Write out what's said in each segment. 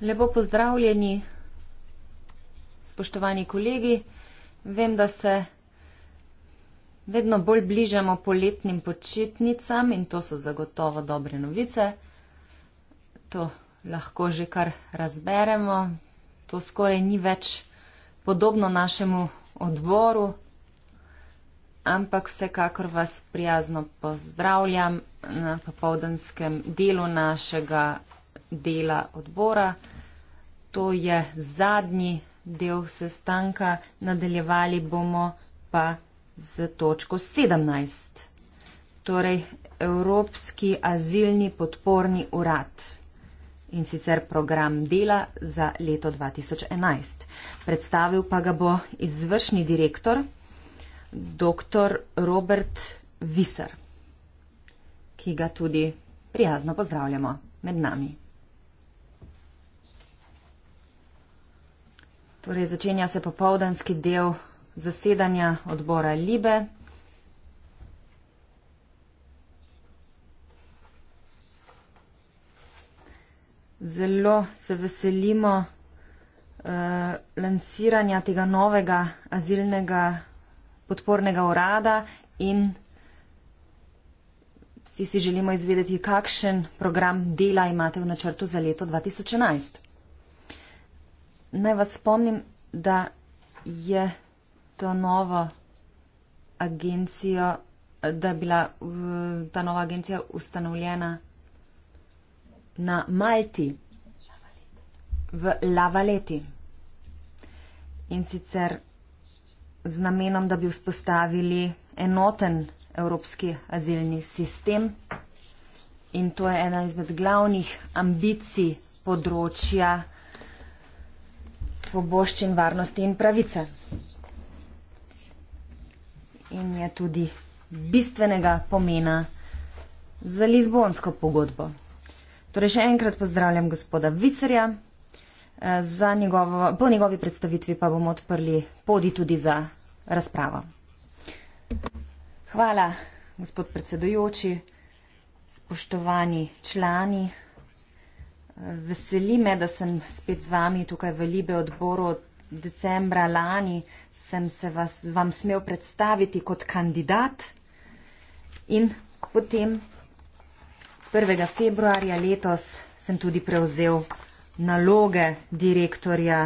Lepo pozdravljeni, spoštovani kolegi. Vem, da se vedno bolj bližamo poletnim počitnicam in to so zagotovo dobre novice. To lahko že kar razberemo. To skoraj ni več podobno našemu odboru, ampak vsekakor vas prijazno pozdravljam na popovdanskem delu našega dela odbora. To je zadnji del sestanka, nadaljevali bomo pa z točko 17. Torej, Evropski azilni podporni urad in sicer program dela za leto 2011. Predstavil pa ga bo izvršni direktor dr. Robert Visar, ki ga tudi prijazno pozdravljamo med nami. Torej, začenja se popovdanski del zasedanja odbora Libe. Zelo se veselimo uh, lansiranja tega novega azilnega podpornega urada in vsi si želimo izvedeti, kakšen program dela imate v načrtu za leto 2011. Naj vas spomnim, da je to novo agencijo, da je bila ta nova agencija ustanovljena na Malti v Lavaleti. In sicer z namenom, da bi vzpostavili enoten evropski azilni sistem. In to je ena izmed glavnih ambicij področja svoboščin, varnosti in pravice. In je tudi bistvenega pomena za Lizbonsko pogodbo. Torej, še enkrat pozdravljam gospoda Viserja. Eh, za njegovo, po njegovi predstavitvi pa bomo odprli podi tudi za razpravo. Hvala, gospod predsedujoči, spoštovani člani. Eh, veseli me, da sem spet z vami tukaj v Libe odboru. Decembra lani sem se vas, vam smel predstaviti kot kandidat in potem 1. februarja letos sem tudi prevzel naloge direktorja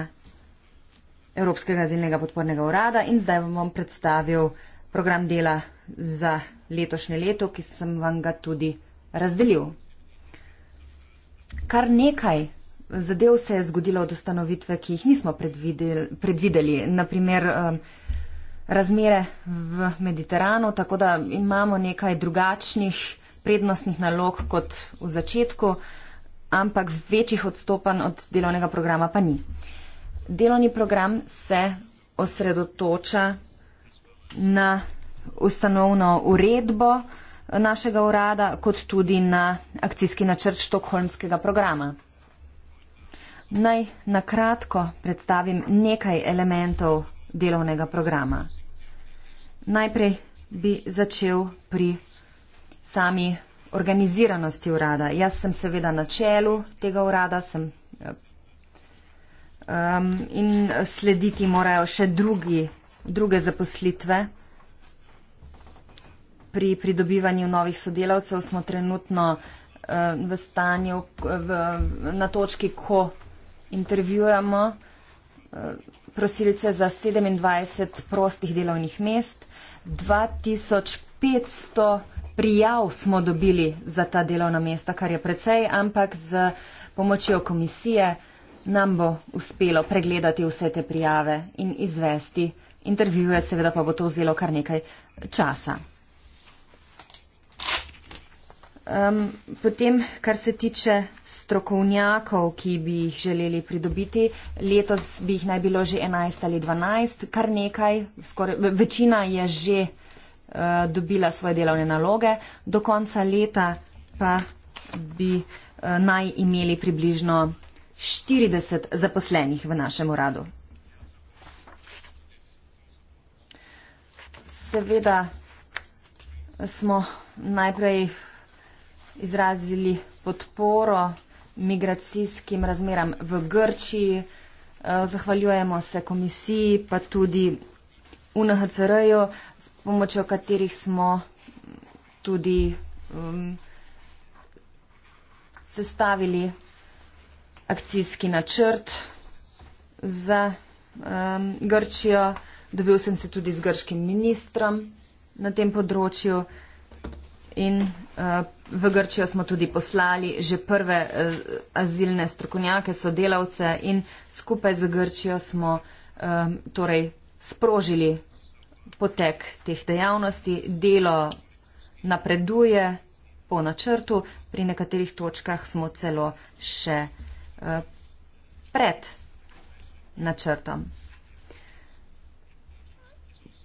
Evropskega azilnega podpornega urada in zdaj vam bom predstavil program dela za letošnje leto, ki sem vam ga tudi razdelil. Kar nekaj zadev se je zgodilo od ustanovitve, ki jih nismo predvideli, predvideli. naprimer um, razmere v Mediteranu, tako da imamo nekaj drugačnih prednostnih nalog kot v začetku ampak večjih odstopanj od delovnega programa pa ni. Delovni program se osredotoča na ustanovno uredbo našega urada, kot tudi na akcijski načrt Štokholmskega programa. Naj na kratko predstavim nekaj elementov delovnega programa. Najprej bi začel pri sami organiziranosti urada. Jaz sem seveda na čelu tega urada sem, um, in slediti morajo še drugi, druge zaposlitve. Pri pridobivanju novih sodelavcev smo trenutno uh, v stanju, v, na točki, ko intervjujemo uh, prosilce za 27 prostih delovnih mest, 2500 prijav smo dobili za ta delovna mesta, kar je precej, ampak z pomočjo komisije nam bo uspelo pregledati vse te prijave in izvesti intervjuje, seveda pa bo to vzelo kar nekaj časa. Um, potem, kar se tiče strokovnjakov, ki bi jih želeli pridobiti, letos bi jih naj bilo že 11 ali 12, kar nekaj, skoraj, večina je že. Eh, dobila svoje delovne naloge, do konca leta pa bi eh, naj imeli približno 40 zaposlenih v našem uradu. Seveda smo najprej izrazili podporo migracijskim razmeram v Grčiji, eh, zahvaljujemo se komisiji, pa tudi UNHCR-ju, pomočjo katerih smo tudi um, sestavili akcijski načrt za um, Grčijo. Dobil sem se tudi z grškim ministrom na tem področju in uh, v Grčijo smo tudi poslali že prve uh, azilne strokovnjake, sodelavce in skupaj z Grčijo smo um, torej sprožili potek teh dejavnosti, delo napreduje po načrtu, pri nekaterih točkah smo celo še eh, pred načrtom.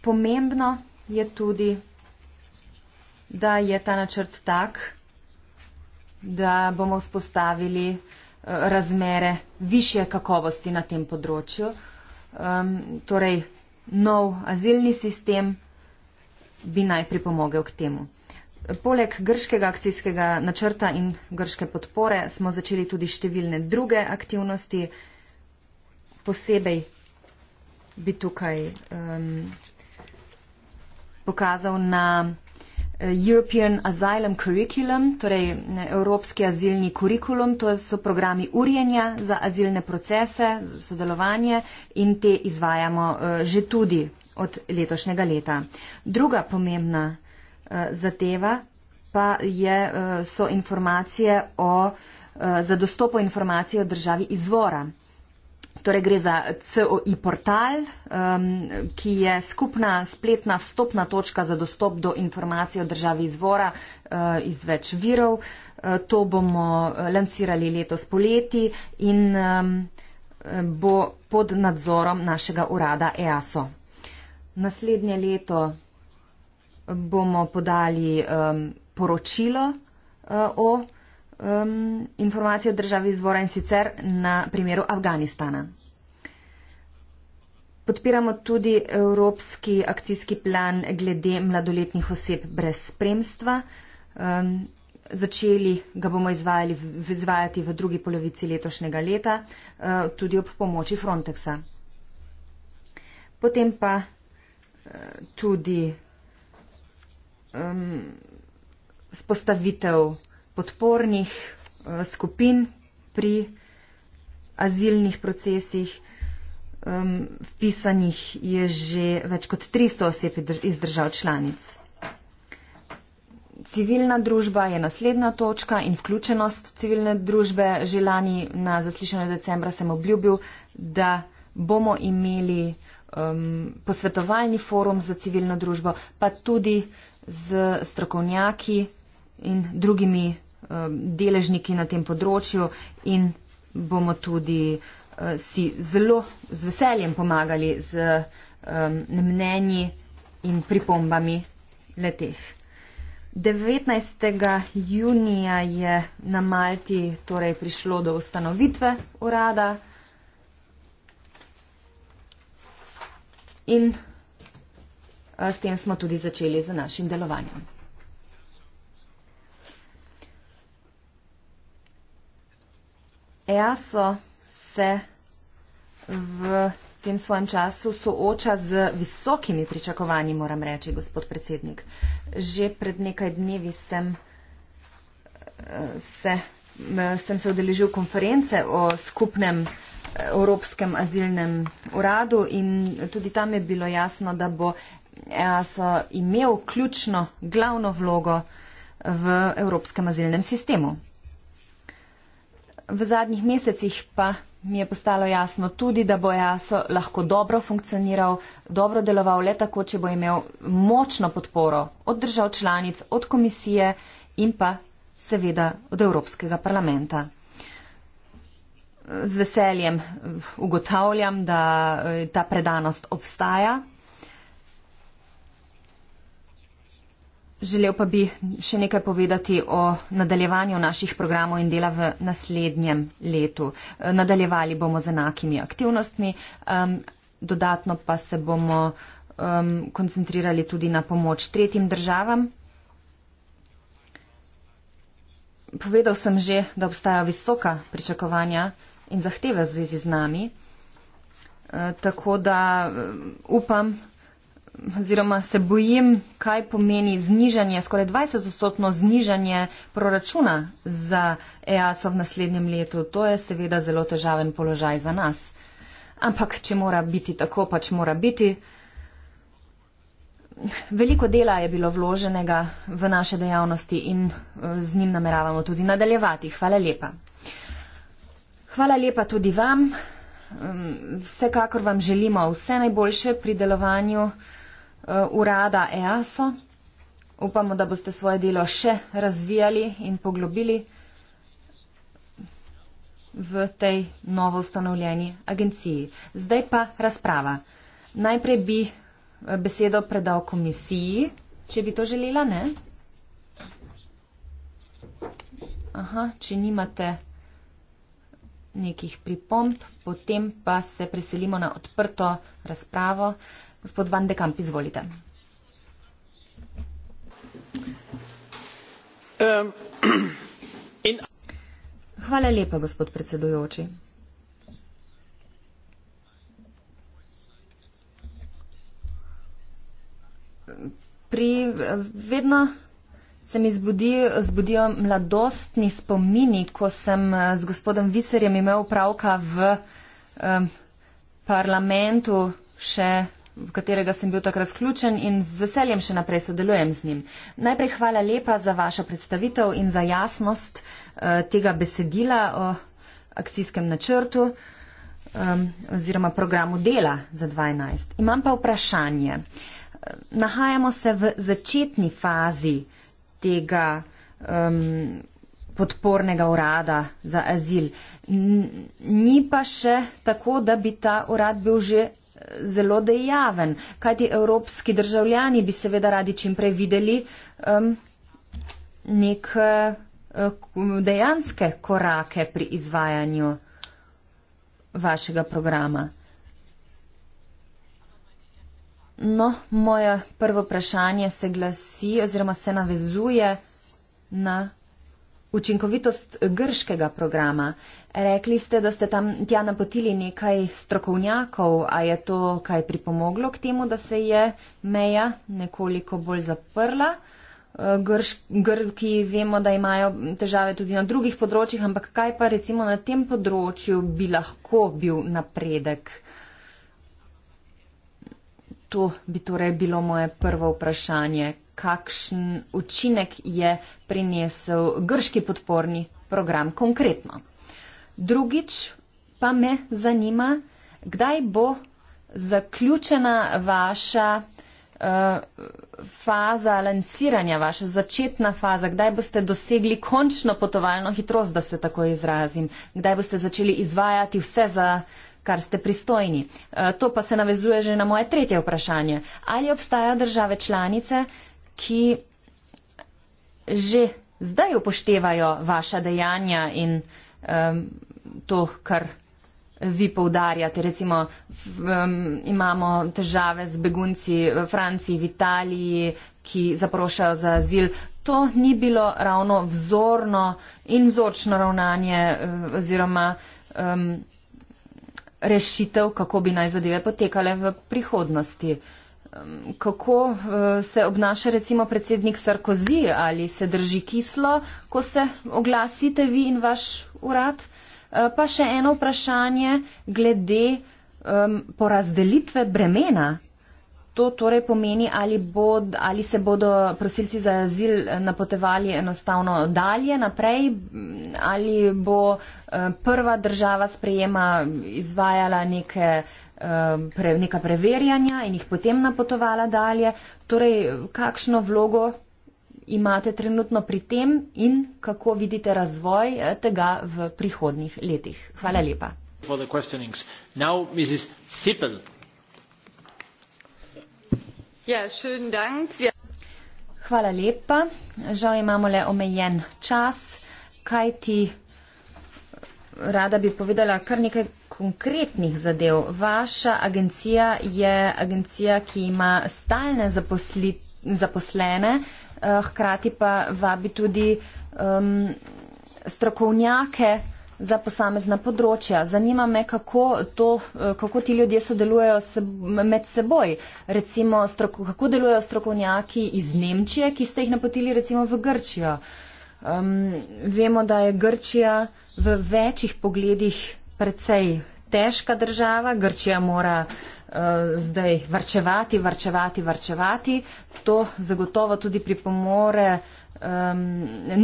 Pomembno je tudi, da je ta načrt tak, da bomo vzpostavili eh, razmere višje kakovosti na tem področju. Ehm, torej, nov azilni sistem bi naj pripomogel k temu. Poleg grškega akcijskega načrta in grške podpore smo začeli tudi številne druge aktivnosti. Posebej bi tukaj um, pokazal na European Asylum Curriculum, torej Evropski azilni kurikulum, to so programi urjenja za azilne procese, sodelovanje in te izvajamo eh, že tudi od letošnjega leta. Druga pomembna eh, zadeva pa je, eh, so informacije o, za dostopo informacije o državi izvora Torej gre za COI portal, um, ki je skupna spletna stopna točka za dostop do informacij o državi izvora uh, iz več virov. Uh, to bomo uh, lansirali letos poleti in um, bo pod nadzorom našega urada EASO. Naslednje leto bomo podali um, poročilo uh, o um, informacije o državi izvora in sicer na primeru Afganistana. Podpiramo tudi evropski akcijski plan glede mladoletnih oseb brez spremstva. Um, začeli ga bomo izvajali, izvajati v drugi polovici letošnjega leta, uh, tudi ob pomoči Frontexa. Potem pa uh, tudi um, spostavitev podpornih eh, skupin pri azilnih procesih. Vpisanih je že več kot 300 oseb iz držav članic. Civilna družba je naslednja točka in vključenost civilne družbe. Že lani na zaslišanju decembra sem obljubil, da bomo imeli um, posvetovalni forum za civilno družbo, pa tudi z strokovnjaki in drugimi Um, deležniki na tem področju in bomo tudi uh, si zelo z veseljem pomagali z um, mnenji in pripombami leteh. 19. junija je na Malti torej prišlo do ustanovitve urada in uh, s tem smo tudi začeli z našim delovanjem. ESO se v tem svojem času sooča z visokimi pričakovanji, moram reči, gospod predsednik. Že pred nekaj dnevi sem eh, se, eh, sem se odeležil konference o skupnem eh, Evropskem azilnem uradu in tudi tam je bilo jasno, da bo ESO imel ključno glavno vlogo v Evropskem azilnem sistemu. V zadnjih mesecih pa mi je postalo jasno tudi, da bo Jaso lahko dobro funkcioniral, dobro deloval le tako, če bo imel močno podporo od držav članic, od komisije in pa seveda od Evropskega parlamenta. Z veseljem eh, ugotavljam, da eh, ta predanost obstaja. Želel pa bi še nekaj povedati o nadaljevanju naših programov in dela v naslednjem letu. E, nadaljevali bomo z enakimi aktivnostmi, dodatno pa se bomo koncentrirali tudi na pomoč tretjim državam. Povedal sem že, da obstajajo visoka pričakovanja in zahteve v zvezi z nami, e, tako da upam, oziroma se bojim, kaj pomeni znižanje, skoraj 20-odstotno znižanje proračuna za EAS v naslednjem letu. To je seveda zelo težaven položaj za nas. Ampak, če mora biti tako, pač mora biti. Veliko dela je bilo vloženega v naše dejavnosti in eh, z njim nameravamo tudi nadaljevati. Hvala lepa. Hvala lepa tudi vam. Ehm, vsekakor vam želimo vse najboljše pri delovanju. Eh, urada EASO. Upamo, da boste svoje delo še razvijali in poglobili v tej novo ustanovljeni agenciji. Zdaj pa razprava. Najprej bi eh, besedo predal komisiji, če bi to želela, ne? Aha, če nimate nekih pripomb, potem pa se preselimo na odprto razpravo. Uh, Gospod Van de Kamp, izvolite. Hvala lepa, gospod predsedujoči. Pri vedno se mi zbudi, zbudijo mladostni spomini, ko sem eh, z gospodom Viserjem imel pravka v um, parlamentu še v katerega sem bil takrat vključen in z veseljem še naprej sodelujem z njim. Najprej hvala lepa za vašo predstavitev in za jasnost uh, tega besedila o akcijskem načrtu um, oziroma programu dela za 2012. Imam pa vprašanje. Eh, nahajamo se v začetni fazi tega um, podpornega urada za azil. N ni pa še tako, da bi ta urad bil že zelo dejaven, kajti evropski državljani bi seveda radi čimprej videli um, nek uh, um, dejanske korake pri izvajanju vašega programa. No, moje prvo vprašanje se glasi oziroma se navezuje na učinkovitost grškega programa. Rekli ste, da ste tam tja napotili nekaj strokovnjakov, a je to kaj pripomoglo k temu, da se je meja nekoliko bolj zaprla? Eh, grš, grki vemo, da imajo težave tudi na drugih področjih, ampak kaj pa recimo na tem področju bi lahko bil napredek? To bi torej bilo moje prvo vprašanje kakšen učinek je prinesel grški podporni program konkretno. Drugič pa me zanima, kdaj bo zaključena vaša uh, faza lansiranja, vaša začetna faza, kdaj boste dosegli končno potovalno hitrost, da se tako izrazim, kdaj boste začeli izvajati vse za kar ste pristojni. Eh, to pa se navezuje že na moje tretje vprašanje. Ali obstajajo države članice, ki že zdaj upoštevajo vaša dejanja in um, to, kar vi poudarjate. Recimo um, imamo težave z begunci v Franciji, v Italiji, ki zaprošajo za azil. To ni bilo ravno vzorno in vzorčno ravnanje uh, oziroma um, rešitev, kako bi naj zadeve potekale v prihodnosti. Uh, Kako eh, se obnaša recimo predsednik Sarkozy ali se drži kislo, ko se oglasite vi in vaš urad? Eh, pa še eno vprašanje glede um, porazdelitve bremena. To torej pomeni, ali, bod, ali se bodo prosilci za azil eh, napotevali enostavno dalje naprej, mm, ali bo prva država sprejema izvajala neke uh, Um, pre, neka preverjanja in jih potem napotovala dalje. Torej, kakšno vlogo imate trenutno pri tem in kako vidite razvoj eh, tega v prihodnih letih? Hvala lepa. Ja, Hvala lepa. Žal imamo le omejen čas, kaj ti rada bi povedala kar nekaj konkretnih zadev. Vaša agencija je agencija, ki ima stalne zaposli, zaposlene, eh, hkrati pa vabi tudi um, strokovnjake za posamezna področja. Zanima me, kako, to, eh, kako ti ljudje sodelujejo se, med seboj. Recimo, stroko, kako delujejo strokovnjaki iz Nemčije, ki ste jih napotili recimo v Grčijo. Uh, Um, vemo, da je Grčija v večjih pogledih precej težka država. Grčija mora uh, zdaj varčevati, varčevati, varčevati. To zagotovo tudi pripomore, um,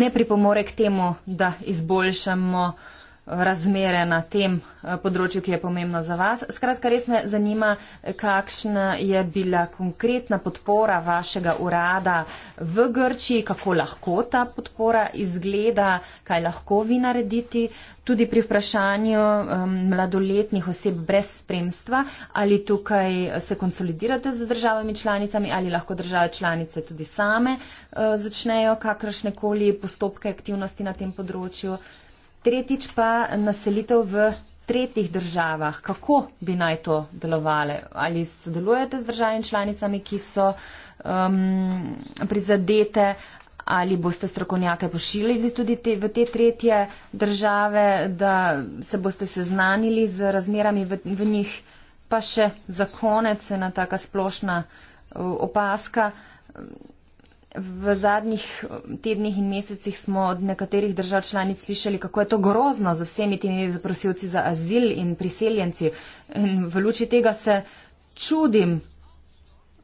ne pripomore k temu, da izboljšamo uh, razmere na tem eh, področju, ki je pomembno za vas. Skratka, res me zanima, kakšna je bila konkretna podpora vašega urada v Grčiji, kako lahko ta podpora izgleda, kaj lahko vi narediti tudi pri vprašanju um, mladoletnih oseb brez spremstva, ali tukaj eh, se konsolidirate z državami članicami, ali lahko države članice tudi same uh, začnejo kakršnekoli postopke aktivnosti na tem področju tretjič pa naselitev v tretjih državah. Kako bi naj to delovale? Ali sodelujete z državami članicami, ki so um, prizadete, ali boste strokovnjake pošiljali tudi te, v te tretje države, da se boste seznanili z razmerami v, v njih? Pa še za konec ena taka splošna uh, opaska. V zadnjih eh, tednih in mesecih smo od nekaterih držav članic slišali, kako je to grozno za vsemi temi zaprosilci za azil in priseljenci. In v luči tega se čudim,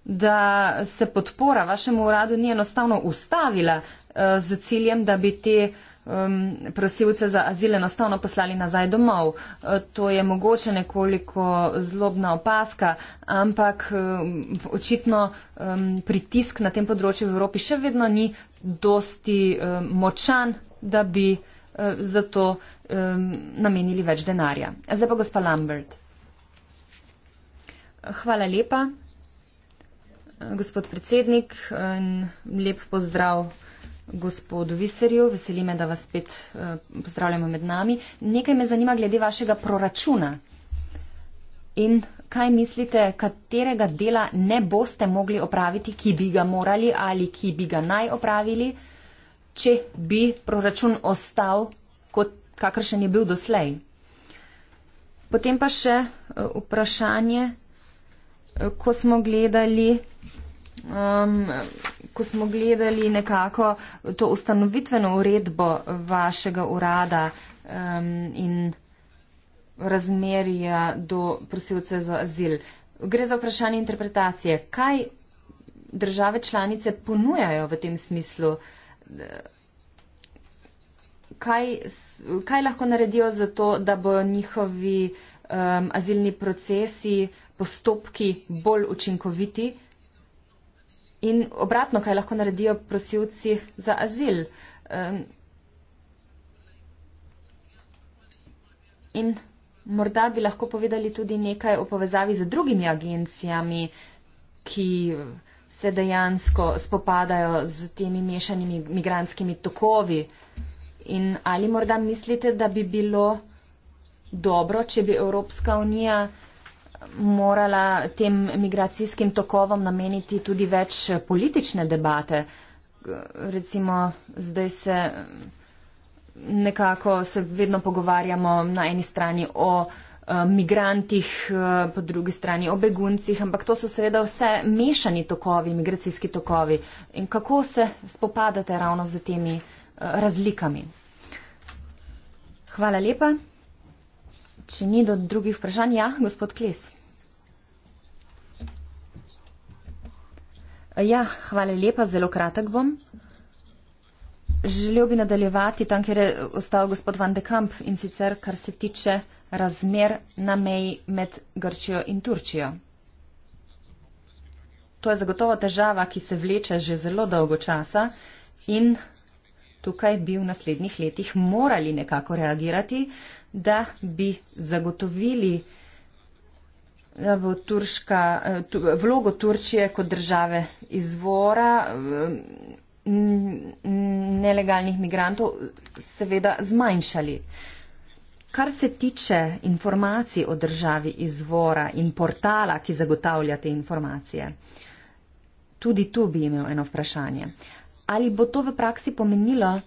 da se podpora vašemu uradu ni enostavno ustavila eh, z ciljem, da bi te uh, um, prosilce za azil enostavno poslali nazaj domov. Uh, to je mogoče nekoliko zlobna opaska, ampak um, očitno um, pritisk na tem področju v Evropi še vedno ni dosti um, močan, da bi uh, za to um, namenili več denarja. Zdaj pa gospa Lambert. Hvala lepa, gospod predsednik, in lep pozdrav gospodu Viserju. Veseli me, da vas spet uh, pozdravljamo med nami. Nekaj me zanima glede vašega proračuna. In kaj mislite, katerega dela ne boste mogli opraviti, ki bi ga morali ali ki bi ga naj opravili, če bi proračun ostal, kot, kakršen je bil doslej? Potem pa še uh, vprašanje, uh, ko smo gledali. Um, ko smo gledali nekako to ustanovitveno uredbo vašega urada um, in razmerja do prosilce za azil. Gre za vprašanje interpretacije. Kaj države članice ponujajo v tem smislu? Kaj, kaj lahko naredijo za to, da bo njihovi um, azilni procesi, postopki bolj učinkoviti, In obratno, kaj lahko naredijo prosilci za azil? In morda bi lahko povedali tudi nekaj o povezavi z drugimi agencijami, ki se dejansko spopadajo z temi mešanimi migranskimi tokovi. In ali morda mislite, da bi bilo dobro, če bi Evropska unija morala tem migracijskim tokovom nameniti tudi več eh, politične debate. Recimo, zdaj se mm, nekako se vedno pogovarjamo na eni strani o eh, migrantih, eh, po drugi strani o beguncih, ampak to so seveda vse mešani tokovi, migracijski tokovi. In kako se spopadate ravno z temi razlikami? Hvala lepa. Če ni do drugih vprašanj, ja, gospod Kles. Ja, hvala lepa, zelo kratek bom. Želel bi nadaljevati tam, kjer je ostal gospod Van de Kamp in sicer, kar se tiče razmer na meji med Grčijo in Turčijo. To je zagotovo težava, ki se vleče že zelo dolgo časa in tukaj bi v naslednjih letih morali nekako reagirati, da bi zagotovili eh, v Turška, eh, vlogo Turčije kot države izvora eh, nelegalnih migrantov seveda zmanjšali. Kar se tiče informacij o državi izvora in portala, ki zagotavlja te informacije, tudi tu bi imel eno vprašanje. Ali bo to v praksi pomenilo,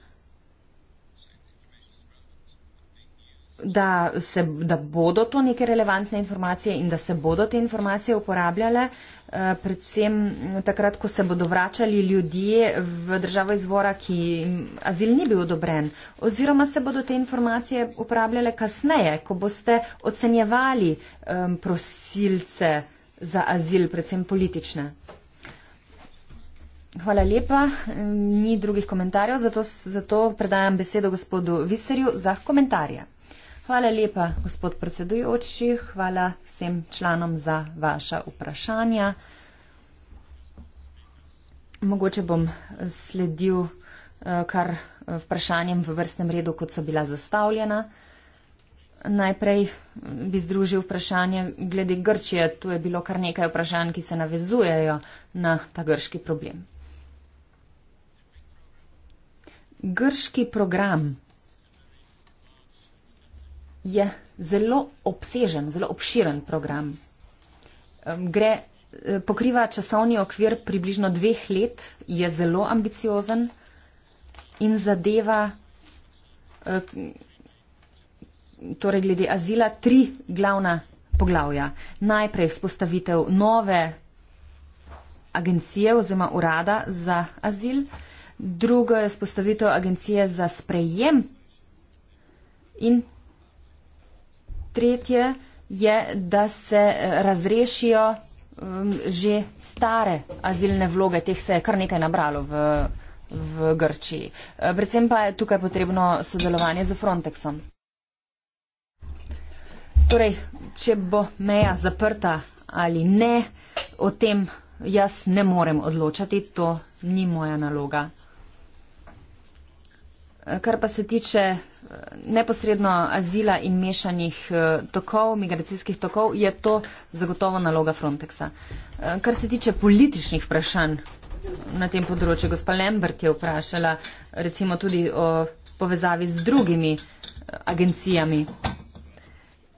da, se, da bodo to neke relevantne informacije in da se bodo te informacije uporabljale, eh, predvsem mm, takrat, ko se bodo vračali ljudje v državo izvora, ki azil ni bil odobren, oziroma se bodo te informacije uporabljale kasneje, ko boste ocenjevali prosilce za azil, predvsem politične. Hvala lepa. Ni drugih komentarjev, zato, zato predajam besedo gospodu Viserju za komentarje. Hvala lepa, gospod predsedujoči, hvala vsem članom za vaša vprašanja. Mogoče bom sledil eh, kar eh, vprašanjem v vrstnem redu, kot so bila zastavljena. Najprej mm, bi združil vprašanje glede Grčije. Tu je bilo kar nekaj vprašanj, ki se navezujejo na ta grški problem. Grški program je zelo obsežen, zelo obširen program. Gre, eh, pokriva časovni okvir približno dveh let, je zelo ambiciozen in zadeva, eh, torej glede azila, tri glavna poglavja. Najprej vzpostavitev nove agencije oziroma urada za azil, drugo je vzpostavitev agencije za sprejem in tretje je, da se eh, razrešijo um, že stare azilne vloge, teh se je kar nekaj nabralo v, v Grčiji. Eh, predvsem pa je tukaj potrebno sodelovanje z Frontexom. Torej, če bo meja zaprta ali ne, o tem jaz ne morem odločati, to ni moja naloga. Kar pa se tiče eh, neposredno azila in mešanih eh, tokov, migracijskih tokov, je to zagotovo naloga Frontexa. Eh, kar se tiče političnih vprašanj na tem področju, gospa Lembert je vprašala recimo tudi o povezavi z drugimi agencijami.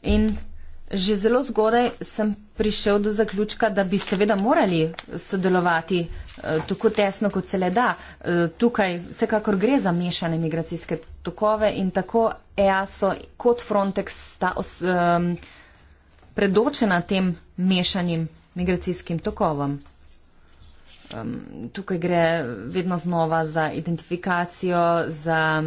In Že zelo zgodaj sem prišel do zaključka, da bi seveda morali sodelovati eh, tako tesno, kot se le da. Eh, tukaj vsekakor gre za mešane migracijske tokove in tako EASO kot Frontex sta um, predočena tem mešanim migracijskim tokovom. Um, tukaj gre vedno znova za identifikacijo, za.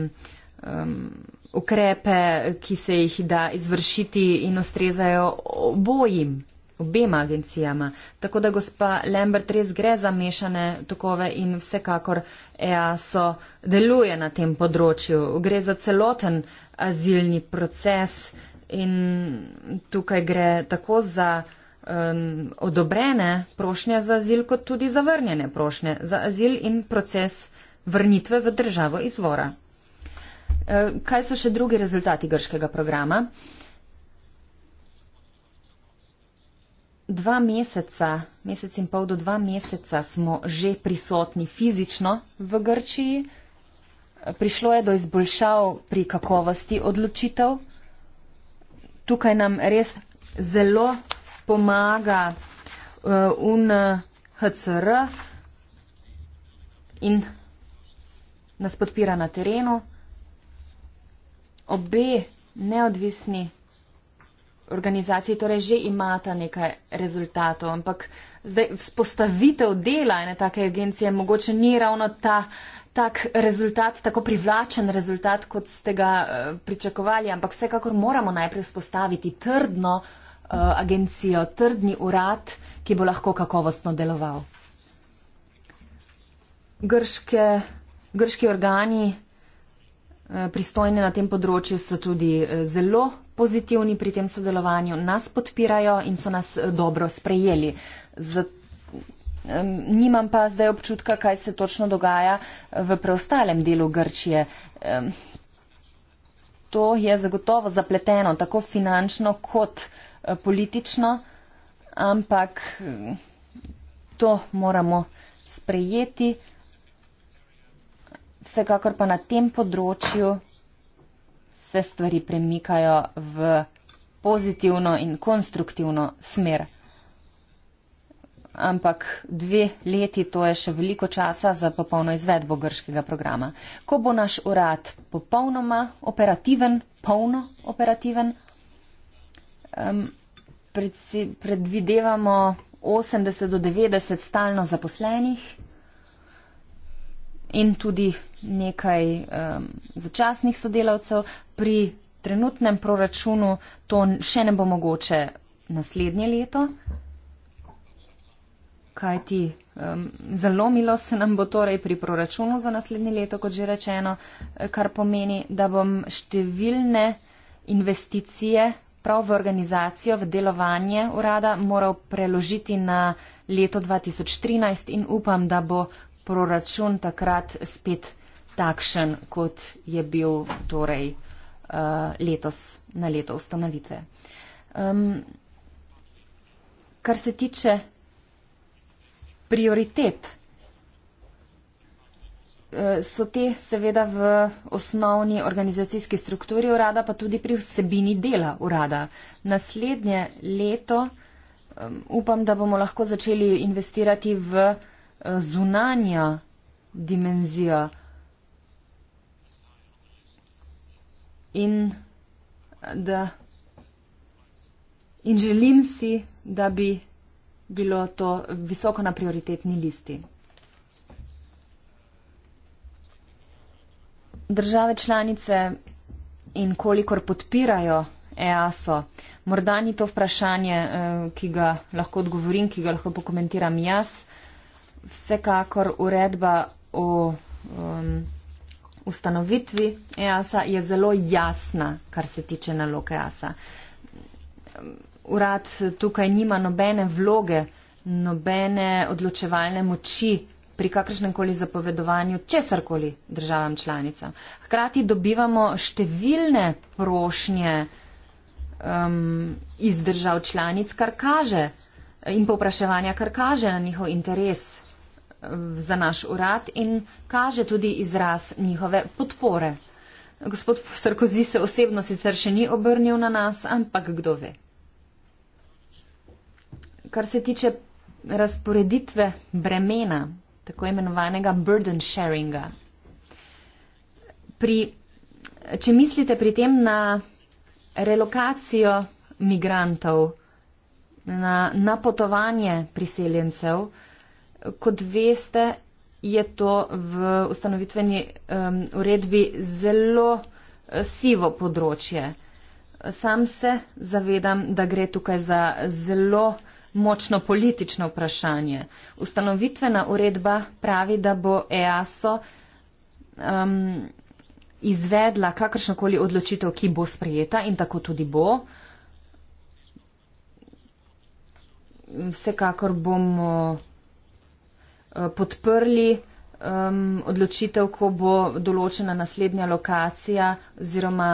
Um, ukrepe, ki se jih da izvršiti in ustrezajo obojim, obema agencijama. Tako da gospa Lambert res gre za mešane tokove in vsekakor EASO deluje na tem področju. Gre za celoten azilni proces in tukaj gre tako za um, odobrene prošnje za azil, kot tudi zavrnjene prošnje za azil in proces vrnitve v državo izvora. Eh, kaj so še drugi rezultati grškega programa? Dva meseca, mesec in pol do dva meseca smo že prisotni fizično v Grčiji. Eh, prišlo je do izboljšav pri kakovosti odločitev. Tukaj nam res zelo pomaga eh, UNHCR in nas podpira na terenu obe neodvisni organizaciji torej že imata nekaj rezultatov, ampak zdaj vzpostavitev dela ene take agencije mogoče ni ravno ta tak rezultat, tako privlačen rezultat, kot ste ga eh, pričakovali, ampak vsekakor moramo najprej vzpostaviti trdno uh, agencijo, trdni urad, ki bo lahko kakovostno deloval. Grške, grški organi Eh, pristojne na tem področju so tudi eh, zelo pozitivni pri tem sodelovanju, nas podpirajo in so nas eh, dobro sprejeli. Zato Nimam pa zdaj občutka, kaj se točno dogaja v preostalem delu Grčije. To je zagotovo zapleteno, tako finančno kot politično, ampak to moramo sprejeti vsekakor pa na tem področju se stvari premikajo v pozitivno in konstruktivno smer. Ampak dve leti to je še veliko časa za popolno izvedbo grškega programa. Ko bo naš urad popolnoma operativen, polno operativen, um, pred, predvidevamo 80 do 90 stalno zaposlenih in tudi nekaj um, začasnih sodelavcev, pri trenutnem proračunu to še ne bo mogoče naslednje leto, kaj ti um, zalomilo se nam bo torej pri proračunu za naslednje leto, kot že rečeno, kar pomeni, da bom številne investicije prav v organizacijo, v delovanje urada moral preložiti na leto 2013 in upam, da bo proračun takrat spet takšen, kot je bil torej, uh, letos na leto ustanovitve. Um, kar se tiče prioritet, uh, so te seveda v osnovni organizacijski strukturi urada, pa tudi pri vsebini dela urada. Naslednje leto um, upam, da bomo lahko začeli investirati v uh, zunanja dimenzija. in da in želim si, da bi bilo to visoko na prioritetni listi. Države članice in kolikor podpirajo EASO, morda ni to vprašanje, eh, ki ga lahko odgovorim, ki ga lahko pokomentiram jaz. Vsekakor uredba o um, ustanovitvi EASA je zelo jasna, kar se tiče nalog EASA. Urad tukaj nima nobene vloge, nobene odločevalne moči pri kakršnemkoli zapovedovanju česarkoli državam članicam. Hkrati dobivamo številne prošnje um, iz držav članic, kar kaže in povpraševanja, kar kaže na njihov interes za naš urad in kaže tudi izraz njihove podpore. Gospod Sarkozy se osebno sicer še ni obrnil na nas, ampak kdo ve. Kar se tiče razporeditve bremena, tako imenovanega burden sharinga, pri, če mislite pri tem na relokacijo migrantov, na napotovanje priseljencev, Kot veste, je to v ustanovitveni um, uredbi zelo eh, sivo področje. Sam se zavedam, da gre tukaj za zelo močno politično vprašanje. Ustanovitvena uredba pravi, da bo EASO um, izvedla kakršnokoli odločitev, ki bo sprejeta in tako tudi bo. Vsekakor bomo. Eh, podprli um, odločitev, ko bo določena naslednja lokacija oziroma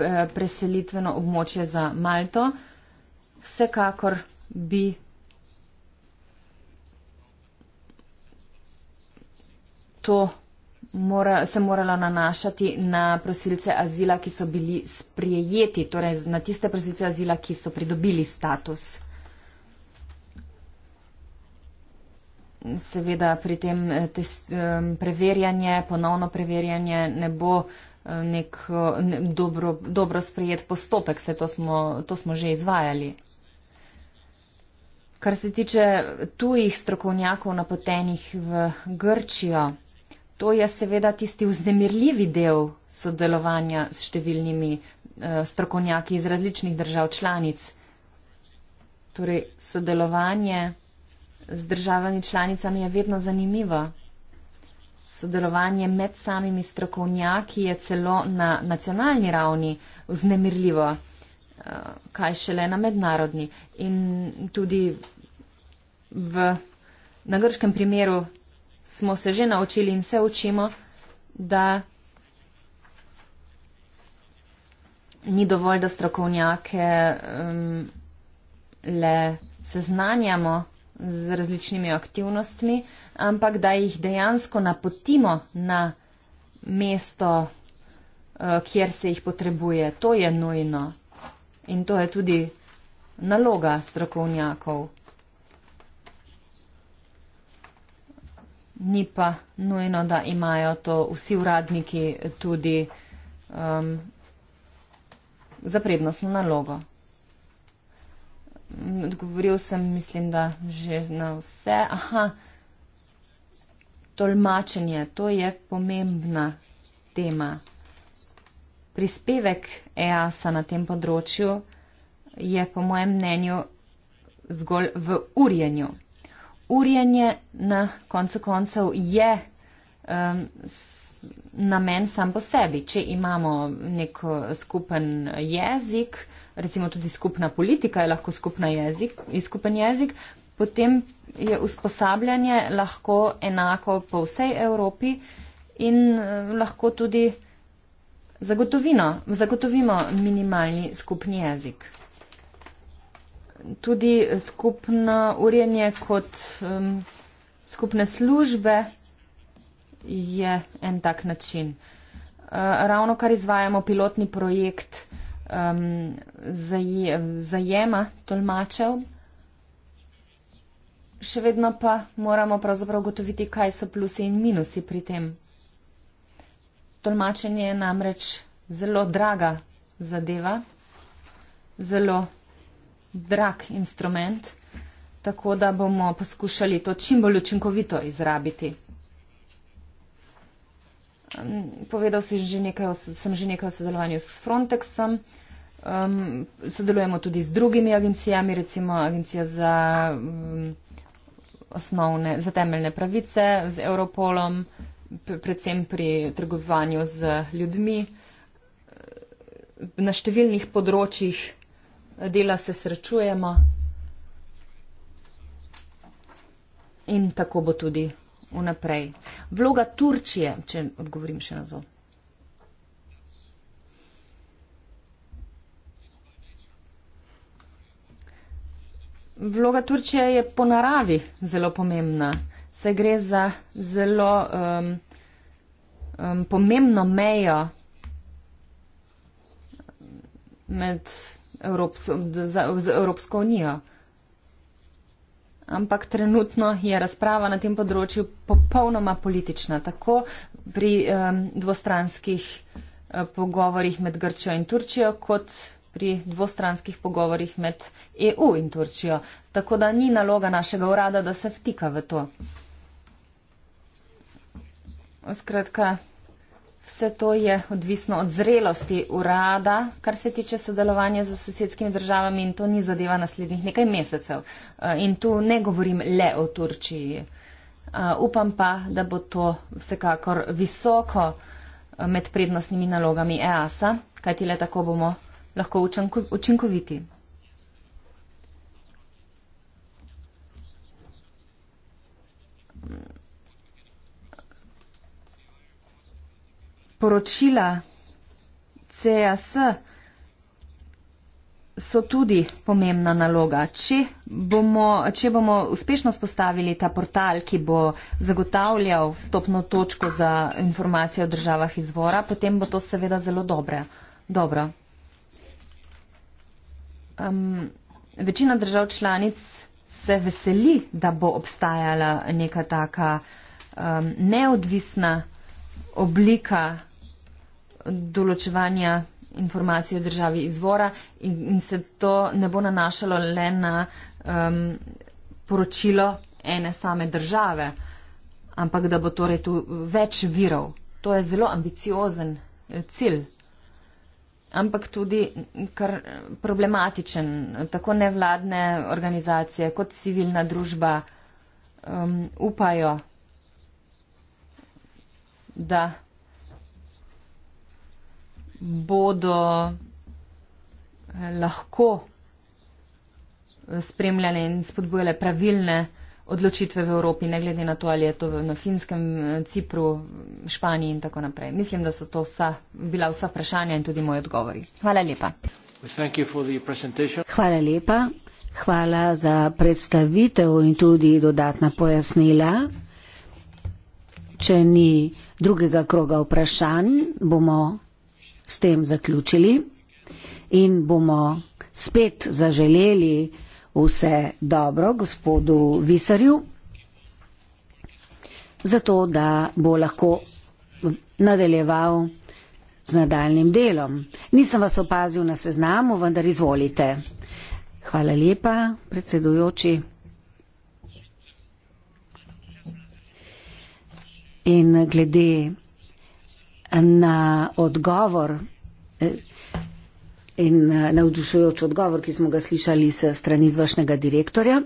eh, preselitveno območje za Malto. Vsekakor bi. To mora, se moralo nanašati na prosilce azila, ki so bili sprejeti, torej na tiste prosilce azila, ki so pridobili status. seveda pri tem eh, test, eh, preverjanje, ponovno preverjanje ne bo eh, nek ne, dobro, dobro sprejet postopek, se to smo, to smo že izvajali. Kar se tiče tujih strokovnjakov napotenih v Grčijo, to je seveda tisti vznemirljivi del sodelovanja s številnimi uh, strokovnjaki iz različnih držav članic. Torej, sodelovanje z državami članicami je vedno zanimivo. Sodelovanje med samimi strokovnjaki je celo na nacionalni ravni vznemirljivo, eh, kaj šele na mednarodni. In tudi v, na grškem primeru smo se že naučili in se učimo, da ni dovolj, da strokovnjake um, le seznanjamo z različnimi aktivnostmi, ampak da jih dejansko napotimo na mesto, eh, kjer se jih potrebuje. To je nujno in to je tudi naloga strokovnjakov. Ni pa nujno, da imajo to vsi uradniki tudi um, za prednostno nalogo. Odgovoril sem, mislim, da že na vse. Aha, tolmačenje, to je pomembna tema. Prispevek EASA na tem področju je po mojem mnenju zgolj v urjenju. Urjenje na koncu koncev je um, namen sam po sebi. Če imamo nek skupen jezik, uh, recimo tudi skupna politika, je lahko jezik, je skupen jezik, potem je usposabljanje lahko enako po vsej Evropi in eh, lahko tudi zagotovimo minimalni skupni jezik. Tudi skupno urjenje kot um, skupne službe je en tak način. Uh, ravno kar izvajamo pilotni projekt, um, zaj, zajema tolmačev. Še vedno pa moramo pravzaprav ugotoviti, kaj so plusi in minusi pri tem. Tolmačenje je namreč zelo draga zadeva, zelo drag instrument, tako da bomo poskušali to čim bolj učinkovito izrabiti. Um, povedal si že nekaj, sem že nekaj o sodelovanju s Frontexom. Um, sodelujemo tudi z drugimi agencijami, recimo Agencija za, um, osnovne, za temeljne pravice, z Europolom, predvsem pri trgovanju z ljudmi. Na številnih področjih dela se srečujemo in tako bo tudi vnaprej. Vloga Turčije, če odgovorim še na to. Vloga Turčije je po naravi zelo pomembna. Se gre za zelo um, um, pomembno mejo med Evropsko, z, z Evropsko unijo ampak trenutno je razprava na tem področju popolnoma politična, tako pri um, dvostranskih uh, eh, pogovorjih med Grčijo in Turčijo, kot pri dvostranskih pogovorjih med EU in Turčijo. Tako da ni naloga našega urada, da se vtika v to. Skratka, Vse to je odvisno od zrelosti urada, kar se tiče sodelovanja z sosedskimi državami in to ni zadeva naslednjih nekaj mesecev. Eh, in tu ne govorim le o Turčiji. Eh, upam pa, da bo to vsekakor visoko eh, med prednostnimi nalogami EASA, kajti le tako bomo lahko učinkoviti. poročila CAS so tudi pomembna naloga. Če bomo, če bomo uspešno spostavili ta portal, ki bo zagotavljal stopno točko za informacije o državah izvora, potem bo to seveda zelo dobre. dobro. Um, večina držav članic se veseli, da bo obstajala neka taka um, neodvisna oblika določevanja informacij o državi izvora in, in se to ne bo nanašalo le na um, poročilo ene same države, ampak da bo torej tu več virov. To je zelo ambiciozen eh, cilj, ampak tudi kar problematičen. Tako nevladne organizacije kot civilna družba um, upajo, da bodo eh, lahko spremljale in spodbujale pravilne odločitve v Evropi, ne glede na to, ali je to na Finskem, eh, Cipru, Španiji in tako naprej. Mislim, da so to vsa, bila vsa vprašanja in tudi moji odgovori. Hvala lepa. Hvala lepa. Hvala za predstavitev in tudi dodatna pojasnila. Če ni drugega kroga vprašanj, bomo s tem zaključili in bomo spet zaželeli vse dobro gospodu Visarju, zato da bo lahko nadaljeval z nadaljnim delom. Nisem vas opazil na seznamu, vendar izvolite. Hvala lepa, predsedujoči. In glede na odgovor eh, in eh, navdušujoč odgovor, ki smo ga slišali se strani izvršnega direktorja,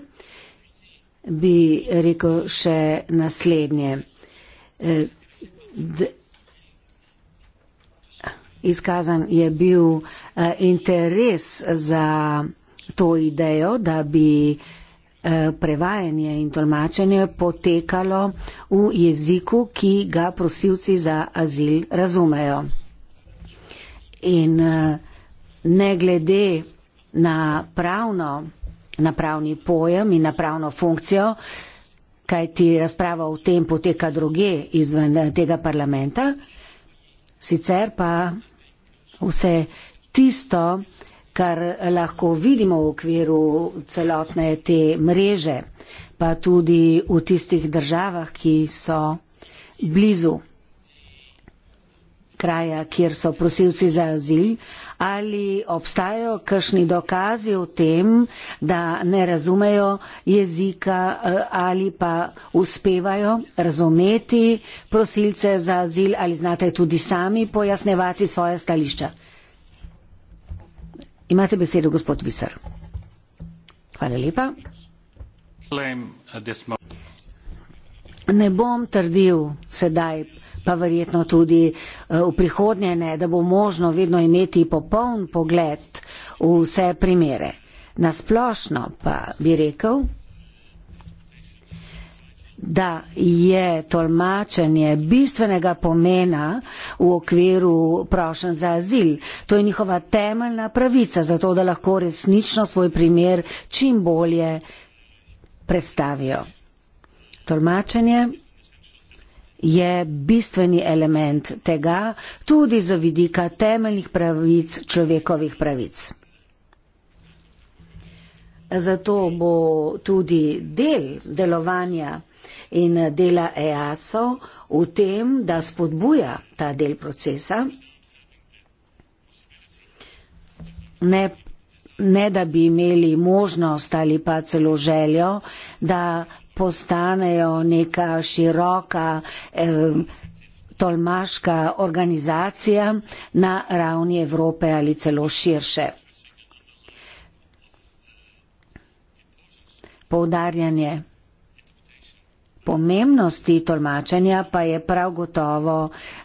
bi rekel še naslednje. Eh, d Izkazan je bil interes za to idejo, da bi prevajanje in tolmačenje potekalo v jeziku, ki ga prosilci za azil razumejo. In eh, ne glede na, pravno, na pravni pojem in na pravno funkcijo, kaj ti razprava o tem poteka druge izven eh, tega parlamenta, sicer pa vse tisto, kar lahko vidimo v okviru celotne te mreže, pa tudi v tistih državah, ki so blizu kraja, kjer so prosilci za azil, ali obstajajo kakšni dokazi o tem, da ne razumejo jezika eh, ali pa uspevajo razumeti prosilce za azil ali znate tudi sami pojasnevati svoje stališča. Imate besedo, gospod Visar. Hvala lepa. Ne bom trdil sedaj, pa verjetno tudi eh, v prihodnje ne, da bo možno vedno imeti popoln pogled v vse primere. Nasplošno pa bi rekel, da je tolmačenje bistvenega pomena v okviru prošen za azil. To je njihova temeljna pravica, zato da lahko resnično svoj primer čim bolje predstavijo. Tolmačenje je bistveni element tega, tudi za vidika temeljnih pravic, človekovih pravic. Zato bo tudi del delovanja in dela EASO v tem, da spodbuja ta del procesa, ne, ne da bi imeli možnost ali pa celo željo, da postanejo neka široka eh, tolmaška organizacija na ravni Evrope ali celo širše. Poudarjanje pomembnosti tolmačenja pa je prav gotovo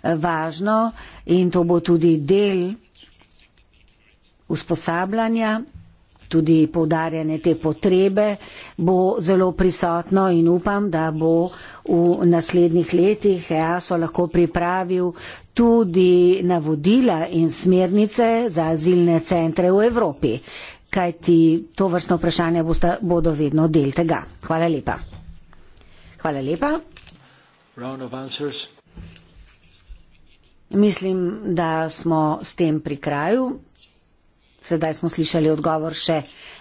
eh, važno in to bo tudi del usposabljanja, tudi povdarjanje te potrebe bo zelo prisotno in upam, da bo v naslednjih letih EASO lahko pripravil tudi navodila in smernice za azilne centre v Evropi, kajti to vrstno vprašanje bodo vedno del tega. Hvala lepa. Hvala lepa. Mislim, da smo s tem pri kraju. Sedaj smo slišali odgovor še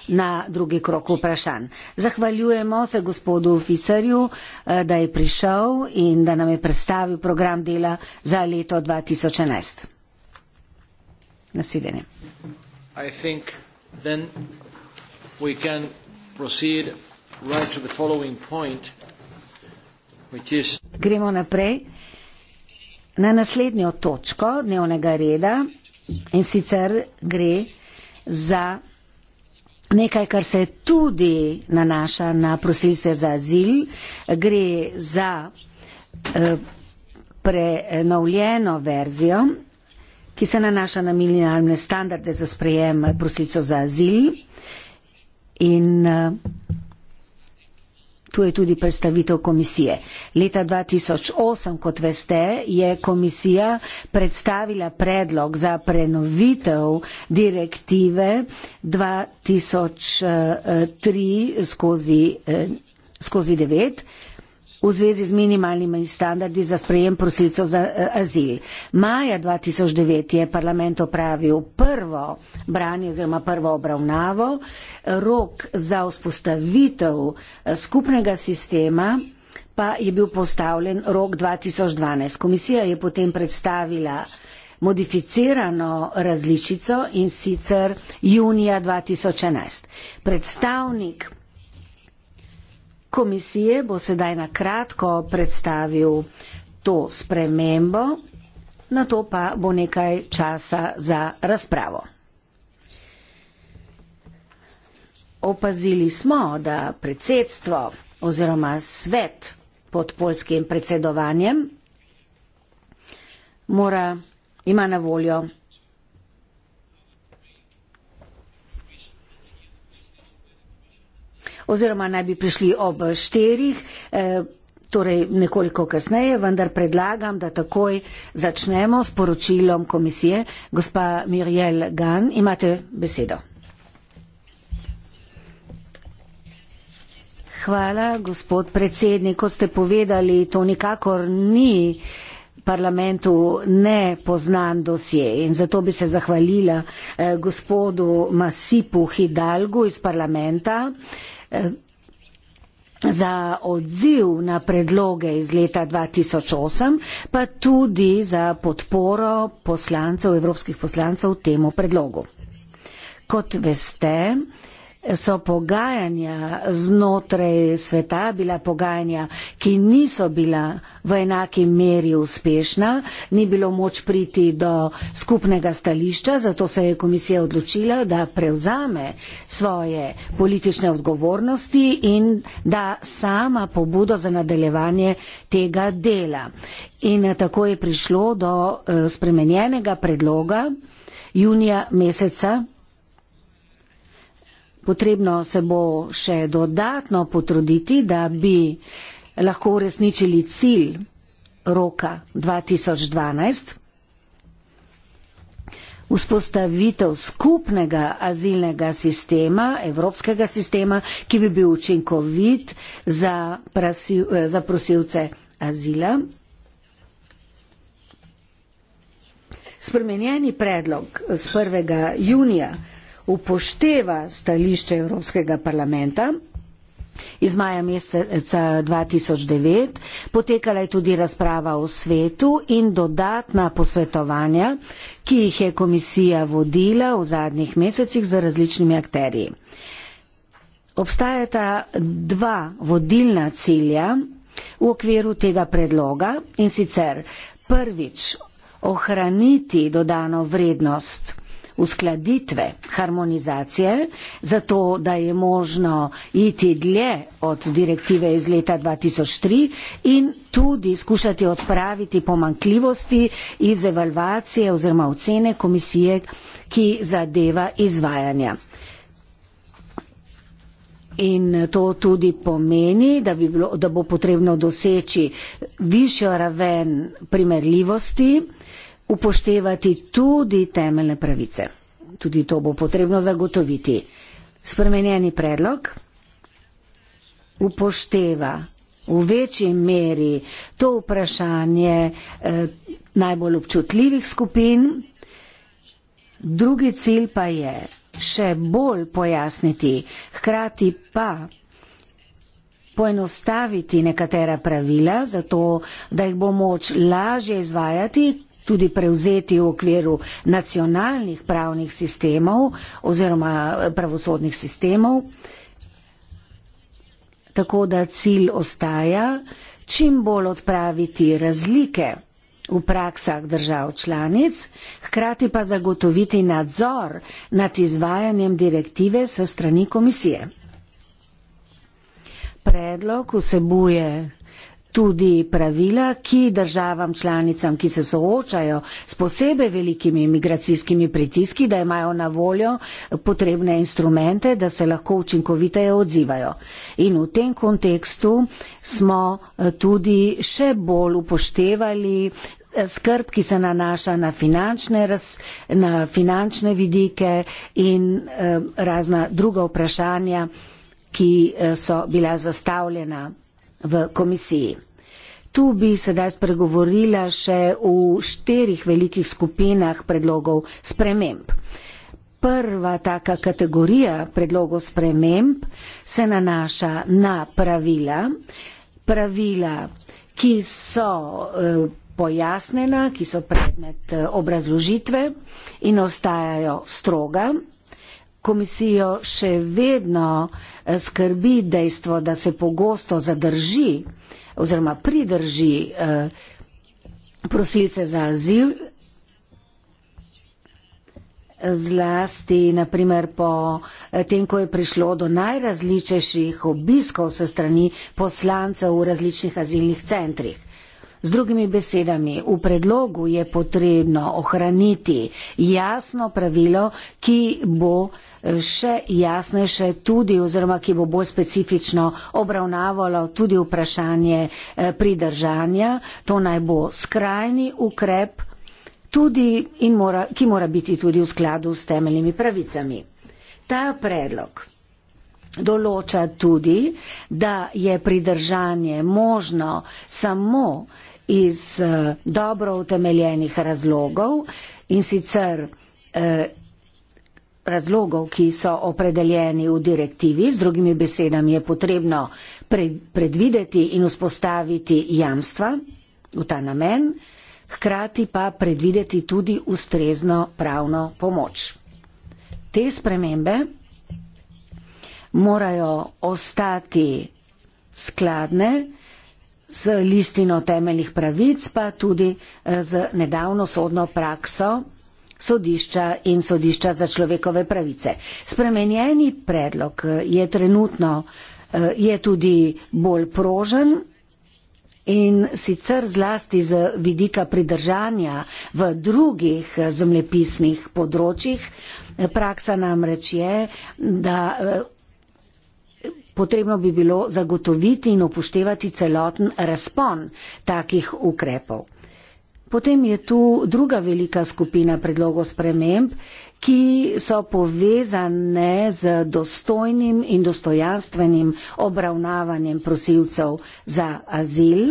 na drugi krok vprašanj. Zahvaljujemo se gospodu oficerju, eh, da je prišel in da nam je predstavil program dela za leto 2011. Nasiljenje. Then we can proceed right to the following point. Gremo naprej na naslednjo točko dnevnega reda in sicer gre za nekaj, kar se tudi nanaša na prosilce za azil. Gre za eh, prenovljeno verzijo, ki se nanaša na minimalne standarde za sprejem prosilcev za azil. In eh, tu je tudi predstavitev komisije. Leta 2008, kot veste, je komisija predstavila predlog za prenovitev direktive 2003 eh, skozi 9 eh, v zvezi z minimalnimi standardi za sprejem prosilcev za eh, azil. Maja 2009 je parlament opravil prvo branje oziroma prvo obravnavo. Rok za vzpostavitev eh, skupnega sistema pa je bil postavljen rok 2012. Komisija je potem predstavila modificirano različico in sicer junija 2011. Predstavnik komisije bo sedaj na kratko predstavil to spremembo, na to pa bo nekaj časa za razpravo. Opazili smo, da predsedstvo oziroma svet pod polskim predsedovanjem mora, ima na voljo oziroma naj bi prišli ob štirih, eh, torej nekoliko kasneje, vendar predlagam, da takoj začnemo s poročilom komisije. Gospa Mirjel Gan, imate besedo. Hvala, gospod predsednik. Kot ste povedali, to nikakor ni parlamentu nepoznan dosje in zato bi se zahvalila eh, gospodu Masipu Hidalgu iz parlamenta, eh, Eh, za odziv na predloge iz leta 2008, pa tudi za podporo poslancev, evropskih poslancev temu predlogu. Kot veste, so pogajanja znotraj sveta bila pogajanja, ki niso bila v enaki meri uspešna, ni bilo moč priti do skupnega stališča, zato se je komisija odločila, da prevzame svoje politične odgovornosti in da sama pobudo za nadaljevanje tega dela. In tako je prišlo do eh, spremenjenega predloga junija meseca potrebno se bo še dodatno potruditi, da bi lahko uresničili cilj roka 2012, vzpostavitev skupnega azilnega sistema, evropskega sistema, ki bi bil učinkovit za, prasiv, za prosilce azila. Spremenjeni predlog z 1. junija upošteva stališče Evropskega parlamenta. Iz maja meseca 2009 potekala je tudi razprava o svetu in dodatna posvetovanja, ki jih je komisija vodila v zadnjih mesecih z različnimi akterji. Obstajata dva vodilna cilja v okviru tega predloga in sicer prvič ohraniti dodano vrednost uskladitve, harmonizacije, zato da je možno iti dlje od direktive iz leta 2003 in tudi skušati odpraviti pomankljivosti iz evalvacije oziroma ocene komisije, ki zadeva izvajanja. In to tudi pomeni, da, bi bilo, da bo potrebno doseči višjo raven primerljivosti, upoštevati tudi temeljne pravice. Tudi to bo potrebno zagotoviti. Spremenjeni predlog upošteva v večji meri to vprašanje eh, najbolj občutljivih skupin. Drugi cilj pa je še bolj pojasniti, hkrati pa poenostaviti nekatera pravila, zato da jih bo moč lažje izvajati, tudi prevzeti v okviru nacionalnih pravnih sistemov oziroma eh, pravosodnih sistemov. Tako da cilj ostaja čim bolj odpraviti razlike v praksah držav članic, hkrati pa zagotoviti nadzor nad izvajanjem direktive se strani komisije. Predlog vsebuje tudi pravila, ki državam članicam, ki se soočajo s posebej velikimi migracijskimi pritiski, da imajo na voljo potrebne instrumente, da se lahko učinkoviteje odzivajo. In v tem kontekstu smo eh, tudi še bolj upoštevali eh, skrb, ki se nanaša na finančne, raz, na finančne vidike in eh, razna druga vprašanja, ki so bila zastavljena v komisiji. Tu bi sedaj spregovorila še v štirih velikih skupinah predlogov sprememb. Prva taka kategorija predlogov sprememb se nanaša na pravila. Pravila, ki so eh, pojasnjena, ki so predmet eh, obrazložitve in ostajajo stroga. Komisijo še vedno eh, skrbi dejstvo, da se pogosto zadrži oziroma pridrži eh, prosilce za azil, zlasti naprimer po eh, tem, ko je prišlo do najrazličnejših obiskov se strani poslancev v različnih azilnih centrih. Z drugimi besedami, v predlogu je potrebno ohraniti jasno pravilo, ki bo uh, še jasnejše tudi oziroma ki bo bolj specifično obravnavalo tudi vprašanje eh, pridržanja. To naj bo skrajni ukrep, tudi, mora, ki mora biti tudi v skladu s temeljnimi pravicami. Ta predlog določa tudi, da je pridržanje možno samo iz eh, dobro utemeljenih razlogov in sicer eh, razlogov, ki so opredeljeni v direktivi, z drugimi besedami je potrebno pre, predvideti in vzpostaviti jamstva v ta namen, hkrati pa predvideti tudi ustrezno pravno pomoč. Te spremembe morajo ostati skladne z listino temeljnih pravic, pa tudi eh, z nedavno sodno prakso sodišča in sodišča za človekove pravice. Spremenjeni predlog eh, je trenutno eh, je tudi bolj prožen in sicer zlasti z vidika pridržanja v drugih eh, zemljepisnih področjih. Praksa namreč je, da potrebno bi bilo zagotoviti in upoštevati celoten razpon takih ukrepov. Potem je tu druga velika skupina predlogov sprememb, ki so povezane z dostojnim in dostojanstvenim obravnavanjem prosilcev za azil,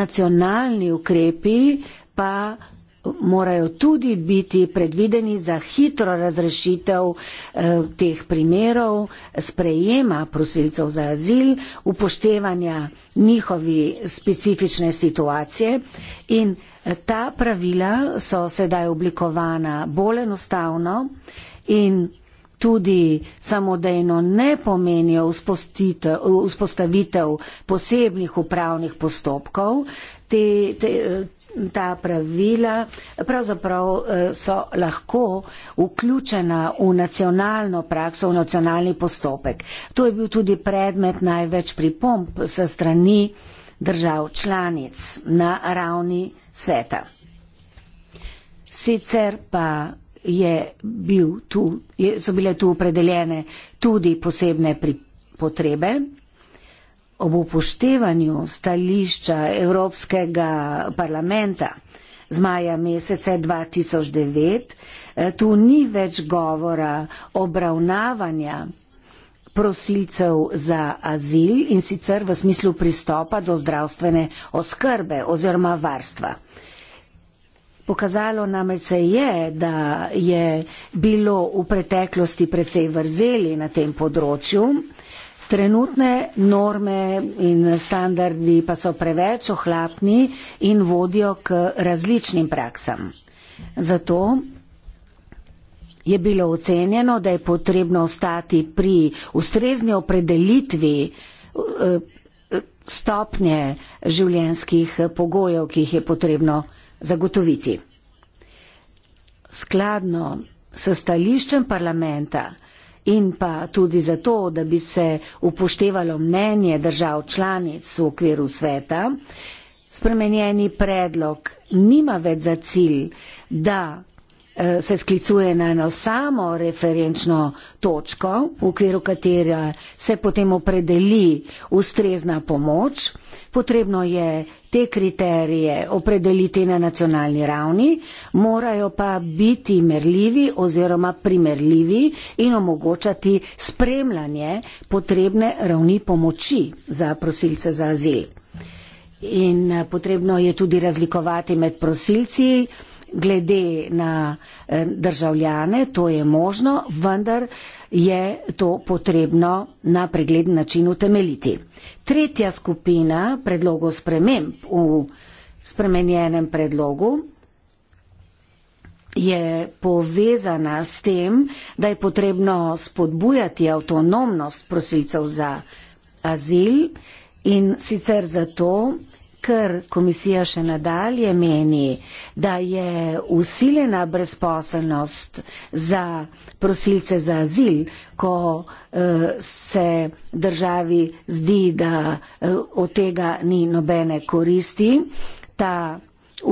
nacionalni ukrepi pa morajo tudi biti predvideni za hitro razrešitev eh, teh primerov, sprejema prosilcev za azil, upoštevanja njihovi specifične situacije. In eh, ta pravila so sedaj oblikovana bolj enostavno in tudi samodejno ne pomenijo vzpostavitev posebnih upravnih postopkov. Te, te, ta pravila pravzaprav eh, so lahko vključena v nacionalno prakso, v nacionalni postopek. To je bil tudi predmet največ pripomp sa strani držav članic na ravni sveta. Sicer pa je bil tu, so bile tu opredeljene tudi posebne pri, potrebe ob upoštevanju stališča Evropskega parlamenta z maja meseca 2009 eh, tu ni več govora obravnavanja prosilcev za azil in sicer v smislu pristopa do zdravstvene oskrbe oziroma varstva. Pokazalo namreč se je, da je bilo v preteklosti precej vrzeli na tem področju. Trenutne norme in standardi pa so preveč ohlapni in vodijo k različnim praksam. Zato je bilo ocenjeno, da je potrebno ostati pri ustrezni opredelitvi eh, stopnje življenskih pogojev, ki jih je potrebno zagotoviti. Skladno s stališčem parlamenta, in pa tudi zato, da bi se upoštevalo mnenje držav članic v okviru sveta, spremenjeni predlog nima več za cilj, da Eh, se sklicuje na eno samo referenčno točko, v okviru katere se potem opredeli ustrezna pomoč. Potrebno je te kriterije opredeliti na nacionalni ravni, morajo pa biti merljivi oziroma primerljivi in omogočati spremljanje potrebne ravni pomoči za prosilce za azil. In eh, potrebno je tudi razlikovati med prosilci, glede na eh, državljane, to je možno, vendar je to potrebno na pregleden način utemeljiti. Tretja skupina predlogov sprememb v spremenjenem predlogu je povezana s tem, da je potrebno spodbujati avtonomnost prosilcev za azil in sicer zato, ker komisija še nadalje meni, da je usiljena brezposelnost za prosilce za azil, ko uh, se državi zdi, da uh, od tega ni nobene koristi, ta,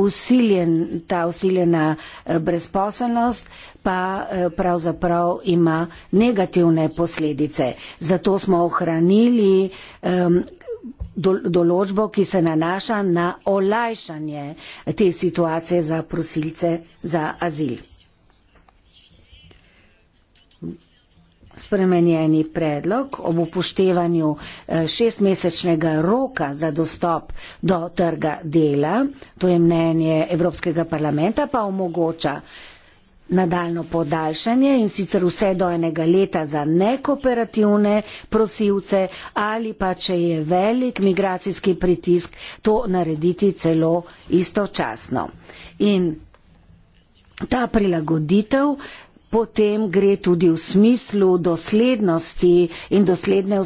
usiljen, ta usiljena uh, brezposelnost pa uh, pravzaprav ima negativne posledice. Zato smo ohranili um, določbo, ki se nanaša na olajšanje te situacije za prosilce za azil. Spremenjeni predlog ob upoštevanju eh, šestmesečnega roka za dostop do trga dela, to je mnenje Evropskega parlamenta, pa omogoča Nadaljno podaljšanje in sicer vse do enega leta za nekooperativne prosilce ali pa, če je velik migracijski pritisk, to narediti celo istočasno. In ta prilagoditev uh, potem gre tudi v smislu doslednosti in dosledne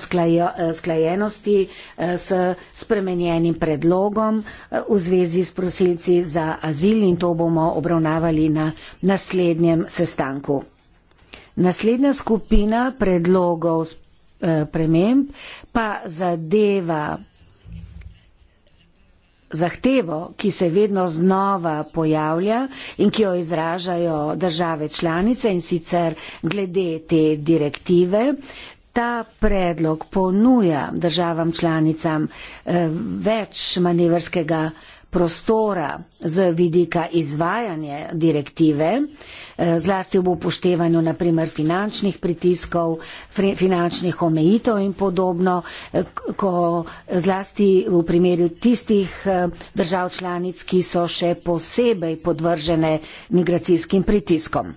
usklajenosti eh, s spremenjenim predlogom eh, v zvezi s prosilci za azil in to bomo obravnavali na naslednjem sestanku. Naslednja skupina predlogov eh, sprememb pa zadeva zahtevo, ki se vedno znova pojavlja in ki jo izražajo države članice in sicer glede te direktive. Ta predlog ponuja državam članicam eh, več manevrskega prostora z vidika izvajanja direktive. Eh, zlasti ob upoštevanju naprimer finančnih pritiskov, finančnih omejitev in podobno, eh, ko zlasti v primerju tistih eh, držav članic, ki so še posebej podvržene migracijskim pritiskom.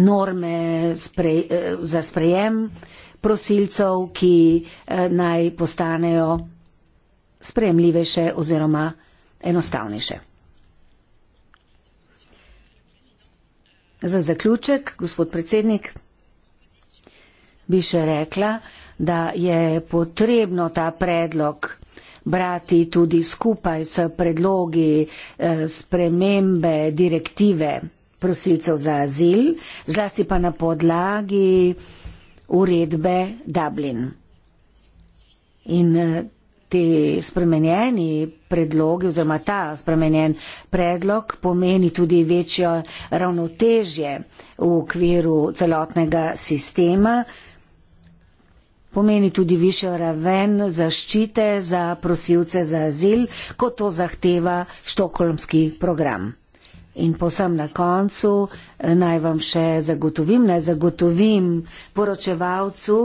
Norme za sprejem prosilcev, ki naj postanejo spremljivejše oziroma enostavnejše. Za zaključek, gospod predsednik, bi še rekla, da je potrebno ta predlog brati tudi skupaj s predlogi eh, spremembe direktive prosilcev za azil, zlasti pa na podlagi uredbe Dublin. In eh, ti spremenjeni predlogi oziroma ta spremenjen predlog pomeni tudi večjo ravnotežje v okviru celotnega sistema, pomeni tudi višjo raven zaščite za prosilce za azil, kot to zahteva štokholmski program. In posem na koncu eh, naj vam še zagotovim, naj zagotovim poročevalcu,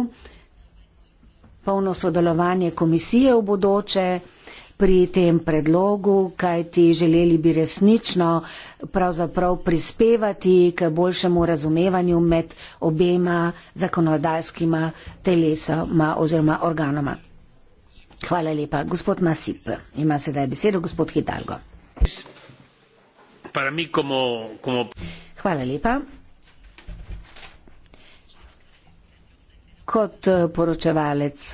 polno sodelovanje komisije v bodoče pri tem predlogu, kajti želeli bi resnično pravzaprav prispevati k boljšemu razumevanju med obema zakonodajskima telesoma oziroma organoma. Hvala lepa. Gospod Masip ima sedaj besedo, gospod Hidalgo. Hvala lepa. kot eh, poročevalec.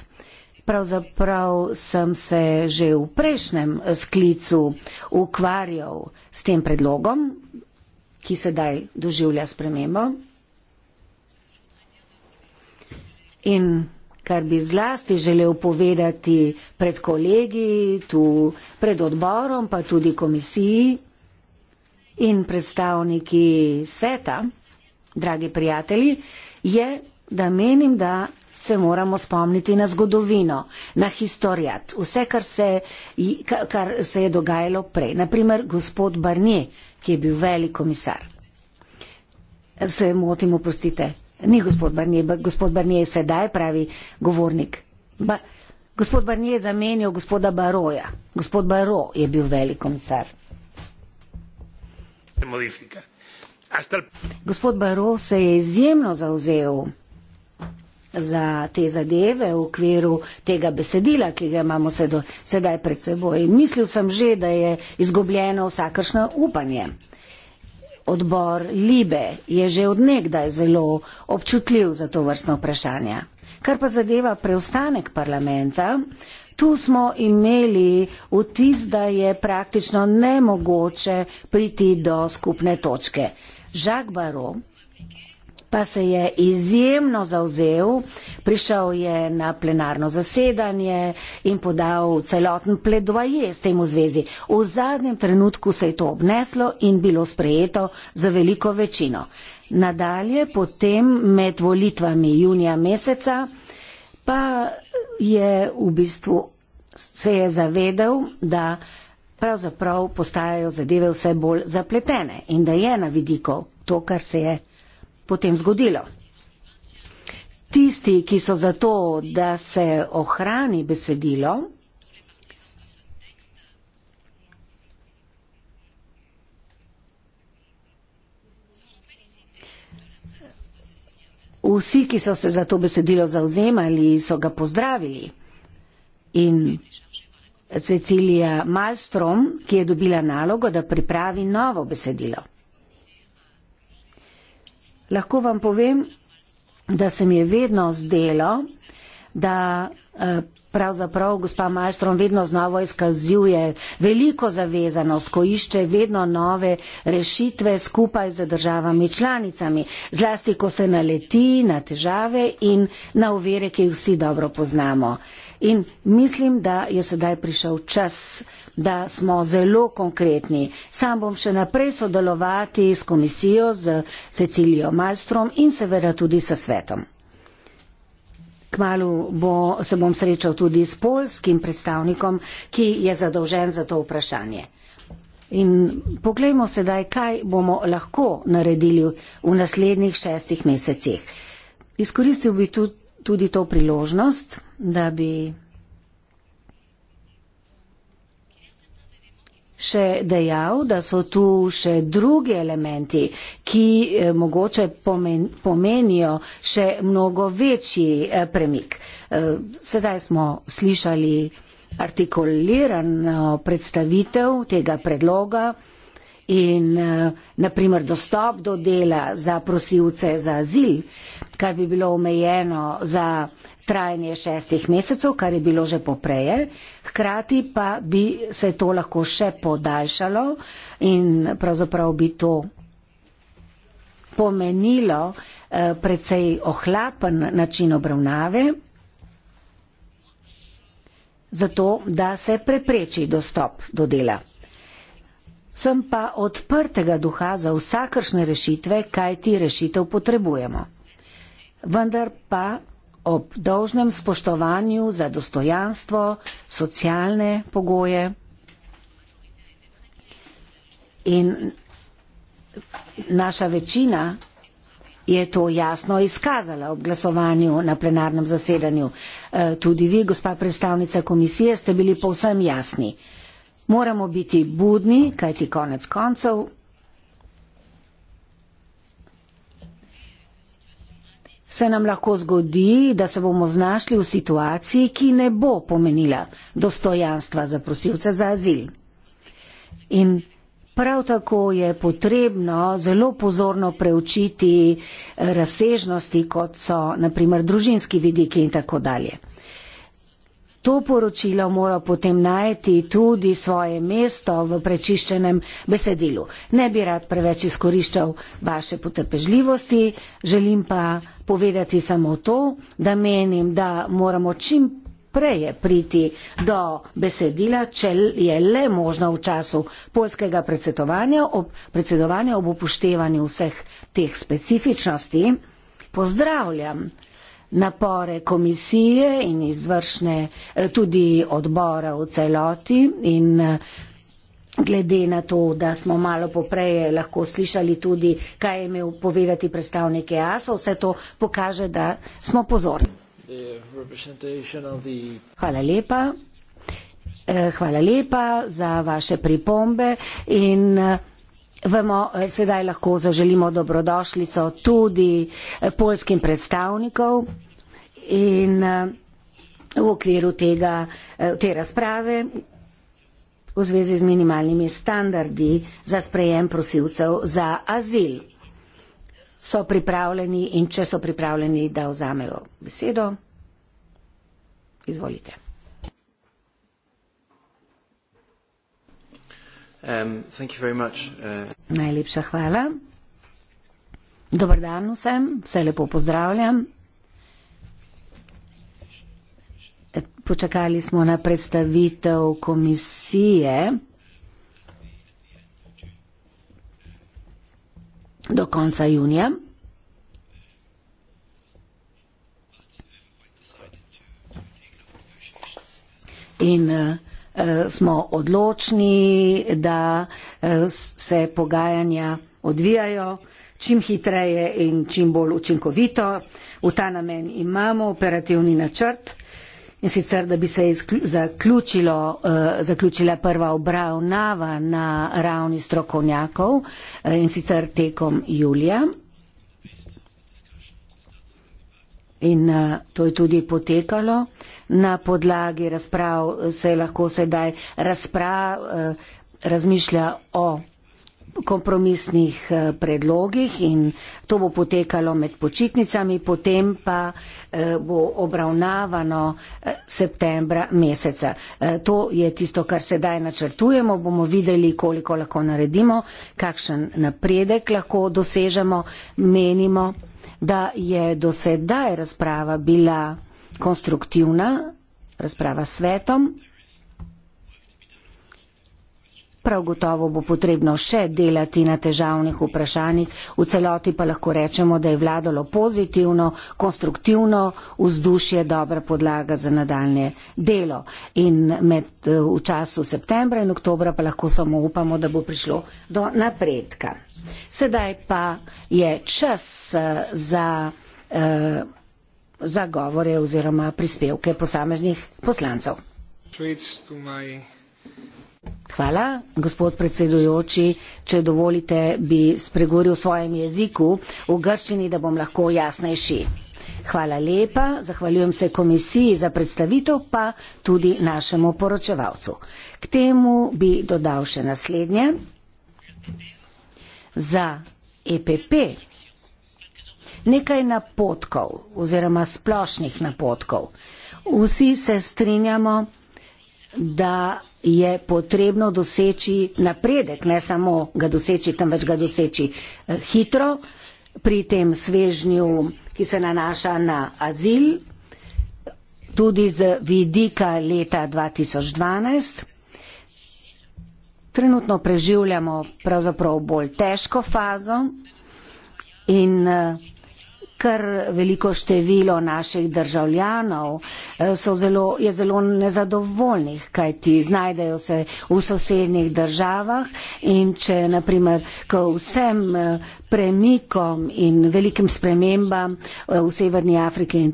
Pravzaprav sem se že v prejšnjem eh, sklicu ukvarjal s tem predlogom, ki sedaj doživlja spremembo. In kar bi zlasti želel povedati pred kolegi, tu pred odborom, pa tudi komisiji in predstavniki sveta, dragi prijatelji, je, da menim, da se moramo spomniti na zgodovino, na historijat, vse, kar se, kar se je dogajalo prej. Naprimer, gospod Barnier, ki je bil velik komisar. Se motim, oprostite. Ni gospod Barnier, gospod Barnier je sedaj pravi govornik. Ba, gospod Barnier je zamenjal gospoda Baroja. Gospod Baro je bil velik komisar. Gospod Baro se je izjemno zauzel za te zadeve v okviru tega besedila, ki ga imamo sedaj pred seboj. In mislil sem že, da je izgubljeno vsakršno upanje. Odbor Libe je že odnegdaj zelo občutljiv za to vrstno vprašanje. Kar pa zadeva preostanek parlamenta, tu smo imeli vtis, da je praktično nemogoče priti do skupne točke. Žak Barov pa se je izjemno zauzel, prišel je na plenarno zasedanje in podal celoten pledvaje s tem v zvezi. V zadnjem trenutku se je to obneslo in bilo sprejeto za veliko večino. Nadalje, potem med volitvami junija meseca, pa je v bistvu se je zavedel, da pravzaprav postajajo zadeve vse bolj zapletene in da je na vidiko to, kar se je potem zgodilo. Tisti, ki so za to, da se ohrani besedilo, vsi, ki so se za to besedilo zauzemali, so ga pozdravili. In Cecilija Malstrom, ki je dobila nalogo, da pripravi novo besedilo lahko vam povem, da se mi je vedno zdelo, da eh, pravzaprav gospa Majstrom vedno znova izkazuje veliko zavezanost, ko išče vedno nove rešitve skupaj z državami članicami, zlasti ko se naleti na težave in na uvere, ki jih vsi dobro poznamo. In mislim, da je sedaj prišel čas da smo zelo konkretni. Sam bom še naprej sodelovati s komisijo, z Cecilijo Malstrom in seveda tudi s svetom. Kmalu bo, se bom srečal tudi s polskim predstavnikom, ki je zadolžen za to vprašanje. In poglejmo sedaj, kaj bomo lahko naredili v naslednjih šestih mesecih. Izkoristil bi tudi to priložnost, da bi še dejal, da so tu še drugi elementi, ki eh, mogoče pomen, pomenijo še mnogo večji eh, premik. Eh, sedaj smo slišali artikulirano predstavitev tega predloga in naprimer dostop do dela za prosilce za azil kar bi bilo omejeno za trajanje šestih mesecev, kar je bilo že popreje. Hkrati pa bi se to lahko še podaljšalo in pravzaprav bi to pomenilo eh, precej ohlapen način obravnave, zato da se prepreči dostop do dela. Sem pa odprtega duha za vsakršne rešitve, kaj ti rešitev potrebujemo vendar pa ob dolžnem spoštovanju za dostojanstvo, socialne pogoje in naša večina je to jasno izkazala ob glasovanju na plenarnem zasedanju. E, tudi vi, gospa predstavnica komisije, ste bili povsem jasni. Moramo biti budni, kajti konec koncev Se nam lahko zgodi, da se bomo znašli v situaciji, ki ne bo pomenila dostojanstva za prosilce za azil. In prav tako je potrebno zelo pozorno preučiti razsežnosti, kot so naprimer družinski vidiki in tako dalje. To poročilo mora potem najti tudi svoje mesto v prečiščenem besedilu. Ne bi rad preveč izkoriščal vaše potrpežljivosti, želim pa povedati samo to, da menim, da moramo čim preje priti do besedila, če je le možno v času polskega predsedovanja ob, predsedovanja ob upoštevanju vseh teh specifičnosti. Pozdravljam napore komisije in izvršne eh, tudi odbora v celoti in eh, glede na to, da smo malo poprej eh, lahko slišali tudi, kaj je imel povedati predstavnik EASO, vse to pokaže, da smo pozorni. Hvala lepa. Hvala lepa za vaše pripombe in Vemo, eh, sedaj lahko zaželimo dobrodošlico tudi eh, polskim predstavnikov in eh, v okviru tega, te razprave v zvezi z minimalnimi standardi za sprejem prosilcev za azil. So pripravljeni in če so pripravljeni, da vzamejo besedo, izvolite. Um, uh, Najlepša hvala. Dobar dan vsem, vse lepo pozdravljam. Počakali smo na predstavitev komisije do konca junija. In uh, Eh, smo odločni, da eh, se pogajanja odvijajo čim hitreje in čim bolj učinkovito. V ta namen imamo operativni načrt in sicer, da bi se zaključilo, eh, zaključila prva obravnava na ravni strokovnjakov in sicer tekom julija. In eh, to je tudi potekalo. Na podlagi razprav se lahko sedaj razprav, eh, razmišlja o kompromisnih eh, predlogih in to bo potekalo med počitnicami, potem pa bo obravnavano septembra meseca. To je tisto, kar sedaj načrtujemo, bomo videli, koliko lahko naredimo, kakšen napredek lahko dosežemo, menimo da je do sedaj razprava bila konstruktivna, razprava s svetom, Prav gotovo bo potrebno še delati na težavnih vprašanjih, v celoti pa lahko rečemo, da je vladalo pozitivno, konstruktivno vzdušje, dobra podlaga za nadaljne delo. In med, eh, v času septembra in oktobra pa lahko samo upamo, da bo prišlo do napredka. Sedaj pa je čas eh, za, eh, za govore oziroma prispevke posameznih poslancev. Hvala, gospod predsedujoči. Če dovolite, bi spregovoril v svojem jeziku, v grščini, da bom lahko jasnejši. Hvala lepa, zahvaljujem se komisiji za predstavitev, pa tudi našemu poročevalcu. K temu bi dodal še naslednje. Za EPP nekaj napotkov oziroma splošnih napotkov. Vsi se strinjamo, da je potrebno doseči napredek, ne samo ga doseči, temveč ga doseči eh, hitro pri tem svežnju, ki se nanaša na azil, tudi z vidika leta 2012. Trenutno preživljamo pravzaprav bolj težko fazo in eh, kar veliko število naših državljanov eh, zelo, je zelo nezadovoljnih, kajti znajdejo se v sosednjih državah in če naprimer k vsem eh, premikom in velikim spremembam eh, v Severni Afriki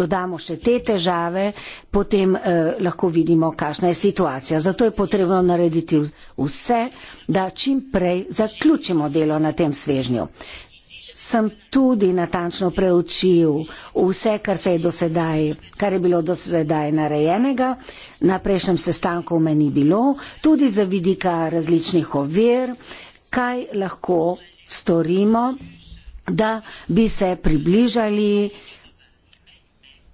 dodamo še te težave, potem eh, lahko vidimo, kakšna je situacija. Zato je potrebno narediti vse, da čim prej zaključimo delo na tem svežnju sem tudi natančno preučil vse, kar, se je dosedaj, kar je bilo do sedaj narejenega. Na prejšnjem sestanku me ni bilo, tudi za vidika različnih ovir, kaj lahko storimo, da bi se približali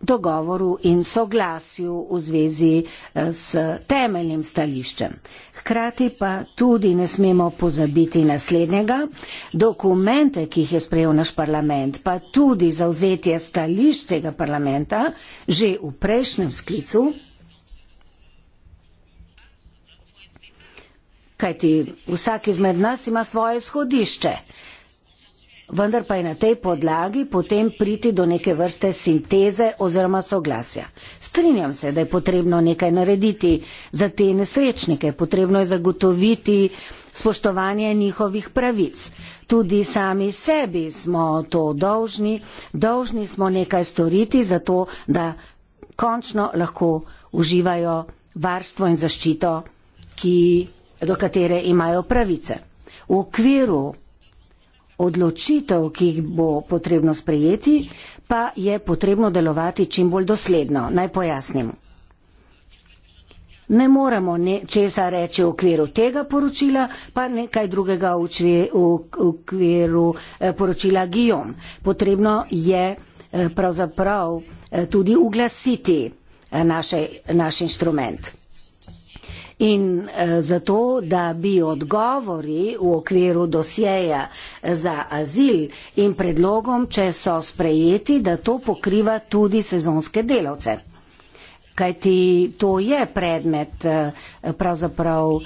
dogovoru in soglasju v zvezi eh, s temeljnim stališčem. Hkrati pa tudi ne smemo pozabiti naslednjega. Dokumente, ki jih je sprejel naš parlament, pa tudi zauzetje stališčega parlamenta že v prejšnjem sklicu. Kajti vsak izmed nas ima svoje shodišče vendar pa je na tej podlagi potem priti do neke vrste sinteze oziroma soglasja. Strinjam se, da je potrebno nekaj narediti za te nesrečnike, potrebno je zagotoviti spoštovanje njihovih pravic. Tudi sami sebi smo to dolžni, dolžni smo nekaj storiti za to, da končno lahko uživajo varstvo in zaščito, ki, do katere imajo pravice. V okviru odločitev, ki jih bo potrebno sprejeti, pa je potrebno delovati čim bolj dosledno. Naj pojasnim. Ne moremo česa reči v okviru tega poročila, pa nekaj drugega v, čvi, v, v okviru eh, poročila Gijom. Potrebno je eh, pravzaprav eh, tudi uglasiti naše, naš inštrument. In eh, zato, da bi odgovori v okviru dosjeja eh, za azil in predlogom, če so sprejeti, da to pokriva tudi sezonske delavce. Kajti to je predmet eh, pravzaprav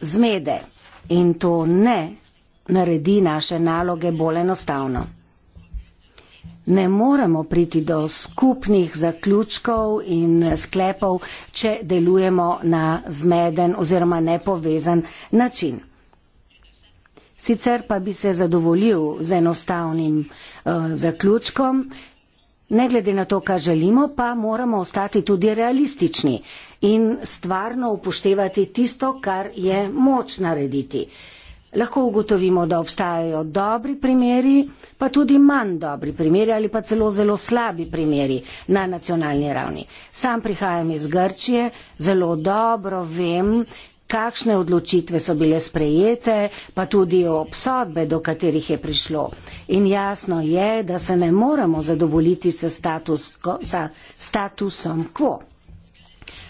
zmede in to ne naredi naše naloge bolj enostavno ne moremo priti do skupnih zaključkov in sklepov, če delujemo na zmeden oziroma nepovezan način. Sicer pa bi se zadovoljil z enostavnim uh, zaključkom, ne glede na to, kaj želimo, pa moramo ostati tudi realistični in stvarno upoštevati tisto, kar je moč narediti. Uh, lahko ugotovimo, da obstajajo dobri primeri, pa tudi manj dobri primeri ali pa celo zelo slabi primeri na nacionalni ravni. Sam prihajam iz Grčije, zelo dobro vem, kakšne odločitve so bile sprejete, pa tudi obsodbe, do katerih je prišlo. In jasno je, da se ne moramo zadovoljiti s status, ko, sa, statusom quo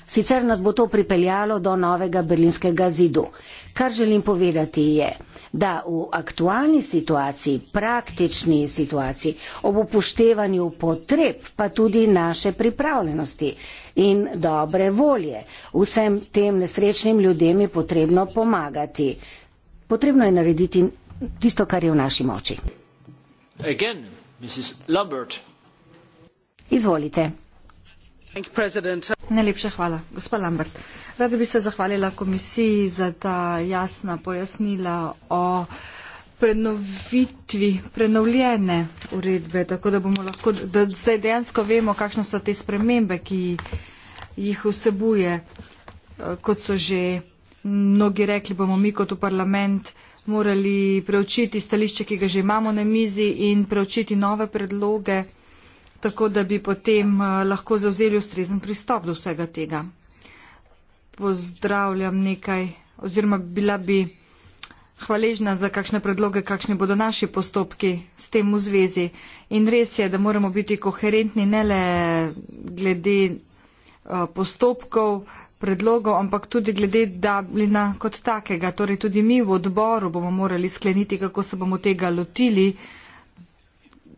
sicer nas bo to pripeljalo do novega berlinskega zidu. Kar želim povedati je, da v aktualni situaciji, praktični situaciji, ob upoštevanju potreb, pa tudi naše pripravljenosti in dobre volje, vsem tem nesrečnim ljudem je potrebno pomagati. Potrebno je narediti tisto, kar je v naši moči. Again, Izvolite. Thank you, President. Najlepša hvala, gospa Lambert. Rada bi se zahvalila komisiji za ta jasna pojasnila o prenovitvi, prenovljene uredbe, tako da bomo lahko, da zdaj dejansko vemo, kakšne so te spremembe, ki jih vsebuje. Kot so že mnogi rekli, bomo mi kot v parlament morali preučiti stališče, ki ga že imamo na mizi in preučiti nove predloge tako da bi potem eh, lahko zauzeli ustrezen pristop do vsega tega. Pozdravljam nekaj, oziroma bila bi hvaležna za kakšne predloge, kakšni bodo naši postopki s tem v zvezi. In res je, da moramo biti koherentni ne le glede eh, postopkov, predlogov, ampak tudi glede Dublina kot takega. Torej tudi mi v odboru bomo morali skleniti, kako se bomo tega lotili. Uh,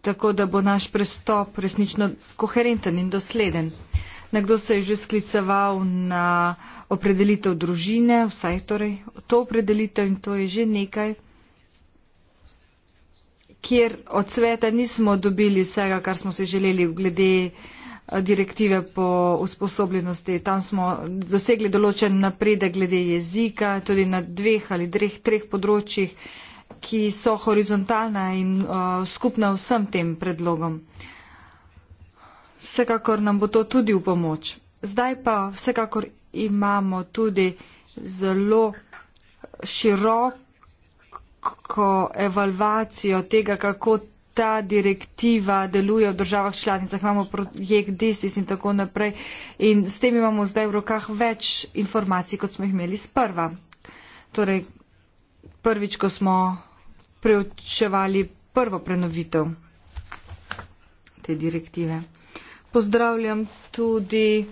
tako da bo naš prestop resnično koherenten in dosleden. Nekdo se je že skliceval na opredelitev družine, vsaj torej to opredelitev in to je že nekaj, kjer od sveta nismo dobili vsega, kar smo se želeli v glede eh, direktive po usposobljenosti. Tam smo dosegli določen napredek glede jezika, tudi na dveh ali dreh, treh področjih ki so horizontalna in uh, skupna vsem tem predlogom. Vsekakor nam bo to tudi v pomoč. Zdaj pa vsekakor imamo tudi zelo široko evalvacijo tega, kako ta direktiva deluje v državah članicah. Imamo projekt DESIS in tako naprej. In s tem imamo zdaj v rokah več informacij, kot smo jih imeli sprva. Torej, prvič, ko smo preučevali prvo prenovitev te direktive. Pozdravljam tudi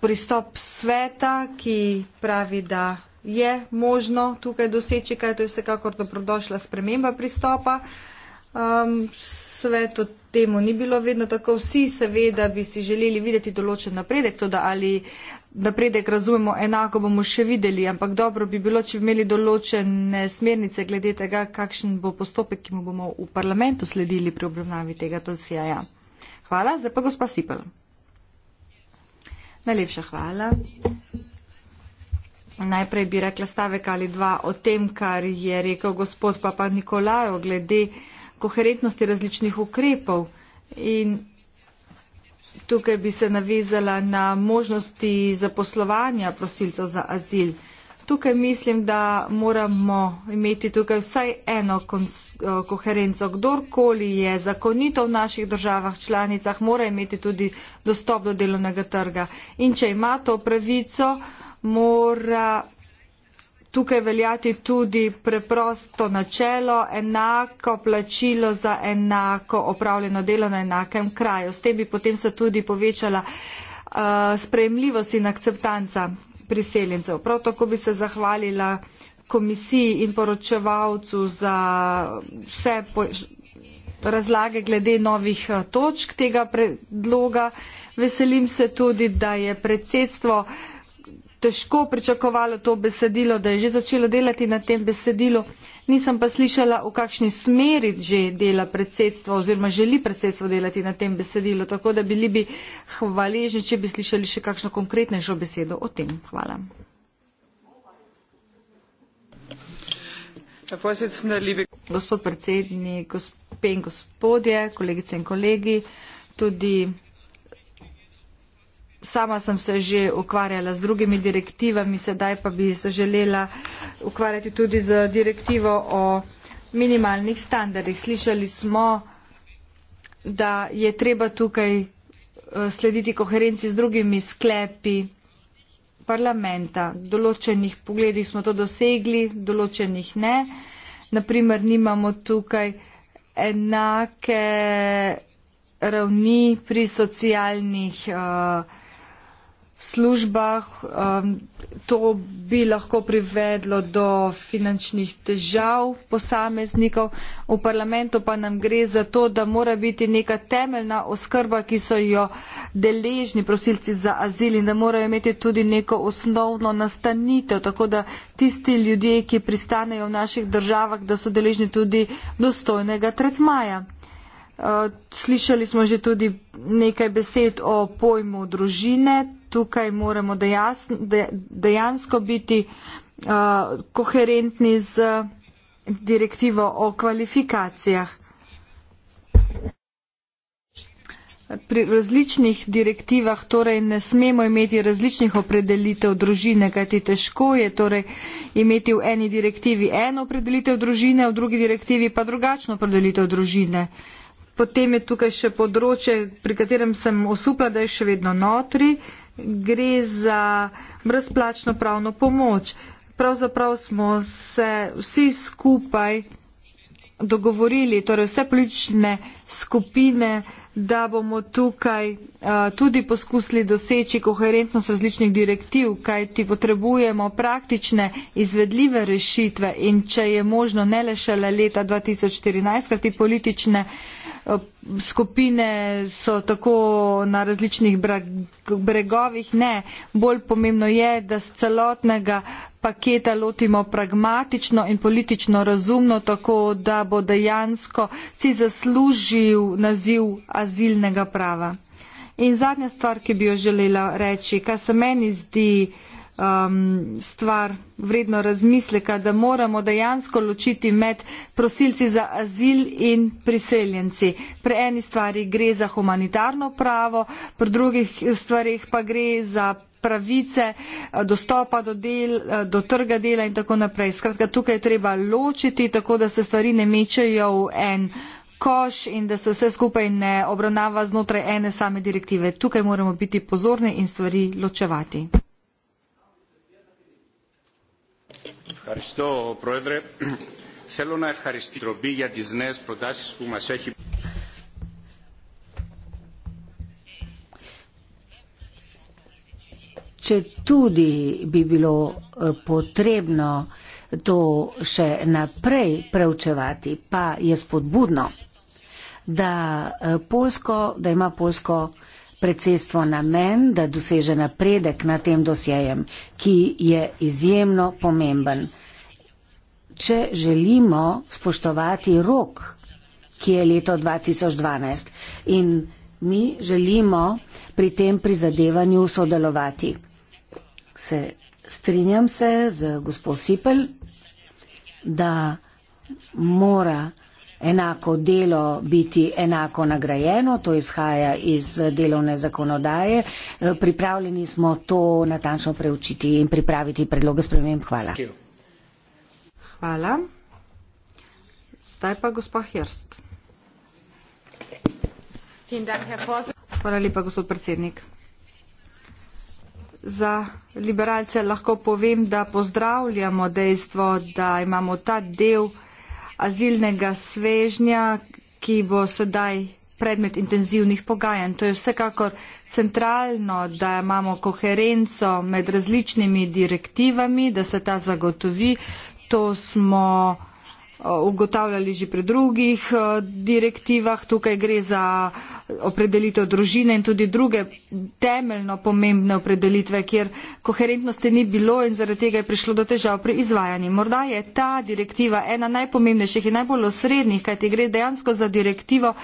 pristop sveta, ki pravi, da je možno tukaj doseči, kaj to je vsekakor dobrodošla sprememba pristopa. Um, svetu temu ni bilo vedno tako. Vsi seveda bi si želeli videti določen napredek, to da ali uh, napredek razumemo enako, bomo še videli, ampak dobro bi bilo, če bi imeli določene smernice glede tega, kakšen bo postopek, ki mu bomo v parlamentu sledili pri obravnavi tega dosjeja. Hvala, zdaj pa gospa Sipel. Najlepša hvala. Najprej bi rekla stavek ali dva o tem, kar je rekel gospod Papa Nikolajo glede koherentnosti različnih ukrepov in Tukaj bi se navezala na možnosti zaposlovanja prosilcev za azil. Tukaj mislim, da moramo imeti tukaj vsaj eno eh, koherenco. Kdorkoli je zakonito v naših državah članicah, mora imeti tudi dostop do delovnega trga. In če ima to pravico, mora tukaj veljati tudi preprosto načelo, enako plačilo za enako opravljeno delo na enakem kraju. S tem bi potem se tudi povečala eh, sprejemljivost in akceptanca priseljencev. Prav tako bi se zahvalila komisiji in poročevalcu za vse razlage glede novih eh, točk tega predloga. Veselim se tudi, da je predsedstvo uh, težko pričakovalo to besedilo, da je že začelo delati na tem besedilu. Nisem pa slišala, v kakšni smeri že dela predsedstvo oziroma želi predsedstvo delati na tem besedilu. Tako da bili bi hvaležni, če bi slišali še kakšno konkretnejšo besedo o tem. Hvala. Gospod predsednik, gospe in gospodje, kolegice in kolegi, tudi sama sem se že ukvarjala z drugimi direktivami, sedaj pa bi se želela ukvarjati tudi z direktivo o minimalnih standardih. Slišali smo, da je treba tukaj eh, slediti koherenci z drugimi sklepi parlamenta. V določenih pogledih smo to dosegli, v določenih ne. Naprimer, nimamo tukaj enake ravni pri socialnih uh, službah. Um, to bi lahko privedlo do finančnih težav posameznikov. V parlamentu pa nam gre za to, da mora biti neka temeljna oskrba, ki so jo deležni prosilci za azil in da morajo imeti tudi neko osnovno nastanitev, tako da tisti ljudje, ki pristanejo v naših državah, da so deležni tudi dostojnega tretmaja. Eh, slišali smo že tudi nekaj besed o pojmu družine. Tukaj moramo dejansko biti eh, koherentni z direktivo o kvalifikacijah. Pri različnih direktivah torej ne smemo imeti različnih opredelitev družine, kajti težko je torej imeti v eni direktivi eno opredelitev družine, v drugi direktivi pa drugačno opredelitev družine. Uh, Potem je tukaj še področje, pri katerem sem osupla, da je še vedno notri. Gre za brezplačno pravno pomoč. Pravzaprav smo se vsi skupaj dogovorili, torej vse politične skupine, da bomo tukaj eh, tudi poskusili doseči koherentnost različnih direktiv, kaj ti potrebujemo praktične izvedljive rešitve in če je možno ne le šele leta 2014, ker ti politične eh, skupine so tako na različnih bregovih. Ne, bolj pomembno je, da z celotnega paketa lotimo pragmatično in politično razumno, tako da bo dejansko si zasluži dobil naziv azilnega prava. In zadnja stvar, ki bi jo želela reči, kar se meni zdi um, stvar vredno razmisleka, da moramo dejansko ločiti med prosilci za azil in priseljenci. Pri eni stvari gre za humanitarno pravo, pri drugih stvarih pa gre za pravice, eh, dostopa do, del, eh, do trga dela in tako naprej. Skratka, tukaj je treba ločiti, tako da se stvari ne mečejo v en koš in da se vse skupaj ne obravnava znotraj ene same direktive. Tukaj moramo biti pozorni in stvari ločevati. Če tudi bi bilo eh, potrebno to še naprej preučevati, pa je spodbudno da, eh, Polsko, da ima Polsko predsedstvo na men, da doseže napredek na tem dosjejem, ki je izjemno pomemben. Če želimo spoštovati rok, ki je leto 2012 in mi želimo pri tem prizadevanju sodelovati. Se, strinjam se z gospod Sipel, da mora enako delo biti enako nagrajeno, to izhaja iz delovne zakonodaje. E, pripravljeni smo to natančno preučiti in pripraviti predloge sprememb. Hvala. Hvala. Zdaj pa gospa Hirst. Hvala lepa, gospod predsednik. Za liberalce lahko povem, da pozdravljamo dejstvo, da imamo ta del azilnega svežnja, ki bo sedaj predmet intenzivnih pogajanj. To je vsekakor centralno, da imamo koherenco med različnimi direktivami, da se ta zagotovi. To smo Eh, ugotavljali že pri drugih eh, direktivah. Tukaj gre za opredelitev družine in tudi druge temeljno pomembne opredelitve, kjer koherentnosti ni bilo in zaradi tega je prišlo do težav pri izvajanju. Morda je ta direktiva ena najpomembnejših in najbolj osrednjih, kajti gre dejansko za direktivo,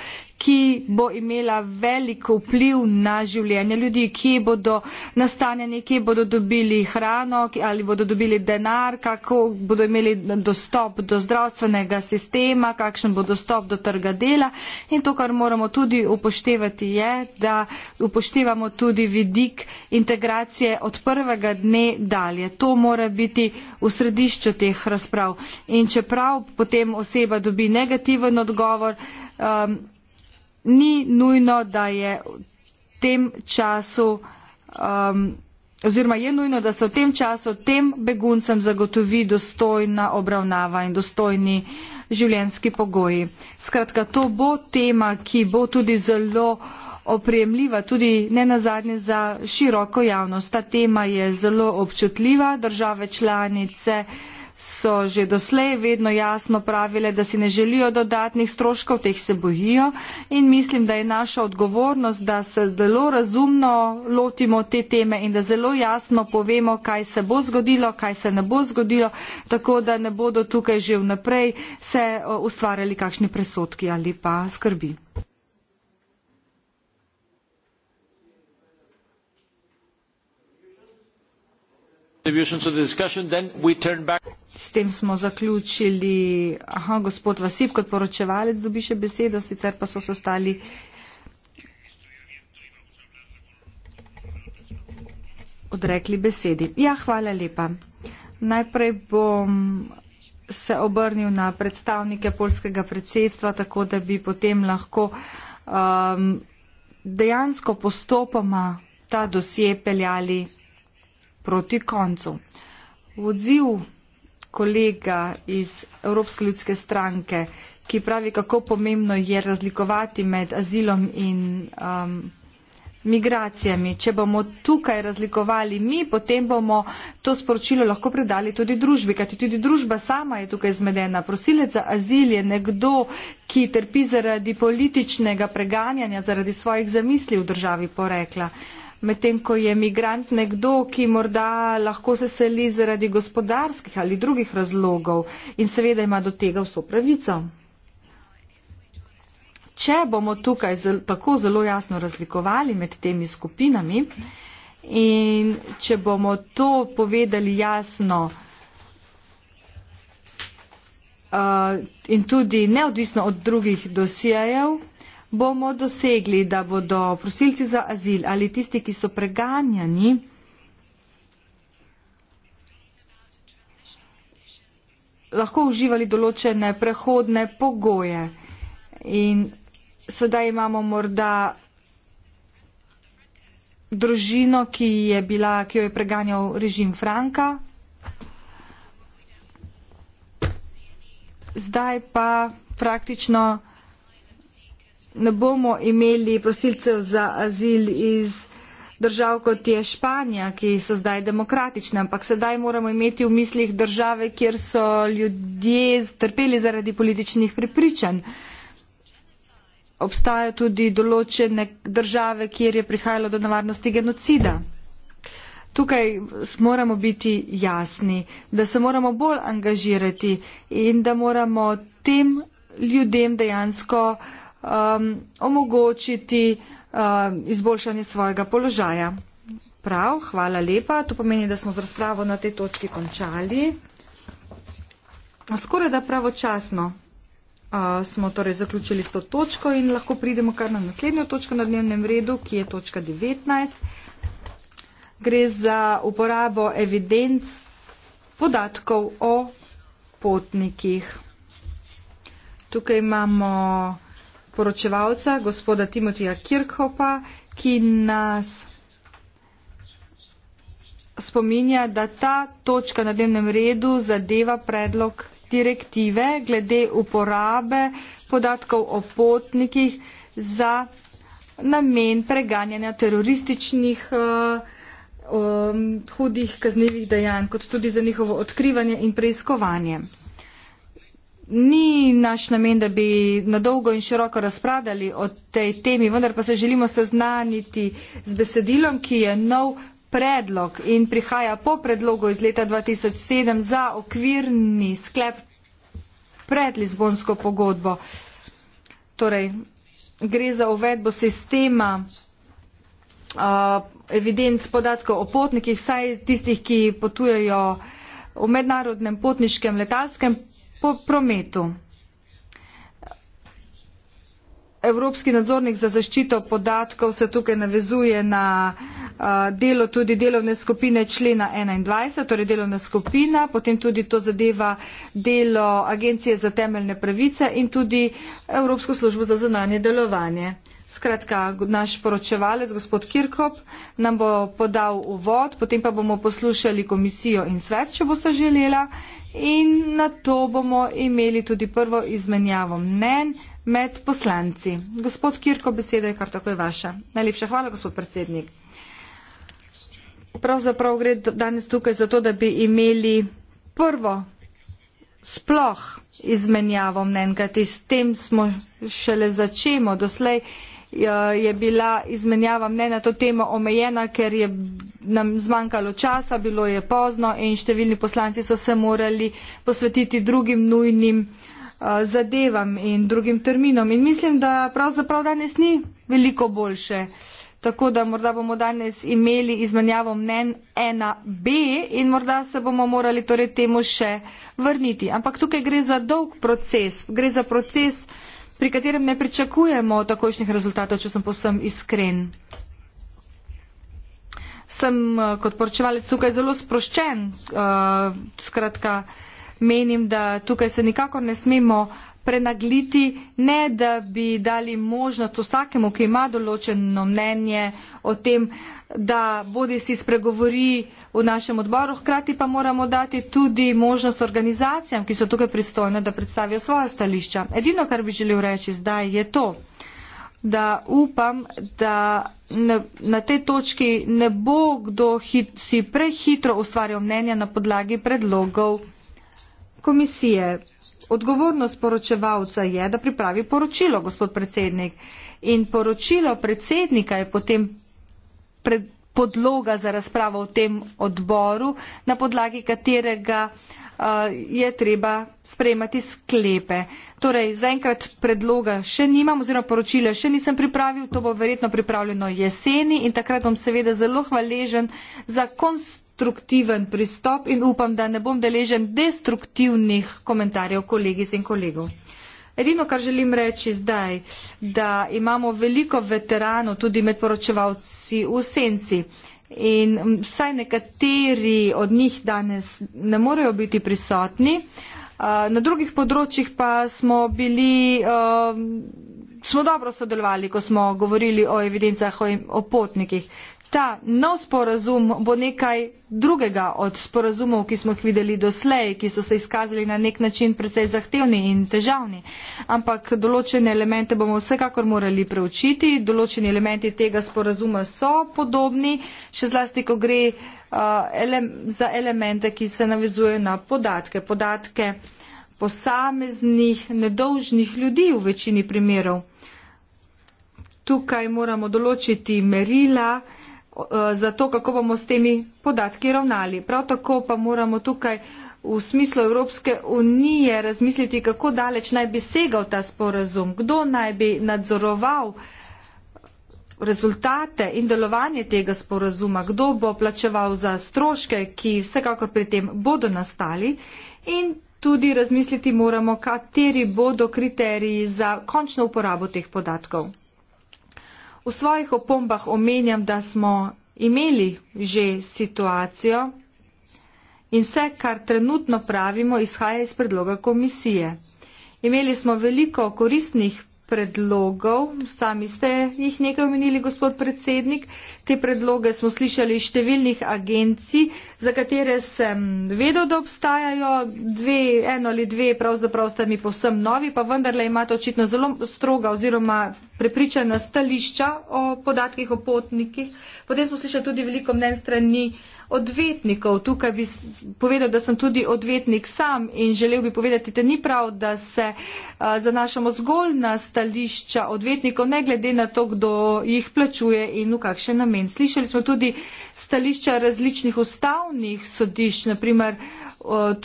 ki bo imela velik vpliv na življenje ljudi, kje bodo nastanjeni, kje bodo dobili hrano ali bodo dobili denar, kako bodo imeli dostop do zdravstvenega sistema, kakšen bo dostop do trga dela. In to, kar moramo tudi upoštevati, je, da upoštevamo tudi vidik integracije od prvega dne dalje. To mora biti v središču teh razprav. In čeprav potem oseba dobi negativen odgovor, um, ni nujno, da je v tem času. Um, Oziroma je nujno, da se v tem času tem beguncem zagotovi dostojna obravnava in dostojni življenski pogoji. Skratka, to bo tema, ki bo tudi zelo opremljiva, tudi ne nazadnje za široko javnost. Ta tema je zelo občutljiva, države članice so že doslej vedno jasno pravile, da si ne želijo dodatnih stroškov, teh se bojijo in mislim, da je naša odgovornost, da se zelo razumno lotimo te teme in da zelo jasno povemo, kaj se bo zgodilo, kaj se ne bo zgodilo, tako da ne bodo tukaj že vnaprej se ustvarjali kakšni presodki ali pa skrbi. The views into the discussion, then we turn back. S tem smo zaključili. Aha, gospod Vasip kot poročevalec dobi še besedo, sicer pa so se ostali. Odrekli besedi. Ja, hvala lepa. Najprej bom se obrnil na predstavnike polskega predsedstva, tako da bi potem lahko um, dejansko postopoma ta dosje peljali proti koncu. V odziv kolega iz Evropske ljudske stranke, ki pravi, kako pomembno je razlikovati med azilom in um, migracijami. Če bomo tukaj razlikovali mi, potem bomo to sporočilo lahko predali tudi družbi, kajti tudi družba sama je tukaj zmedena. Prosilec za azil je nekdo, ki trpi zaradi političnega preganjanja, zaradi svojih zamisli v državi porekla medtem ko je migrant nekdo, ki morda lahko se seli zaradi gospodarskih ali drugih razlogov in seveda ima do tega vso pravico. Če bomo tukaj zelo, tako zelo jasno razlikovali med temi skupinami in če bomo to povedali jasno uh, in tudi neodvisno od drugih dosijajev, bomo dosegli, da bodo prosilci za azil ali tisti, ki so preganjani, lahko uživali določene prehodne pogoje. In sedaj imamo morda družino, ki, je bila, ki jo je preganjal režim Franka. Zdaj pa praktično ne bomo imeli prosilcev za azil iz držav, kot je Španija, ki so zdaj demokratične, ampak sedaj moramo imeti v mislih države, kjer so ljudje trpeli zaradi političnih prepričanj. Obstajajo tudi določene države, kjer je prihajalo do nevarnosti genocida. Tukaj moramo biti jasni, da se moramo bolj angažirati in da moramo tem ljudem dejansko uh, um, omogočiti um, izboljšanje svojega položaja. Prav, hvala lepa. To pomeni, da smo z razpravo na tej točki končali. Skoraj da pravočasno uh, smo torej zaključili s to točko in lahko pridemo kar na naslednjo točko na dnevnem redu, ki je točka 19. Gre za uporabo evidenc podatkov o potnikih. Tukaj imamo poročevalca, gospoda Timotija Kirkhopa, ki nas spominja, da ta točka na dnevnem redu zadeva predlog direktive glede uporabe podatkov o potnikih za namen preganjanja terorističnih uh, um, hudih kaznjivih dejanj, kot tudi za njihovo odkrivanje in preiskovanje ni naš namen, da bi na dolgo in široko razpravljali o tej temi, vendar pa se želimo seznaniti z besedilom, ki je nov predlog in prihaja po predlogu iz leta 2007 za okvirni sklep pred Lizbonsko pogodbo. Torej, gre za uvedbo sistema evidenc podatkov o potnikih, vsaj tistih, ki potujejo v mednarodnem potniškem letalskem po prometu. Evropski nadzornik za zaščito podatkov se tukaj navezuje na delo tudi delovne skupine člena 21, torej delovna skupina, potem tudi to zadeva delo Agencije za temeljne pravice in tudi Evropsko službo za zunanje delovanje. Skratka, naš poročevalec, gospod Kirkop, nam bo podal uvod, potem pa bomo poslušali komisijo in svet, če boste želela, in na to bomo imeli tudi prvo izmenjavo mnen med poslanci. Gospod Kirkop, beseda je kar takoj vaša. Najlepša hvala, gospod predsednik. Pravzaprav gre danes tukaj za to, da bi imeli prvo sploh izmenjavo mnen, kajti s tem smo šele začemo doslej. Eh, je bila izmenjava mnenja to temo omejena, ker je nam zmanjkalo časa, bilo je pozno in številni poslanci so se morali posvetiti drugim nujnim eh, zadevam in drugim terminom. In mislim, da pravzaprav danes ni veliko boljše. Tako da morda bomo danes imeli izmenjavo mnen 1B in morda se bomo morali torej temu še vrniti. Ampak tukaj gre za dolg proces. Gre za proces, uh, pri katerem ne pričakujemo takojšnjih rezultatov, če sem povsem iskren. Sem eh, kot poročevalec tukaj zelo sproščen, uh, skratka menim, da tukaj se nikakor ne smemo uh, prenagliti, ne da bi dali možnost vsakemu, ki ima določeno mnenje o tem, da bodi si spregovori v našem odboru, hkrati pa moramo dati tudi možnost organizacijam, ki so tukaj pristojne, da predstavijo svoja stališča. Edino, kar bi želel reči zdaj, je to, da upam, da ne, na tej točki ne bo kdo hit, si prehitro ustvarjal mnenja na podlagi predlogov komisije. Odgovornost poročevalca je, da pripravi poročilo, gospod predsednik. In poročilo predsednika je potem pred, podloga za razpravo v tem odboru, na podlagi katerega uh, je treba sprejemati sklepe. Torej, zaenkrat predloga še nimam oziroma poročila še nisem pripravil, to bo verjetno pripravljeno jeseni in takrat bom seveda zelo hvaležen za konstrukcijo konstruktiven pristop in upam, da ne bom deležen destruktivnih komentarjev kolegic in kolegov. Edino, kar želim reči zdaj, da imamo veliko veteranov tudi med poročevalci v senci in vsaj nekateri od njih danes ne morejo biti prisotni. Uh, na drugih področjih pa smo bili. Uh, smo dobro sodelovali, ko smo govorili o evidencah, o potnikih ta nov sporazum bo nekaj drugega od sporazumov, ki smo jih videli doslej, ki so se izkazali na nek način precej zahtevni in težavni. Ampak določene elemente bomo vsekakor morali preučiti. Določeni elementi tega sporazuma so podobni, še zlasti, ko gre uh, ele za elemente, ki se navezujejo na podatke. Podatke posameznih nedolžnih ljudi v večini primerov. Tukaj moramo določiti merila, Eh, za to, kako bomo s temi podatki ravnali. Prav tako pa moramo tukaj v smislu Evropske unije razmisliti, kako daleč naj bi segal ta sporazum, kdo naj bi nadzoroval rezultate in delovanje tega sporazuma, kdo bo plačeval za stroške, ki vsekakor pri tem bodo nastali in tudi razmisliti moramo, kateri bodo kriteriji za končno uporabo teh podatkov. V svojih opombah omenjam, da smo imeli že situacijo in vse, kar trenutno pravimo, izhaja iz predloga komisije. Imeli smo veliko koristnih predlogov, sami ste jih nekaj omenili, gospod predsednik. Te predloge smo slišali iz številnih agencij, za katere sem vedel, da obstajajo. Dve, eno ali dve pravzaprav ste mi povsem novi, pa vendarle imate očitno zelo stroga oziroma prepričana stališča o podatkih o potnikih. Potem smo slišali tudi veliko mnen strani odvetnikov. Tukaj bi povedal, da sem tudi odvetnik sam in želel bi povedati, da ni prav, da se zanašamo zgolj na stališča odvetnikov, ne glede na to, kdo jih plačuje in v kakšen namen. Slišali smo tudi stališča različnih ustavnih sodišč, naprimer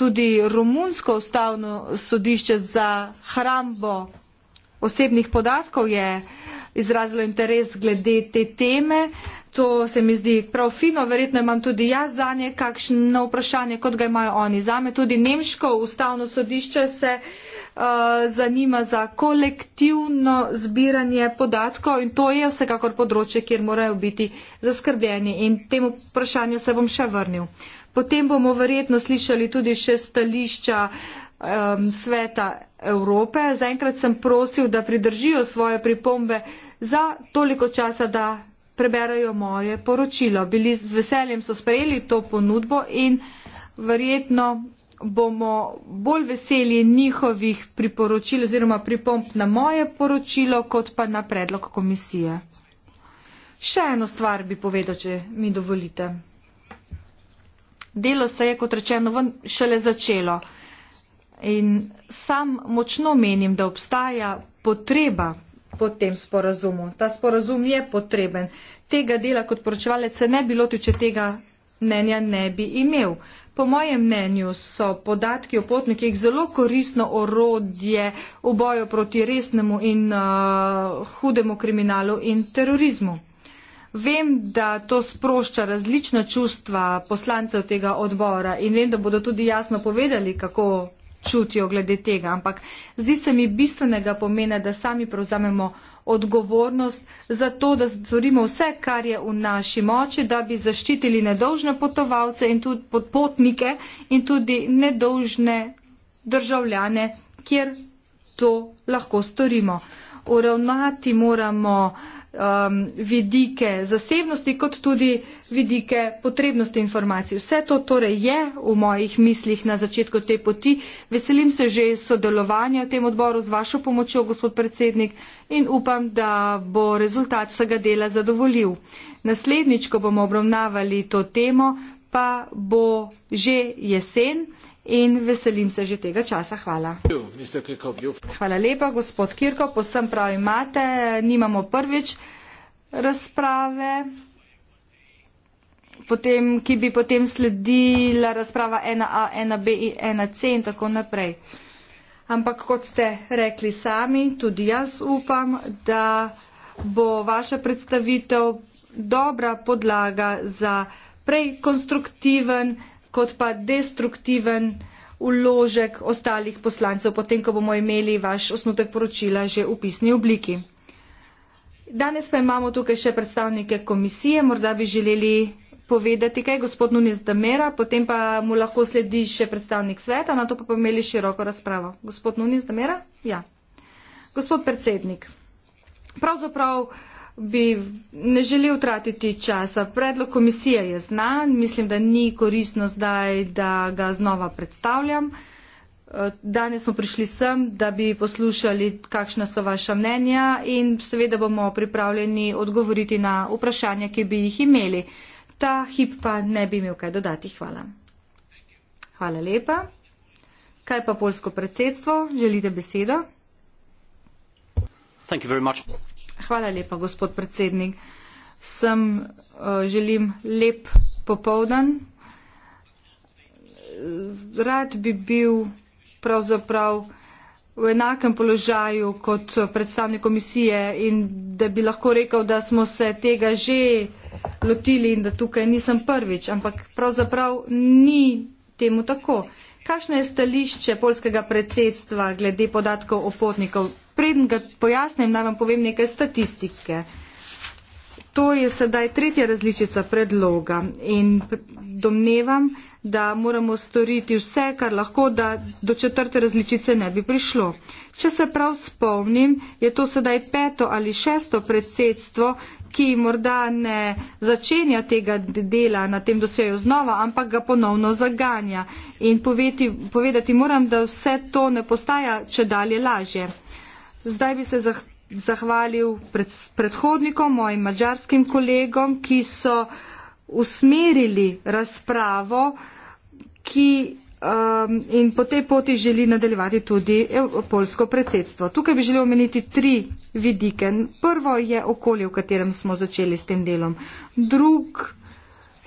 tudi romunsko ustavno sodišče za hrambo osebnih podatkov je uh, izrazilo interes glede te teme. To se mi zdi prav fino, verjetno imam tudi jaz za nje kakšno vprašanje, kot ga imajo oni za me. Tudi Nemško ustavno sodišče se uh, zanima za kolektivno zbiranje podatkov in to je vsekakor področje, kjer morajo biti zaskrbljeni. In temu vprašanju se bom še vrnil. Potem bomo verjetno slišali tudi še stališča um, Sveta Evrope. Zaenkrat sem prosil, da pridržijo svoje pripombe. Uh, za toliko časa, da preberajo moje poročilo. Bili z veseljem so sprejeli to ponudbo in verjetno bomo bolj veseli njihovih priporočil oziroma pripomp na moje poročilo, kot pa na predlog komisije. Še eno stvar bi povedal, če mi dovolite. Delo se je, kot rečeno, šele začelo. In sam močno menim, da obstaja potreba po tem sporazumu. Ta sporazum je potreben. Tega dela kot poročevalec se ne bi lotil, če tega mnenja ne bi imel. Po mojem mnenju so podatki o potnikih zelo korisno orodje v boju proti resnemu in uh, hudemu kriminalu in terorizmu. Vem, da to sprošča različna čustva poslancev tega odbora in vem, da bodo tudi jasno povedali, kako čutijo glede tega, ampak zdi se mi bistvenega pomena, da sami prevzamemo odgovornost za to, da storimo vse, kar je v naši moči, da bi zaščitili nedolžne potovalce in tudi potnike in tudi nedolžne državljane, kjer to lahko storimo. Uravnati moramo uh, um, vidike zasebnosti, kot tudi vidike potrebnosti informacij. Vse to torej je v mojih mislih na začetku te poti. Veselim se že sodelovanja v tem odboru z vašo pomočjo, gospod predsednik, in upam, da bo rezultat vsega dela zadovoljiv. Naslednjič, ko bomo obravnavali to temo, pa bo že jesen in veselim se že tega časa. Hvala. Hvala lepa, gospod Kirko, posem prav imate, nimamo prvič razprave. Potem, ki bi potem sledila razprava 1A, 1B in 1C in tako naprej. Ampak kot ste rekli sami, tudi jaz upam, da bo vaša predstavitev dobra podlaga za prej konstruktiven kot pa destruktiven uložek ostalih poslancev, potem, ko bomo imeli vaš osnutek poročila že v pisni obliki. Danes pa imamo tukaj še predstavnike komisije, morda bi želeli povedati kaj, gospod Nunez Damera, potem pa mu lahko sledi še predstavnik sveta, na to pa bomo imeli široko razpravo. Gospod Nunez Damera? Ja. Gospod predsednik, pravzaprav. Uh, bi ne želel tratiti časa. Predlog komisije je znan, mislim, da ni koristno zdaj, da ga znova predstavljam. Eh, danes smo prišli sem, da bi poslušali, kakšna so vaša mnenja in seveda bomo pripravljeni odgovoriti na vprašanja, ki bi jih imeli. Ta hip pa ne bi imel kaj dodati. Hvala. Hvala lepa. Kaj pa polsko predsedstvo? Želite besedo? Thank you very much. Hvala lepa, gospod predsednik. Sem eh, želim lep popovdan. Rad bi bil pravzaprav v enakem položaju kot eh, predstavnik komisije in da bi lahko rekel, da smo se tega že lotili in da tukaj nisem prvič, ampak pravzaprav ni temu tako. Kakšno je stališče polskega predsedstva glede podatkov o potnikov Preden ga pojasnim, naj vam povem nekaj statistike. To je sedaj tretja različica predloga in domnevam, da moramo storiti vse, kar lahko, da do četrte različice ne bi prišlo. Če se prav spomnim, je to sedaj peto ali šesto predsedstvo, ki morda ne začenja tega dela na tem dosjeju znova, ampak ga ponovno zaganja. In povedati, povedati moram, da vse to ne postaja, če dalje lažje. Zdaj bi se zah zahvalil pred predhodnikom, mojim mađarskim kolegom, ki so usmerili razpravo ki, um, in po tej poti želi nadaljevati tudi polsko predsedstvo. Tukaj bi želel omeniti tri vidike. Prvo je okolje, v katerem smo začeli s tem delom. Drug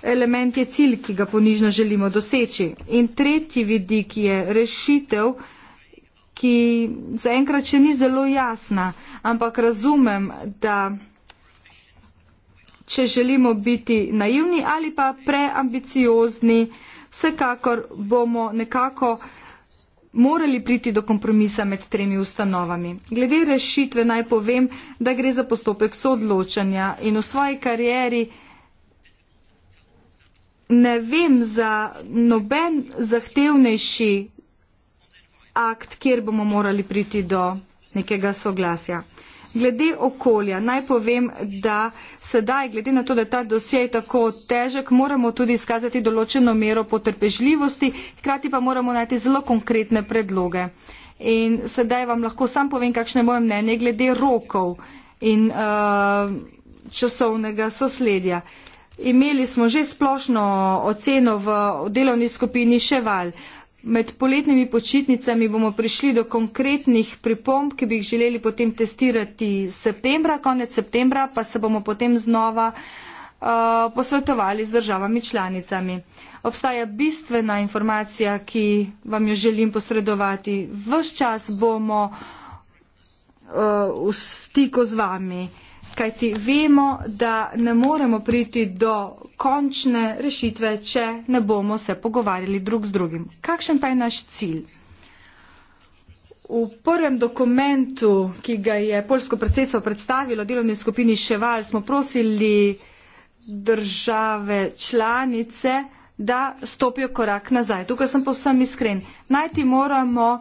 element je cilj, ki ga ponižno želimo doseči. In tretji vidik je rešitev, ki zaenkrat še ni zelo jasna, ampak razumem, da če želimo biti naivni ali pa preambiciozni, vsekakor bomo nekako morali priti do kompromisa med tremi ustanovami. Glede rešitve naj povem, da gre za postopek soodločanja in v svoji karieri ne vem za noben zahtevnejši akt, kjer bomo morali priti do nekega soglasja. Glede okolja, naj povem, da sedaj, glede na to, da ta dosje je tako težek, moramo tudi izkazati določeno mero potrpežljivosti, hkrati pa moramo najti zelo konkretne predloge. In sedaj vam lahko sam povem, kakšne moje mnenje glede rokov in uh, časovnega sosledja. Imeli smo že splošno oceno v delovni skupini Ševal. Uh, Med poletnimi počitnicami bomo prišli do konkretnih pripomb, ki bi jih želeli potem testirati septembra, konec septembra, pa se bomo potem znova uh, posvetovali z državami članicami. Obstaja bistvena informacija, ki vam jo želim posredovati. Ves čas bomo uh, v stiku z vami. Uh, kajti vemo, da ne moremo priti do končne rešitve, če ne bomo se pogovarjali drug z drugim. Kakšen pa je naš cilj? V prvem dokumentu, ki ga je polsko predsedstvo predstavilo delovni skupini Ševal, smo prosili države članice, da stopijo korak nazaj. Tukaj sem povsem iskren. Najti moramo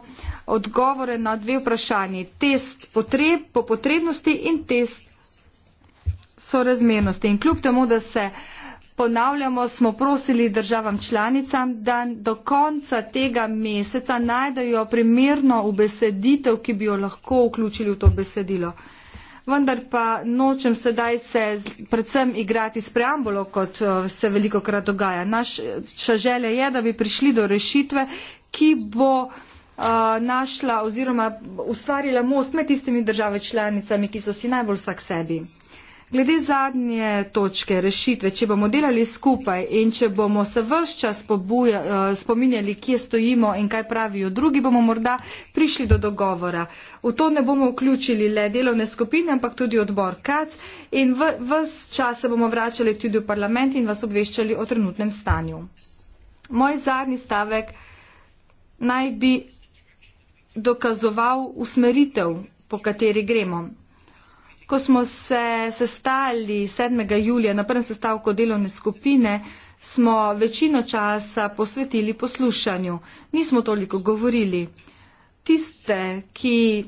odgovore na dve vprašanji. Test potreb, po potrebnosti in test sorazmernosti. In kljub temu, da se ponavljamo, smo prosili državam članicam, da do konca tega meseca najdejo primerno ubeseditev, ki bi jo lahko vključili v to besedilo. Vendar pa nočem sedaj se predvsem igrati s preambulo, kot eh, se veliko krat dogaja. Naša želja je, da bi prišli do rešitve, ki bo eh, našla oziroma ustvarila most med tistimi državami članicami, ki so si najbolj vsak sebi. Glede zadnje točke rešitve, če bomo delali skupaj in če bomo se vse čas pobuja, eh, spominjali, kje stojimo in kaj pravijo drugi, bomo morda prišli do dogovora. V to ne bomo vključili le delovne skupine, ampak tudi odbor KAC in vse čas se bomo vračali tudi v parlament in vas obveščali o trenutnem stanju. Moj zadnji stavek naj bi dokazoval usmeritev, po kateri gremo ko smo se sestali 7. julija na prvem sestavku delovne skupine, smo večino časa posvetili poslušanju. Nismo toliko govorili. Tiste, ki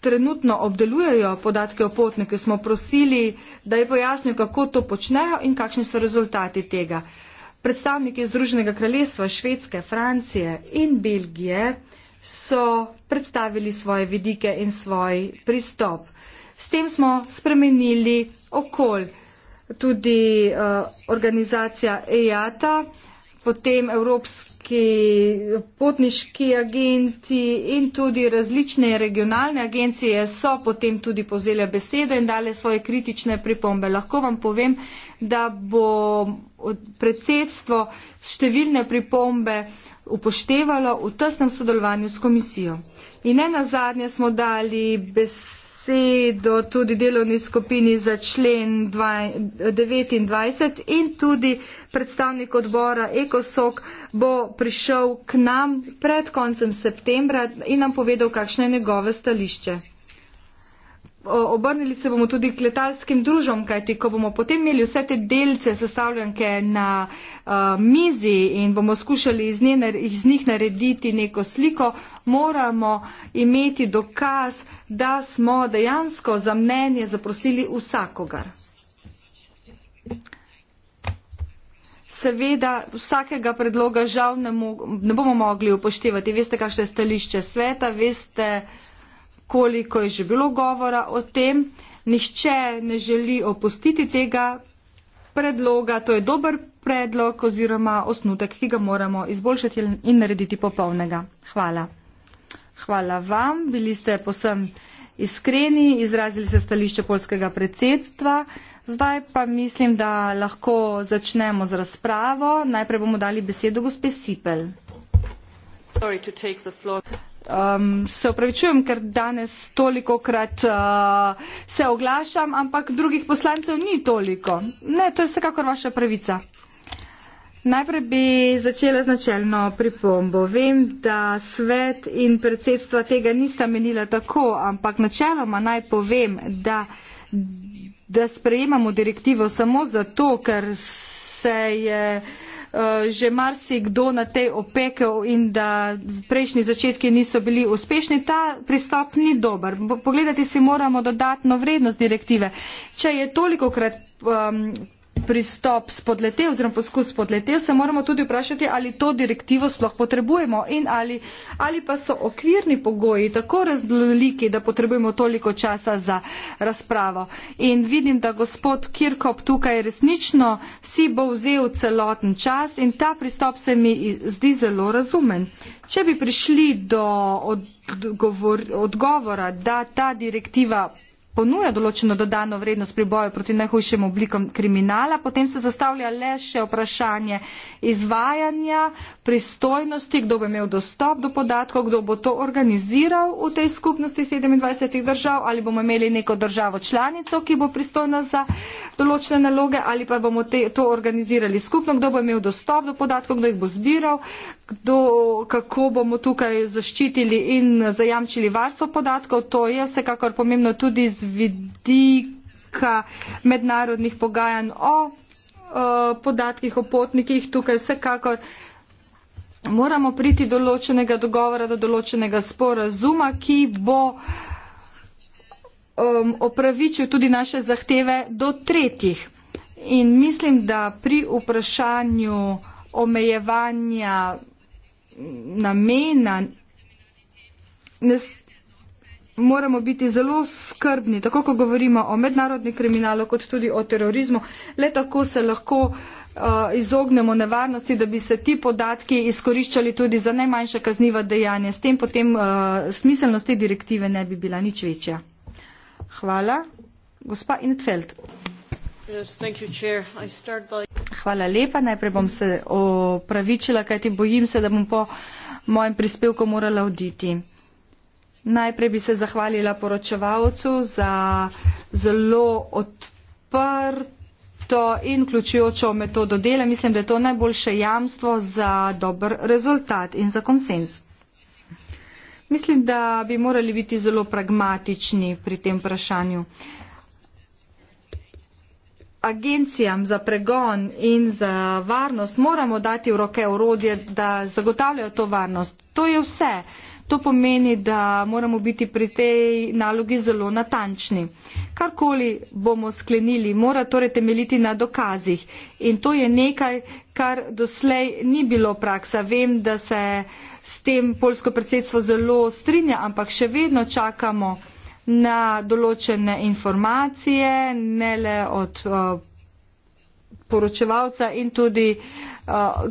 trenutno obdelujejo podatke o potniku, smo prosili, da je pojasnil, kako to počnejo in kakšni so rezultati tega. Predstavniki Združenega kraljestva Švedske, Francije in Belgije so predstavili svoje vidike in svoj pristop. S tem smo spremenili okolje. Tudi uh, organizacija EJATA uh, potem evropski potniški agenti in tudi različne regionalne agencije so potem tudi povzele besedo in dale svoje kritične pripombe. Lahko vam povem, da bo predsedstvo številne pripombe upoštevalo v tesnem sodelovanju s komisijo. In ena zadnja smo dali besedo besedo tudi delovni skupini za člen 29 in tudi predstavnik odbora Ekosok bo prišel k nam pred koncem septembra in nam povedal, kakšno je njegove stališče. Obrnili se bomo tudi k letalskim družbam, kajti ko bomo potem imeli vse te delce sestavljanke na uh, mizi in bomo skušali iz, njene, iz njih narediti neko sliko, moramo imeti dokaz, da smo dejansko za mnenje zaprosili vsakogar. Seveda vsakega predloga žal ne, mo ne bomo mogli upoštevati. Veste, kakšno je stališče sveta, veste, uh, koliko je že bilo govora o tem. Nihče ne želi opustiti tega predloga, to je dober predlog oziroma osnutek, ki ga moramo izboljšati in narediti popolnega. Hvala. Hvala vam, bili ste posem iskreni, izrazili ste stališče polskega predsedstva. Zdaj pa mislim, da lahko začnemo z razpravo. Najprej bomo dali besedo gospe Sipel. Um, se upravičujem, ker danes toliko krat uh, se oglašam, ampak drugih poslancev ni toliko. Ne, to je vsekakor vaša pravica. Najprej bi začela z načelno pripombo. Vem, da svet in predsedstva tega nista menila tako, ampak načeloma naj povem, da, da sprejemamo direktivo samo zato, ker se je. Uh, Eh, že marsikdo na tej opekel in da v prejšnji začetki niso bili uspešni, ta pristop ni dober. Pogledati si moramo dodatno vrednost direktive. Če je toliko krat um, pristop spodletel oziroma poskus spodletel, se moramo tudi vprašati, ali to direktivo sploh potrebujemo in ali, ali pa so okvirni pogoji tako razdeliki, da potrebujemo toliko časa za razpravo. In vidim, da gospod Kirkop tukaj resnično si bo vzel celoten čas in ta pristop se mi zdi zelo razumen. Če bi prišli do odgovor, odgovora, da ta direktiva ponuja določeno dodano vrednost pri boju proti najhujšim oblikom kriminala, potem se zastavlja le še vprašanje izvajanja, pristojnosti, kdo bo imel dostop do podatkov, kdo bo to organiziral v tej skupnosti 27 držav, ali bomo imeli neko državo članico, ki bo pristojna za določene naloge, ali pa bomo te, to organizirali skupno, kdo bo imel dostop do podatkov, kdo jih bo zbiral, kdo, kako bomo tukaj zaščitili in zajamčili varstvo podatkov. To je vsekakor pomembno tudi z vidika mednarodnih pogajanj o podatkih o potnikih. Tukaj vsekakor moramo priti določenega dogovora, do določenega sporazuma, ki bo um, opravičil tudi naše zahteve do tretjih. In mislim, da pri vprašanju omejevanja namena. Ne moramo biti zelo skrbni, tako ko govorimo o mednarodni kriminalu, kot tudi o terorizmu. Le tako se lahko uh, izognemo nevarnosti, da bi se ti podatki izkoriščali tudi za najmanjše kazniva dejanja. S tem potem uh, smiselnost te direktive ne bi bila nič večja. Hvala. Gospa Intfeld. Hvala lepa. Najprej bom se opravičila, kajti bojim se, da bom po mojem prispevku morala oditi. Najprej bi se zahvalila poročevalcu za zelo odprto in vključujočo metodo dela. Mislim, da je to najboljše jamstvo za dober rezultat in za konsens. Mislim, da bi morali biti zelo pragmatični pri tem vprašanju. Uh, agencijam za pregon in za varnost moramo dati v roke urodje, da zagotavljajo to varnost. To je vse. To pomeni, da moramo biti pri tej nalogi zelo natančni. Karkoli bomo sklenili, mora torej temeljiti na dokazih. In to je nekaj, kar doslej ni bilo praksa. Vem, da se s tem polsko predsedstvo zelo strinja, ampak še vedno čakamo na določene informacije, ne le od poročevalca in tudi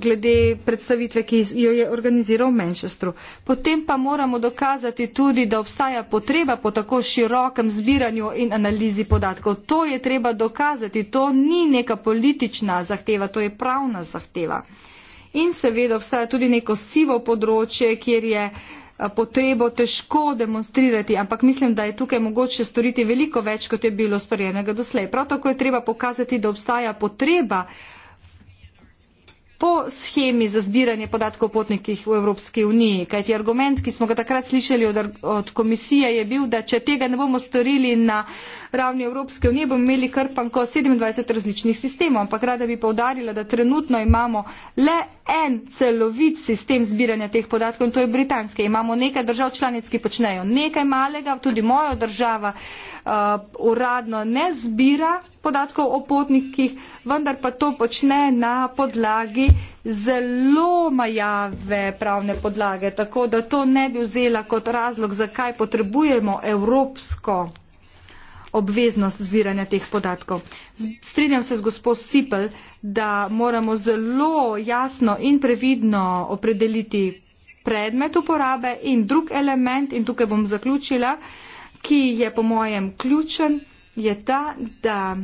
glede predstavitve, ki jo je organiziral v Manchesteru. Potem pa moramo dokazati tudi, da obstaja potreba po tako širokem zbiranju in analizi podatkov. To je treba dokazati, to ni neka politična zahteva, to je pravna zahteva. In seveda obstaja tudi neko sivo področje, kjer je uh, Eh, potrebo težko demonstrirati, ampak mislim, da je tukaj mogoče storiti veliko več, kot je bilo storjenega doslej. Prav tako je treba pokazati, da obstaja potreba po schemi za zbiranje podatkov o potnikih v Evropski uniji. Kajti argument, ki smo ga takrat slišali od, od komisije, je bil, da če tega ne bomo storili na ravni Evropske unije, bomo imeli kar panko 27 različnih sistemov. Ampak rada bi povdarila, da trenutno imamo le en celovit sistem zbiranja teh podatkov in to je britanski. Imamo nekaj držav članic, ki počnejo nekaj malega, tudi moja država uh, uradno ne zbira podatkov o potnikih, vendar pa to počne na podlagi zelo majave pravne podlage, tako da to ne bi vzela kot razlog, zakaj potrebujemo evropsko obveznost zbiranja teh podatkov. Strinjam se z gospod Sipel, da moramo zelo jasno in previdno opredeliti predmet uporabe in drug element, in tukaj bom zaključila, ki je po mojem ključen je ta, da,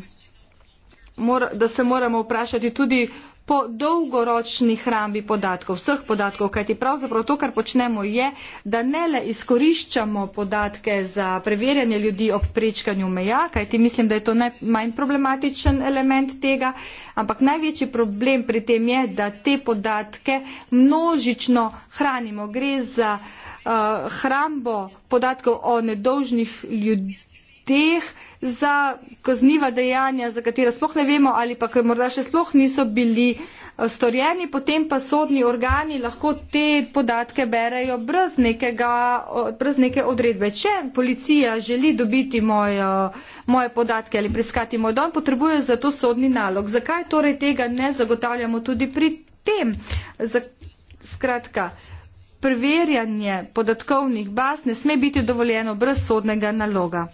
mora, da se moramo vprašati tudi po dolgoročni hrambi podatkov, vseh podatkov, kajti pravzaprav to, kar počnemo, je, da ne le izkoriščamo podatke za preverjanje ljudi ob prečkanju meja, kajti mislim, da je to najmanj problematičen element tega, ampak največji problem pri tem je, da te podatke množično hranimo. Gre za uh, hrambo podatkov o nedolžnih ljudih teh za kazniva dejanja, za katera sploh ne vemo ali pa ki morda še sploh niso bili eh, storjeni, potem pa sodni organi lahko te podatke berejo brez, nekega, brez neke odredbe. Če policija želi dobiti mojo, eh, moje podatke ali preiskati moj dom, potrebuje za to sodni nalog. Zakaj torej tega ne zagotavljamo tudi pri tem? Skratka, preverjanje podatkovnih baz ne sme biti dovoljeno brez sodnega naloga.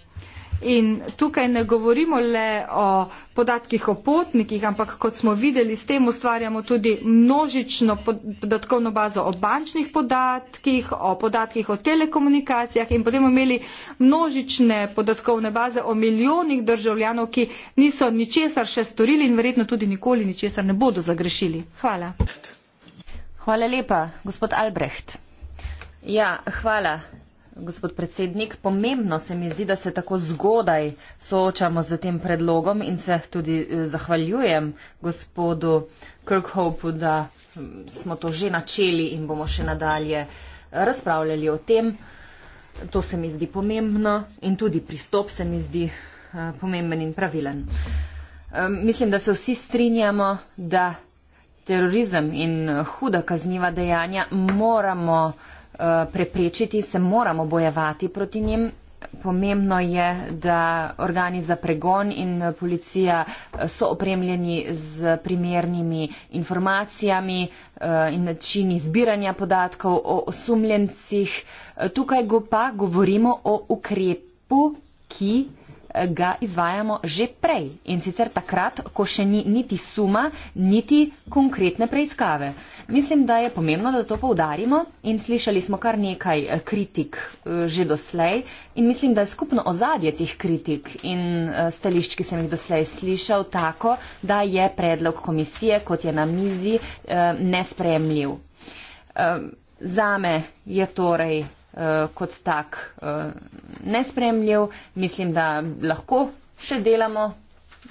In tukaj ne govorimo le o podatkih o potnikih, ampak kot smo videli, s tem ustvarjamo tudi množično podatkovno bazo o bančnih podatkih, o podatkih o telekomunikacijah in potem imeli množične podatkovne baze o milijonih državljanov, ki niso ničesar še storili in verjetno tudi nikoli ničesar ne bodo zagrešili. Hvala. Hvala lepa, gospod Albrecht. Ja, hvala gospod predsednik. Pomembno se mi zdi, da se tako zgodaj soočamo z tem predlogom in se tudi eh, zahvaljujem gospodu Kirkhopu, da hm, smo to že načeli in bomo še nadalje razpravljali o tem. To se mi zdi pomembno in tudi pristop se mi zdi eh, pomemben in pravilen. Mislim, da se vsi strinjamo, da terorizem in eh, huda kazniva dejanja moramo Eh, preprečiti, se moramo bojevati proti njim. Pomembno je, da organi za pregon in policija eh, so opremljeni z primernimi informacijami eh, in načini zbiranja podatkov o osumljencih. Tukaj pa govorimo o ukrepu, ki ga izvajamo že prej in sicer takrat, ko še ni niti suma, niti konkretne preiskave. Mislim, da je pomembno, da to poudarimo in slišali smo kar nekaj eh, kritik eh, že doslej in mislim, da je skupno ozadje teh kritik in eh, stališč, ki sem jih doslej slišal, tako, da je predlog komisije, kot je na mizi, nespremljiv. Ehm, zame je torej Eh, kot tak eh, nespremljiv. Mislim, da lahko še delamo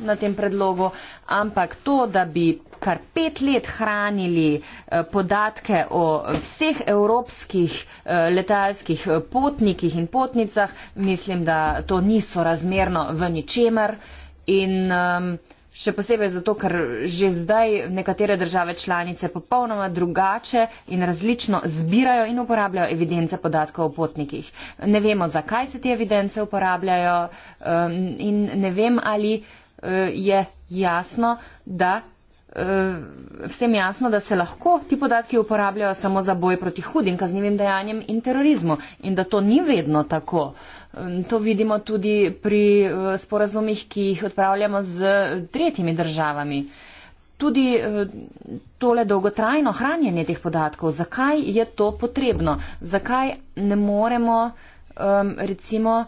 na tem predlogu, ampak to, da bi kar pet let hranili eh, podatke o vseh evropskih letalskih potnikih in potnicah, mislim, da to ni sorazmerno v ničemer. In um, Še posebej zato, ker že zdaj nekatere države članice popolnoma drugače in različno zbirajo in uporabljajo evidence podatkov o potnikih. Ne vemo, zakaj se te evidence uporabljajo um, in ne vem, ali uh, je jasno, da Eh, vsem jasno, da se lahko ti podatki uporabljajo samo za boj proti hudim kaznivim dejanjem in terorizmu in da to ni vedno tako. To vidimo tudi pri eh, sporazumih, ki jih odpravljamo z tretjimi državami. Tudi eh, tole dolgotrajno hranjenje teh podatkov, zakaj je to potrebno, zakaj ne moremo recimo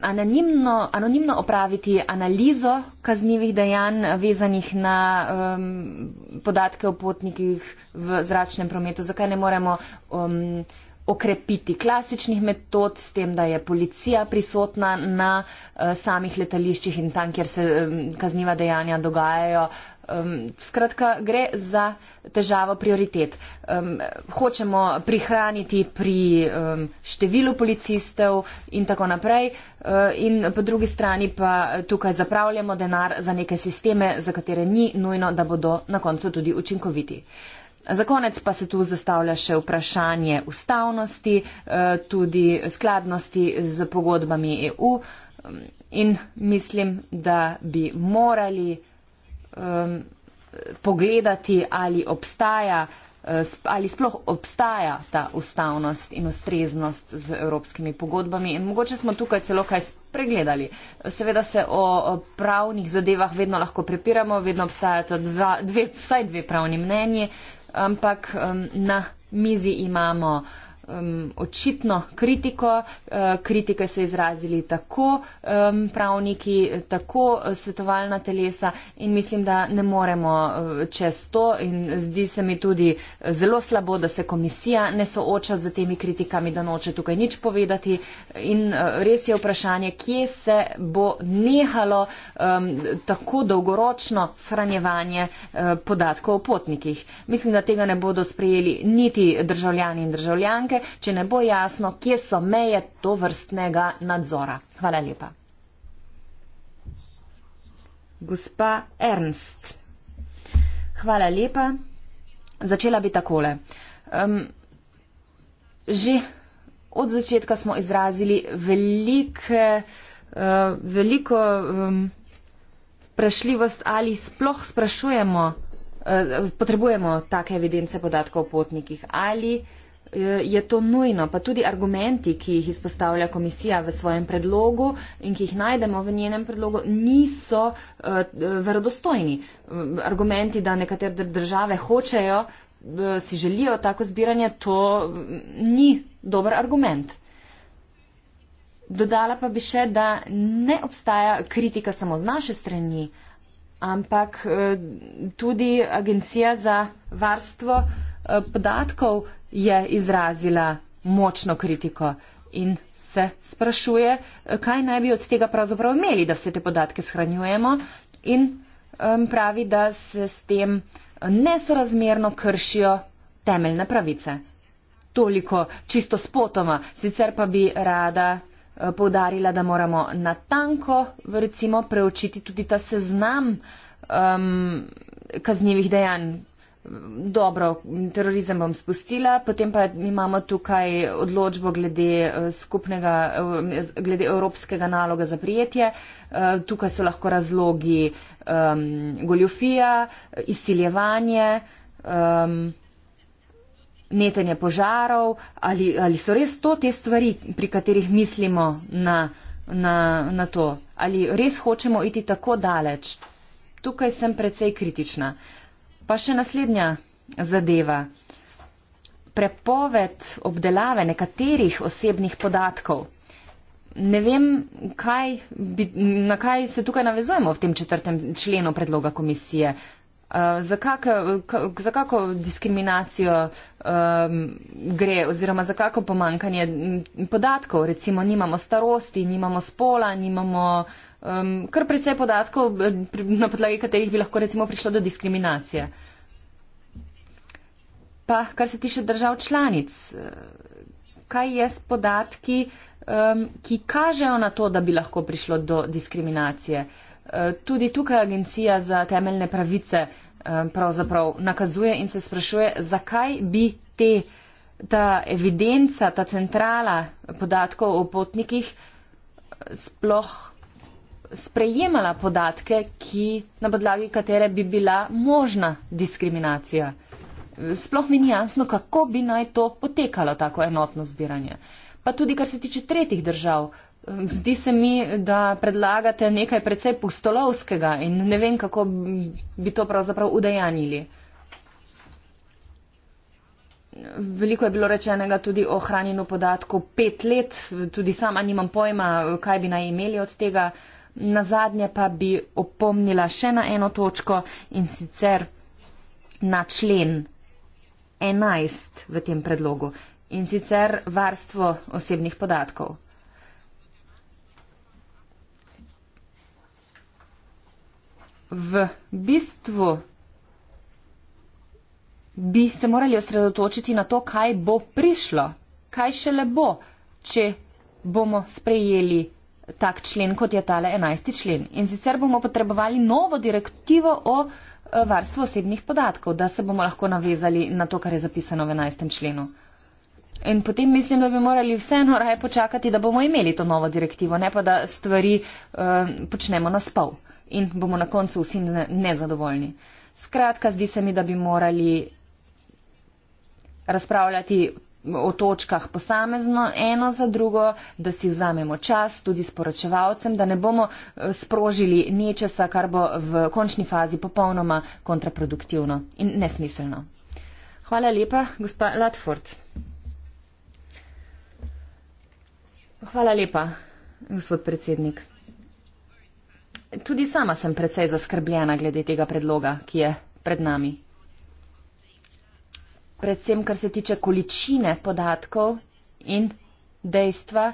anonimno, anonimno opraviti analizo kaznjivih dejanj vezanih na um, podatke o potnikih v zračnem prometu? Zakaj ne moremo um, okrepiti klasičnih metod s tem, da je policija prisotna na uh, samih letališčih in tam, kjer se um, kaznjiva dejanja dogajajo, uh, Um, skratka, gre za težavo prioritet. Um, hočemo prihraniti pri um, številu policistov in tako naprej. Um, in po drugi strani pa tukaj zapravljamo denar za neke sisteme, za katere ni nujno, da bodo na koncu tudi učinkoviti. Za konec pa se tu zastavlja še vprašanje ustavnosti, e, tudi skladnosti z pogodbami EU in mislim, da bi morali um, pogledati, ali obstaja, uh, ali sploh obstaja ta ustavnost in ustreznost z evropskimi pogodbami. In mogoče smo tukaj celo kaj spregledali. Seveda se o pravnih zadevah vedno lahko prepiramo, vedno obstajata dva, dve, vsaj dve pravni mnenji, ampak um, na mizi imamo um, očitno kritiko. Uh, kritike so izrazili tako um, pravniki, tako uh, svetovalna telesa in mislim, da ne moremo uh, čez to in zdi se mi tudi uh, zelo slabo, da se komisija ne sooča z temi kritikami, da noče tukaj nič povedati in uh, res je vprašanje, kje se bo nehalo um, tako dolgoročno shranjevanje uh, podatkov o potnikih. Mislim, da tega ne bodo sprejeli niti državljani in državljanke, če ne bo jasno, kje so meje to vrstnega nadzora. Hvala lepa. Gospa Ernst, hvala lepa. Začela bi takole. Um, že od začetka smo izrazili velike, uh, veliko um, vprašljivost, ali sploh sprašujemo, uh, potrebujemo take evidence podatkov o potnikih, ali uh, Eh, je to nujno, pa tudi argumenti, ki jih izpostavlja komisija v svojem predlogu in ki jih najdemo v njenem predlogu, niso eh, verodostojni. Eh, argumenti, da nekatere države hočejo, si želijo tako zbiranje, to mm, ni dober argument. Dodala pa bi še, da ne obstaja kritika samo z naše strani, ampak tudi Agencija za varstvo podatkov je izrazila močno kritiko in se sprašuje, kaj naj bi od tega pravzaprav imeli, da vse te podatke shranjujemo in um, pravi, da se s tem nesorazmerno kršijo temeljne pravice. Toliko čisto spotoma, sicer pa bi rada e, povdarila, da moramo natanko recimo, preučiti tudi ta seznam um, kaznjivih dejanj, Dobro, terorizem bom spustila, potem pa imamo tukaj odločbo glede, eh, skupnega, eh, glede evropskega naloga za prijetje. Eh, tukaj so lahko razlogi um, ehm, goljofija, izsiljevanje, um, netenje požarov ali, ali so res to te stvari, pri katerih mislimo na, na, na to. Ali res hočemo iti tako daleč? Tukaj sem precej kritična. Pa še naslednja zadeva. Prepoved obdelave nekaterih osebnih podatkov. Ne vem, kaj bi, na kaj se tukaj navezujemo v tem četrtem členu predloga komisije. Uh, za, kak, za kako diskriminacijo um, gre oziroma za kako pomankanje podatkov? Recimo nimamo starosti, nimamo spola, nimamo uh, um, kar precej podatkov, eh, na podlagi katerih bi lahko recimo prišlo do diskriminacije. Pa, kar se tiče držav članic, eh, kaj je s podatki, um, ki kažejo na to, da bi lahko prišlo do diskriminacije? Eh, tudi tukaj Agencija za temeljne pravice pravzaprav nakazuje in se sprašuje, zakaj bi te, ta evidenca, ta centrala podatkov o potnikih sploh sprejemala podatke, ki, na podlagi katere bi bila možna diskriminacija. Sploh mi ni jasno, kako bi naj to potekalo, tako enotno zbiranje. Pa tudi, kar se tiče tretjih držav, zdi se mi, da predlagate nekaj precej pustolovskega in ne vem, kako bi to pravzaprav udejanjili. Veliko je bilo rečenega tudi o hranjenju podatkov pet let, tudi sama nimam pojma, kaj bi naj imeli od tega. Na zadnje pa bi opomnila še na eno točko in sicer na člen 11 v tem predlogu in sicer varstvo osebnih podatkov. V bistvu bi se morali osredotočiti na to, kaj bo prišlo, kaj šele bo, če bomo sprejeli tak člen, kot je tale 11. člen. In sicer bomo potrebovali novo direktivo o eh, varstvu osebnih podatkov, da se bomo lahko navezali na to, kar je zapisano v 11. členu. In potem mislim, da bi morali vseeno raje počakati, da bomo imeli to novo direktivo, ne pa da stvari uh, počnemo na spol in bomo na koncu vsi nezadovoljni. Skratka, zdi se mi, da bi morali razpravljati o točkah posamezno, eno za drugo, da si vzamemo čas tudi sporočevalcem, da ne bomo eh, sprožili nečesa, kar bo v končni fazi popolnoma kontraproduktivno in nesmiselno. Hvala lepa, gospa Latford. Hvala lepa, gospod predsednik. Tudi sama sem precej zaskrbljena glede tega predloga, ki je pred nami predvsem kar se tiče količine podatkov in dejstva,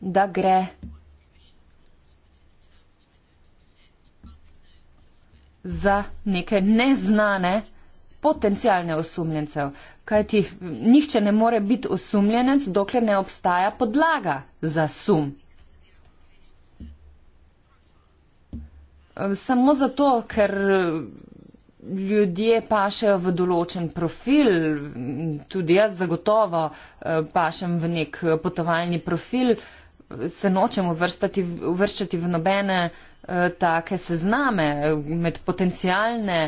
da gre za neke neznane potencijalne osumljencev. Kajti nihče ne more biti osumljenec, dokler ne obstaja podlaga za sum. Samo zato, ker ljudje pašejo v določen profil, tudi jaz zagotovo eh, pašem v nek eh, potovalni profil, se nočem uvrščati, uvrščati v nobene eh, take sezname med potencialne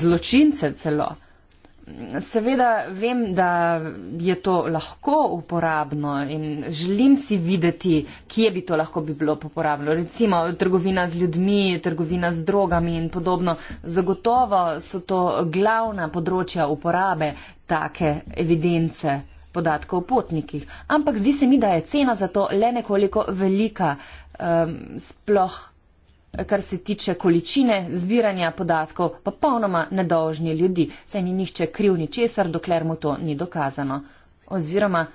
zločince celo seveda vem, da je to lahko uporabno in želim si videti, kje bi to lahko bi bilo uporabno. Recimo trgovina z ljudmi, trgovina z drogami in podobno. Zagotovo so to glavna področja uporabe take evidence podatkov o potnikih. Ampak zdi se mi, da je cena za to le nekoliko velika. Um, sploh kar se tiče količine zbiranja podatkov, pa popolnoma nedožni ljudi, saj ni nihče kriv ni česar, dokler mu to ni dokazano. Oziroma,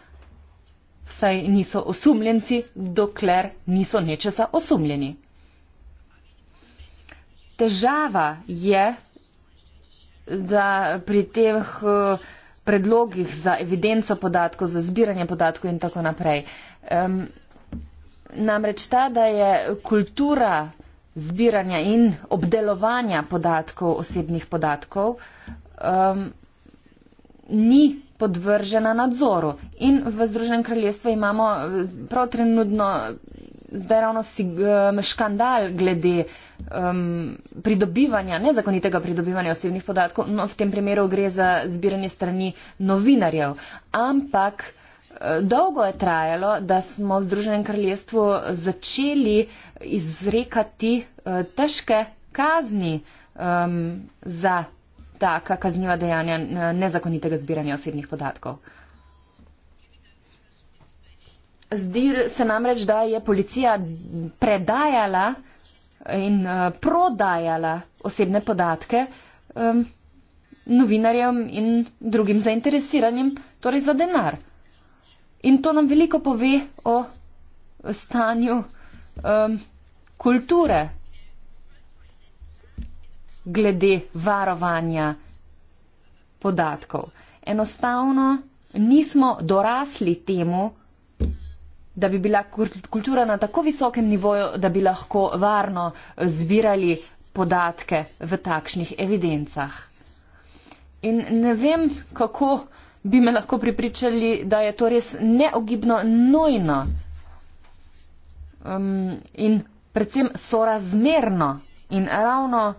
saj niso osumljenci, dokler niso nečesa osumljeni. Težava je, da pri teh eh, predlogih za evidenco podatkov, za zbiranje podatkov in tako naprej. Um, namreč ta, da je kultura zbiranja in obdelovanja podatkov, osebnih podatkov, um, ni podvržena nadzoru. In v Združenem kraljestvu imamo eh, prav trenutno zdaj ravno eh, škandal glede um, pridobivanja, nezakonitega pridobivanja osebnih podatkov. No, v tem primeru gre za zbiranje strani novinarjev. Ampak Dolgo je trajalo, da smo v Združenem kraljestvu začeli izrekati eh, težke kazni um, za taka kazniva dejanja eh, nezakonitega zbiranja osebnih podatkov. Zdi se namreč, da je policija predajala in eh, prodajala osebne podatke um, novinarjem in drugim zainteresiranim, torej za denar. In to nam veliko pove o stanju um, kulture glede varovanja podatkov. Enostavno nismo dorasli temu, da bi bila kultura na tako visokem nivoju, da bi lahko varno zbirali podatke v takšnih evidencah. In ne vem, kako bi me lahko pripričali, da je to res neogibno nojno um, in predvsem sorazmerno. In ravno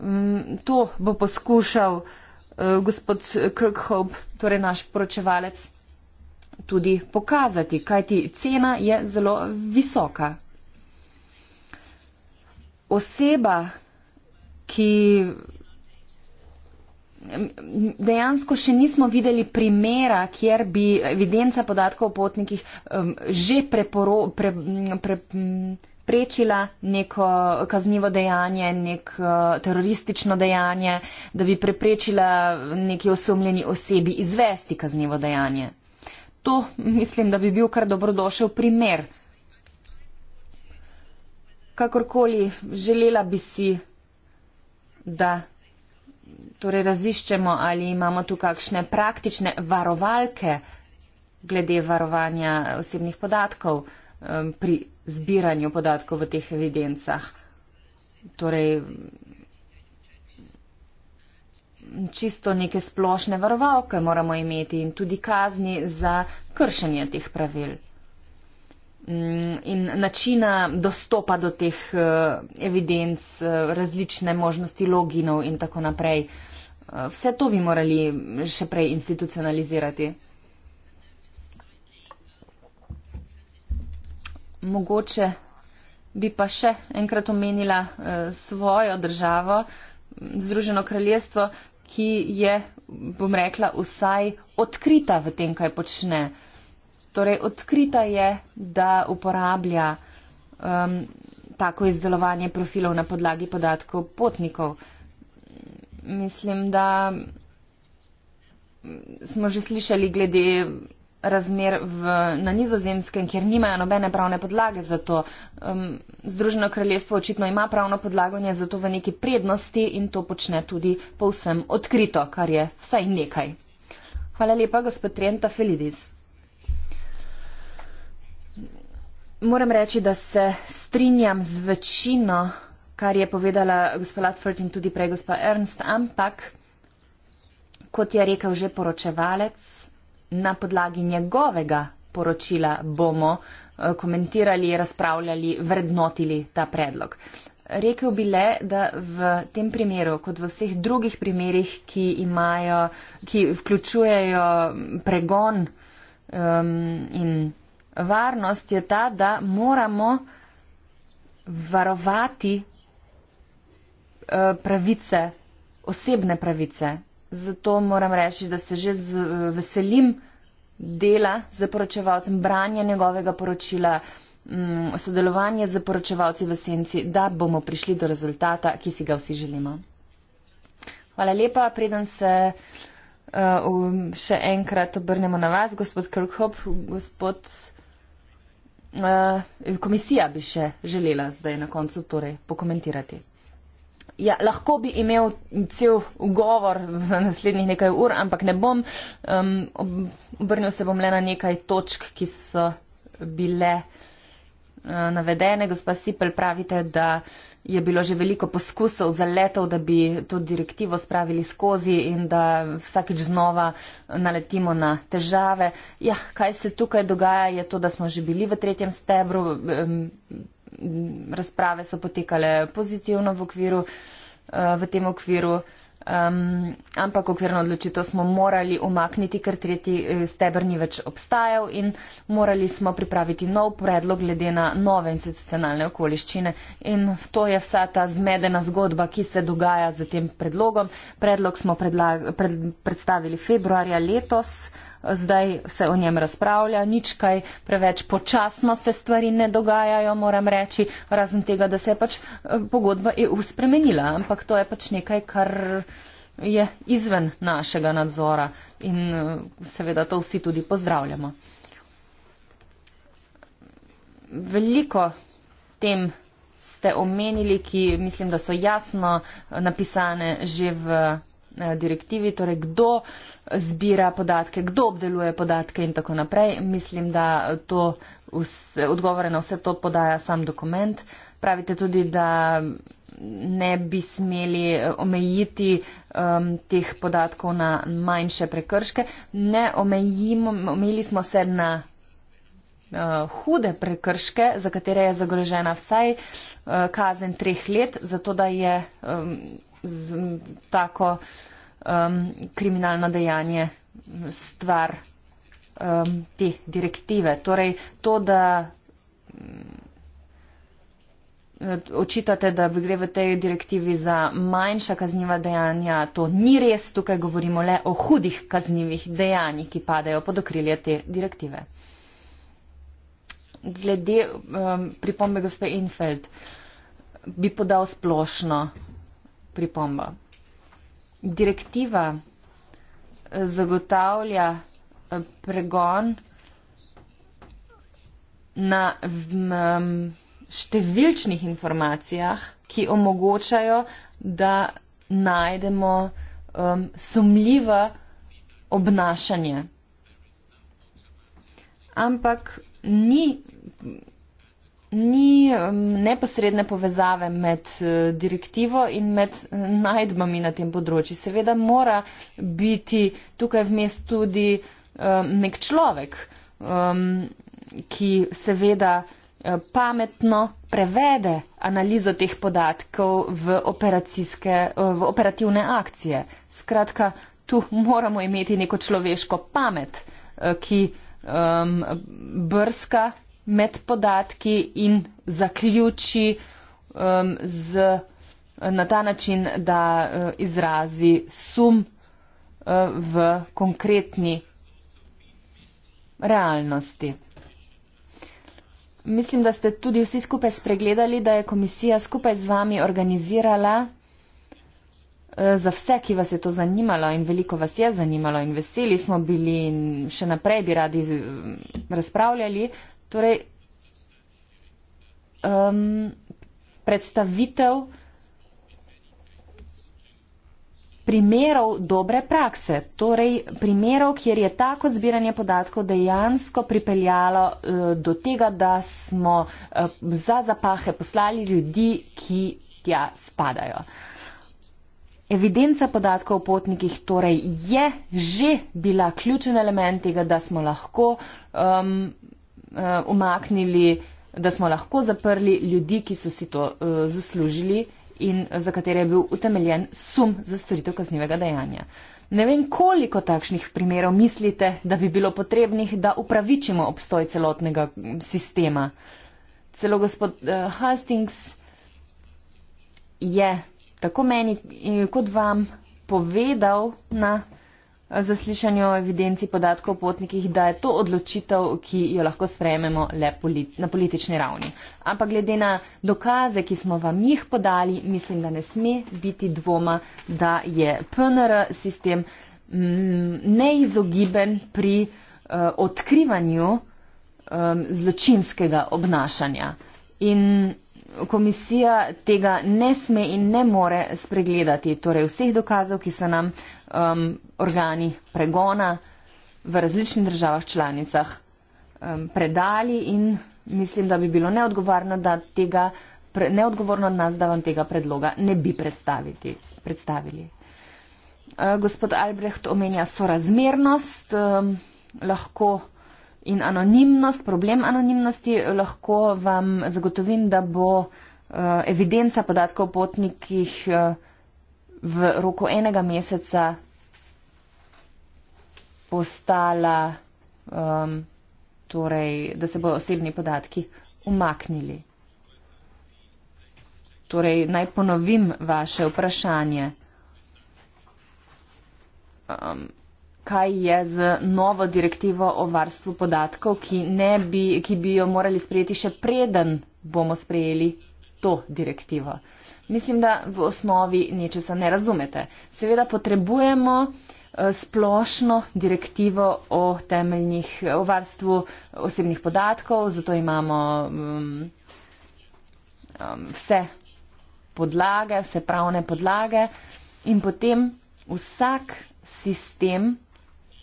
um, to bo poskušal uh, gospod Kirkhope, torej naš poročevalec, tudi pokazati, kajti cena je zelo visoka. Oseba, ki dejansko še nismo videli primera, kjer bi evidenca podatkov o potnikih že preporo, pre, pre, prečila neko kaznivo dejanje, nek eh, teroristično dejanje, da bi preprečila neki osumljeni osebi izvesti kaznivo dejanje. To mislim, da bi bil kar dobrodošel primer. Kakorkoli, želela bi si, da torej raziščemo, ali imamo tu kakšne praktične varovalke glede varovanja osebnih podatkov um, pri zbiranju podatkov v teh evidencah. Torej, čisto neke splošne varovalke moramo imeti in tudi kazni za kršenje teh pravil. Mm, in načina dostopa do teh eh, evidenc, eh, različne možnosti loginov in tako naprej. Eh, vse to bi morali še prej institucionalizirati. Mogoče bi pa še enkrat omenila svojo državo, Združeno kraljestvo, ki je, bom rekla, vsaj odkrita v tem, kaj počne. Torej, odkrita je, da uporablja um, tako izdelovanje profilov na podlagi podatkov potnikov. Mislim, da smo že slišali glede razmer v, na nizozemskem, kjer nimajo nobene pravne podlage za to. Um, Združeno kraljestvo očitno ima pravno podlaganje za to v neki prednosti in to počne tudi povsem odkrito, kar je vsaj nekaj. Hvala lepa, gospod Trenta Felidis. moram reči, da se strinjam z večino, kar je povedala gospod Latford in tudi prej gospod Ernst, ampak kot je rekel že poročevalec, na podlagi njegovega poročila bomo eh, komentirali, razpravljali, vrednotili ta predlog. Rekel bi le, da v tem primeru, kot v vseh drugih primerih, ki, imajo, ki vključujejo pregon um, in varnost je ta, da moramo varovati eh, pravice, osebne pravice. Zato moram reči, da se že z eh, veselim dela z poročevalcem, branja njegovega poročila, mm, sodelovanje z poročevalci v senci, da bomo prišli do rezultata, ki si ga vsi želimo. Hvala lepa, preden se uh, še enkrat obrnemo na vas, gospod Kirkhope, gospod uh, komisija bi še želela zdaj na koncu torej pokomentirati. Ja, lahko bi imel cel ugovor za naslednjih nekaj ur, ampak ne bom. Um, obrnil se bom le na nekaj točk, ki so bile. Eh, navedene. Gospa Sipel, pravite, da je bilo že veliko poskusov za letov, da bi to direktivo spravili skozi in da vsakič znova naletimo na težave. Ja, kaj se tukaj dogaja, je to, da smo že bili v tretjem stebru, razprave so potekale pozitivno v, okviru, eh, v tem okviru. Um, ampak okvirno odločitev smo morali umakniti, ker tretji eh, stebr ni več obstajal in morali smo pripraviti nov predlog glede na nove institucionalne okoliščine. In to je vsa ta zmedena zgodba, ki se dogaja z tem predlogom. Predlog smo predla, pred, predstavili februarja letos zdaj se o njem razpravlja, nič kaj preveč počasno se stvari ne dogajajo, moram reči, razen tega, da se je pač eh, pogodba EU spremenila, ampak to je pač nekaj, kar je izven našega nadzora in eh, seveda to vsi tudi pozdravljamo. Veliko tem ste omenili, ki mislim, da so jasno napisane že v eh, direktivi, torej kdo zbira podatke, kdo obdeluje podatke in tako naprej. Mislim, da to vse, odgovore na vse to podaja sam dokument. Pravite tudi, da ne bi smeli eh, omejiti um, teh podatkov na manjše prekrške. Ne omejimo, omejili smo se na uh, hude prekrške, za katere je zagrožena vsaj uh, kazen treh let, zato da je um, z, tako uh, um, kriminalno dejanje stvar um, te direktive. Torej, to, da mm, očitate, da gre v tej direktivi za manjša kazniva dejanja, to ni res. Tukaj govorimo le o hudih kaznivih dejanjih, ki padajo pod okrilje te direktive. Glede um, pripombe gospe Infeld, bi podal splošno pripombo direktiva eh, zagotavlja eh, pregon na številčnih informacijah, ki omogočajo, da najdemo um, sumljiva obnašanja. Ampak ni ni neposredne povezave med eh, direktivo in med eh, najdbami na tem področju. Seveda mora biti tukaj vmes tudi nek človek, ki seveda eh, pametno prevede analizo teh podatkov v, v operativne akcije. Skratka, tu moramo imeti neko človeško pamet, ki brska med podatki in zaključi um, z, na ta način, da uh, izrazi sum uh, v konkretni realnosti. Mislim, da ste tudi vsi skupaj spregledali, da je komisija skupaj z vami organizirala uh, za vse, ki vas je to zanimalo in veliko vas je zanimalo in veseli smo bili in še naprej bi radi um, razpravljali, Torej, um, predstavitev primerov dobre prakse, torej primerov, kjer je tako zbiranje podatkov dejansko pripeljalo uh, do tega, da smo uh, za zapahe poslali ljudi, ki tja spadajo. Evidenca podatkov o potnikih torej je že bila ključen element tega, da smo lahko um, Eh, umaknili, da smo lahko zaprli ljudi, ki so si to uh, zaslužili in za katere je bil utemeljen sum za storitev kaznivega dejanja. Ne vem, koliko takšnih primerov mislite, da bi bilo potrebnih, da upravičimo obstoj celotnega sistema. Celo gospod uh, Hastings je tako meni kot vam povedal na zaslišanju o evidenci podatkov o potnikih, da je to odločitev, ki jo lahko sprejmemo le politi na politični ravni. Ampak glede na dokaze, ki smo vam jih podali, mislim, da ne sme biti dvoma, da je PNR sistem mm, neizogiben pri uh, odkrivanju um, zločinskega obnašanja. In komisija tega ne sme in ne more spregledati, torej vseh dokazov, ki so nam uh, um, organi pregona v različnih državah članicah um, predali in mislim, da bi bilo neodgovorno, da tega, pre, neodgovorno od nas, da vam tega predloga ne bi predstaviti, predstavili. Uh, gospod Albrecht omenja sorazmernost um, lahko in anonimnost, problem anonimnosti. Lahko vam zagotovim, da bo uh, evidenca podatkov o potnikih uh, v roku enega meseca postala, um, torej, da se bodo osebni podatki umaknili. Torej, naj ponovim vaše vprašanje. Um, kaj je z novo direktivo o varstvu podatkov, ki, bi, ki bi jo morali sprejeti še preden bomo sprejeli to direktivo. Mislim, da v osnovi nečesa ne razumete. Seveda potrebujemo eh, splošno direktivo o temeljnih, o varstvu osebnih podatkov, zato imamo um, um, vse podlage, vse pravne podlage in potem vsak sistem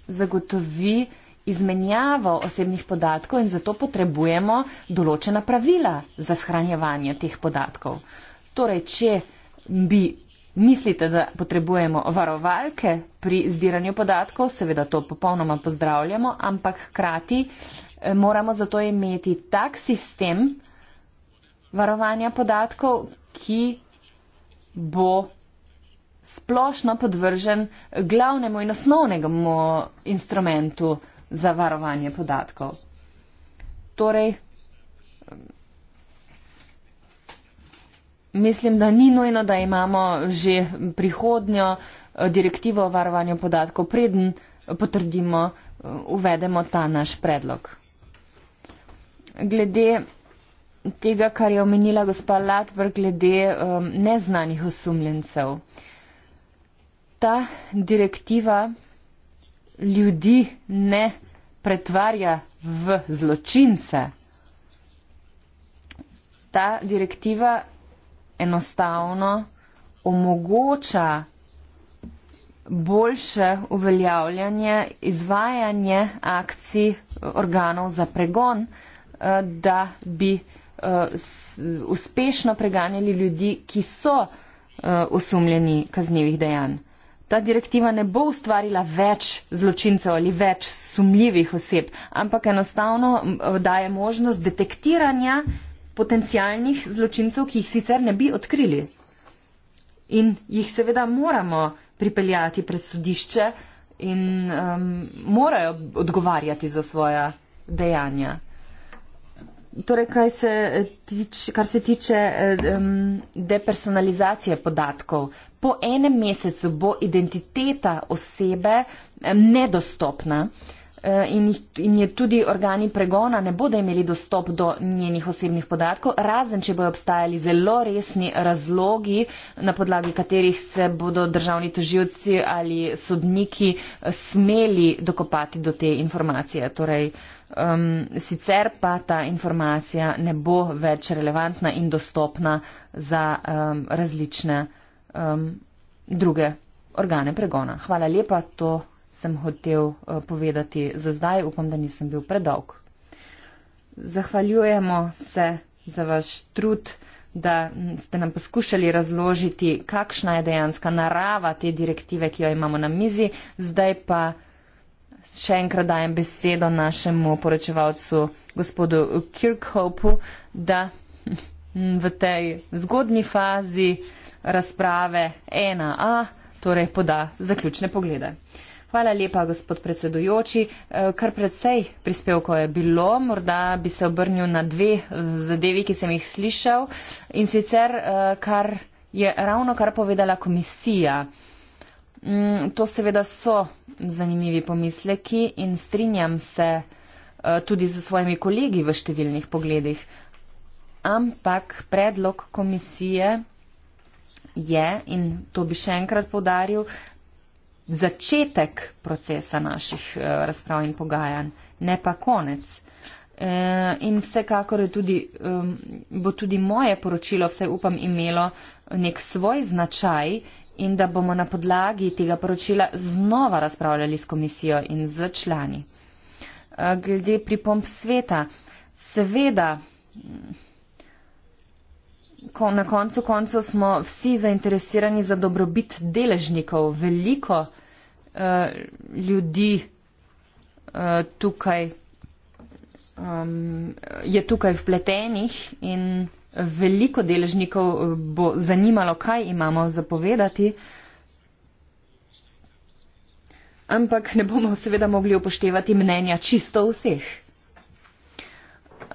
zagotovi, izmenjavo osebnih podatkov in zato potrebujemo določena pravila za shranjevanje teh podatkov. Torej, če bi mislite, da potrebujemo varovalke pri zbiranju podatkov, seveda to popolnoma pozdravljamo, ampak hkrati eh, moramo zato imeti tak sistem varovanja podatkov, ki bo splošno podvržen glavnemu in osnovnemu instrumentu za varovanje podatkov. Torej, mislim, da ni nujno, da imamo že prihodnjo eh, direktivo o varovanju podatkov, preden eh, potrdimo, eh, uvedemo ta naš predlog. Glede tega, kar je omenila gospa Latvr, glede um, neznanih osumljencev. Ta direktiva ljudi ne pretvarja v zločince. Ta direktiva enostavno omogoča boljše uveljavljanje, izvajanje akcij organov za pregon, eh, da bi eh, uspešno preganjali ljudi, ki so eh, osumljeni kaznjivih dejanj ta direktiva ne bo ustvarila več zločincev ali več sumljivih oseb, ampak enostavno daje možnost detektiranja potencijalnih zločincev, ki jih sicer ne bi odkrili. In jih seveda moramo pripeljati pred sodišče in um, morajo odgovarjati za svoja dejanja. Torej, kar se tiče, kar eh, se tiče um, depersonalizacije podatkov, po enem mesecu bo identiteta osebe nedostopna eh, in je tudi organi pregona ne bodo imeli dostop do njenih osebnih podatkov, razen če bojo obstajali zelo resni razlogi, na podlagi katerih se bodo državni tožilci ali sodniki eh, smeli dokopati do te informacije. Torej, um, sicer pa ta informacija ne bo več relevantna in dostopna za um, različne um, druge organe pregona. Hvala lepa, to sem hotel uh, povedati za zdaj, upam, da nisem bil predolg. Zahvaljujemo se za vaš trud, da ste nam poskušali razložiti, kakšna je dejanska narava te direktive, ki jo imamo na mizi. Zdaj pa še enkrat dajem besedo našemu poročevalcu gospodu Kirkhopu, da v tej zgodni fazi uh, razprave 1A, torej poda zaključne poglede. Hvala lepa, gospod predsedujoči. Eh, kar predvsej prispevko je bilo, morda bi se obrnil na dve zadevi, ki sem jih slišal in sicer, eh, kar je ravno kar povedala komisija. Mm, to seveda so zanimivi pomisleki in strinjam se eh, tudi z svojimi kolegi v številnih pogledih. Ampak predlog komisije je, in to bi še enkrat podaril, začetek procesa naših eh, razprav in pogajanj, ne pa konec. Eh, in vsekakor tudi, bo tudi moje poročilo, vsaj upam, imelo nek svoj značaj in da bomo na podlagi tega poročila znova razpravljali s komisijo in z člani. Eh, glede pripomp sveta, seveda ko, na koncu konca smo vsi zainteresirani za dobrobit deležnikov. Veliko uh, ljudi uh, tukaj, um, je tukaj vpletenih in veliko deležnikov eh, bo zanimalo, kaj imamo zapovedati. Ampak ne bomo seveda mogli upoštevati mnenja čisto vseh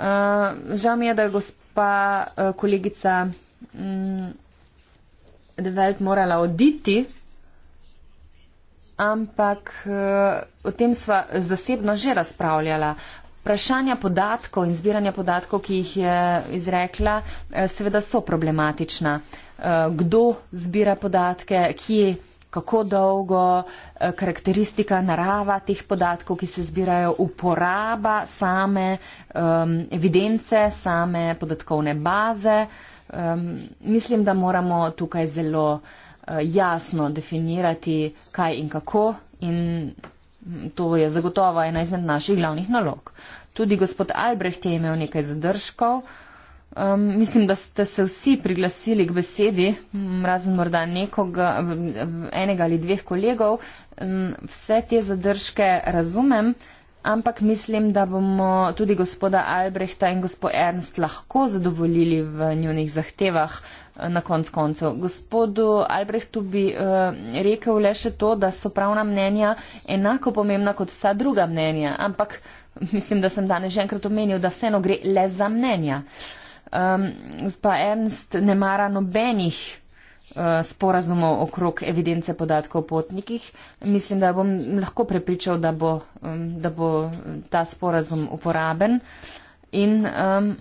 uh, žal mi je, da je gospa uh, kolegica um, mm, Develt morala oditi, ampak uh, o tem sva zasebno že razpravljala. Vprašanja podatkov in zbiranja podatkov, ki jih je izrekla, seveda so problematična. Kdo zbira podatke, kje kako dolgo, eh, karakteristika, narava teh podatkov, ki se zbirajo, uporaba same um, evidence, same podatkovne baze. Um, mislim, da moramo tukaj zelo uh, jasno definirati, kaj in kako in hm, to je zagotovo ena izmed naših glavnih nalog. Tudi gospod Albrecht je imel nekaj zadržkov. Um, mislim, da ste se vsi priglasili k besedi, razen morda nekoga, enega ali dveh kolegov. Um, vse te zadržke razumem, ampak mislim, da bomo tudi gospoda Albrehta in gospod Ernst lahko zadovoljili v njunih zahtevah eh, na konc koncev. Gospodu Albrehtu bi uh, rekel le še to, da so pravna mnenja enako pomembna kot vsa druga mnenja, ampak mislim, da sem danes že enkrat omenil, da vseeno gre le za mnenja. Uh, Um, gospa Ernst, ne mara nobenih uh, sporazumov okrog evidence podatkov o potnikih. Mislim, da bom lahko prepričal, da bo, um, da bo um, ta sporazum uporaben. In um,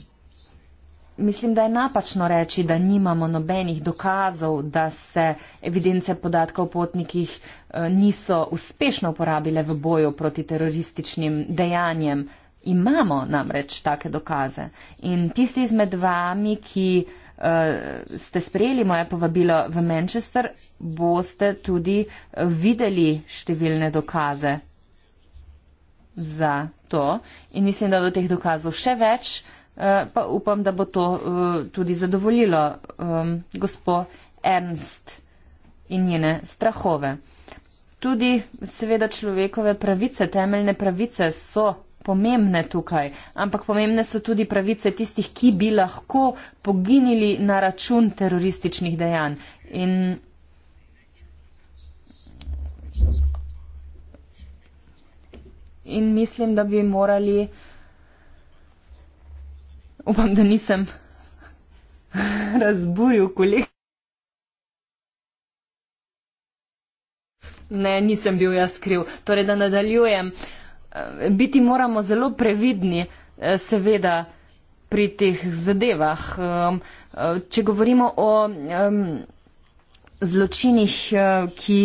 mislim, da je napačno reči, da nimamo nobenih dokazov, da se evidence podatkov o potnikih uh, niso uspešno uporabile v boju proti terorističnim dejanjem. Imamo namreč take dokaze. In tisti izmed vami, ki uh, ste sprejeli moje povabilo v Manchester, boste tudi eh, videli številne dokaze za to. In mislim, da do teh dokazov še več, uh, pa upam, da bo to uh, tudi zadovoljilo um, ehm, gospod Ernst in njene strahove. Tudi seveda človekove pravice, temeljne pravice so pomembne tukaj, ampak pomembne so tudi pravice tistih, ki bi lahko poginili na račun terorističnih dejanj. In In mislim, da bi morali, upam, da nisem razburil kolega. Ne, nisem bil jaz kriv. Torej, da nadaljujem. Uh, biti moramo zelo previdni, eh, seveda, pri teh zadevah. Um, eh, če govorimo o um, zločinih, eh, ki,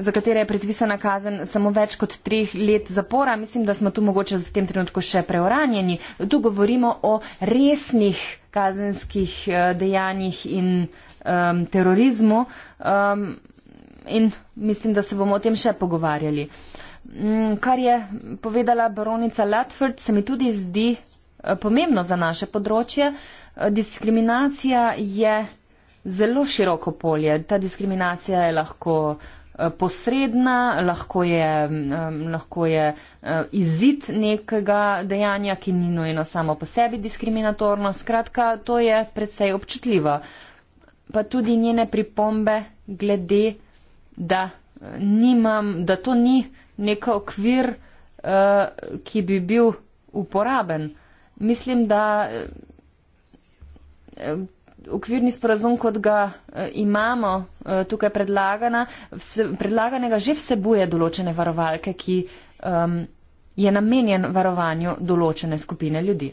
za katere je predpisana kazen samo več kot treh let zapora, mislim, da smo tu mogoče v tem trenutku še preoranjeni. Tu govorimo o resnih kazenskih dejanjih in um, terorizmu um, in mislim, da se bomo o tem še pogovarjali. Uh, Mm, kar je povedala baronica Latford, se mi tudi zdi eh, pomembno za naše področje. Eh, diskriminacija je zelo široko polje. Ta diskriminacija je lahko eh, posredna, lahko je, mm, lahko je izid nekega dejanja, ki ni nojeno samo po sebi diskriminatorno. Skratka, to je predvsej občutljivo. Pa tudi njene pripombe glede, da, nimam, da to ni nek okvir, uh, ki bi bil uporaben. Mislim, da uh, okvirni sporazum, kot ga uh, imamo uh, tukaj predlaganega, že vsebuje določene varovalke, ki um, je namenjen varovanju določene skupine ljudi.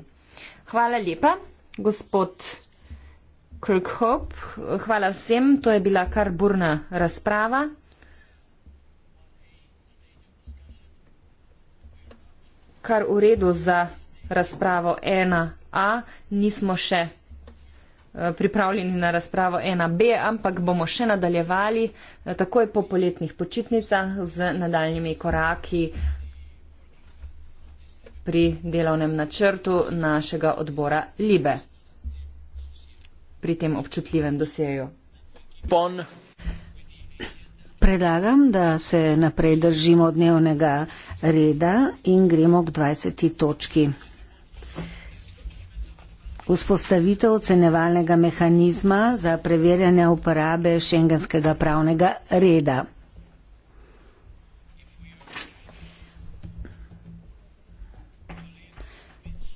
Hvala lepa, gospod. Kirkhope, hvala vsem, to je bila kar burna razprava. kar v redu za razpravo 1a, nismo še eh, pripravljeni na razpravo 1b, ampak bomo še nadaljevali eh, takoj po poletnih počitnicah z nadaljnimi koraki pri delovnem načrtu našega odbora Libe pri tem občutljivem dosjeju. Pon. Predlagam, da se naprej držimo dnevnega reda in gremo k 20. točki. Vzpostavitev ocenevalnega mehanizma za preverjanje uporabe šengenskega pravnega reda.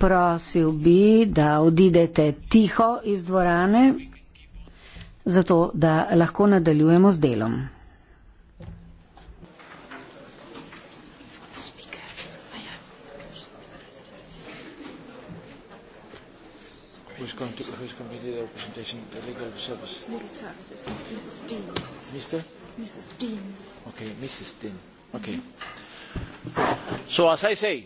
Prosil bi, da odidete tiho iz dvorane, zato da lahko nadaljujemo z delom. who's completed the representation of legal service. Legal services, Mrs. Dean. Mr. Mrs. Dean. Okay, Mrs. Dean. Okay. Mm-hmm. So as I say,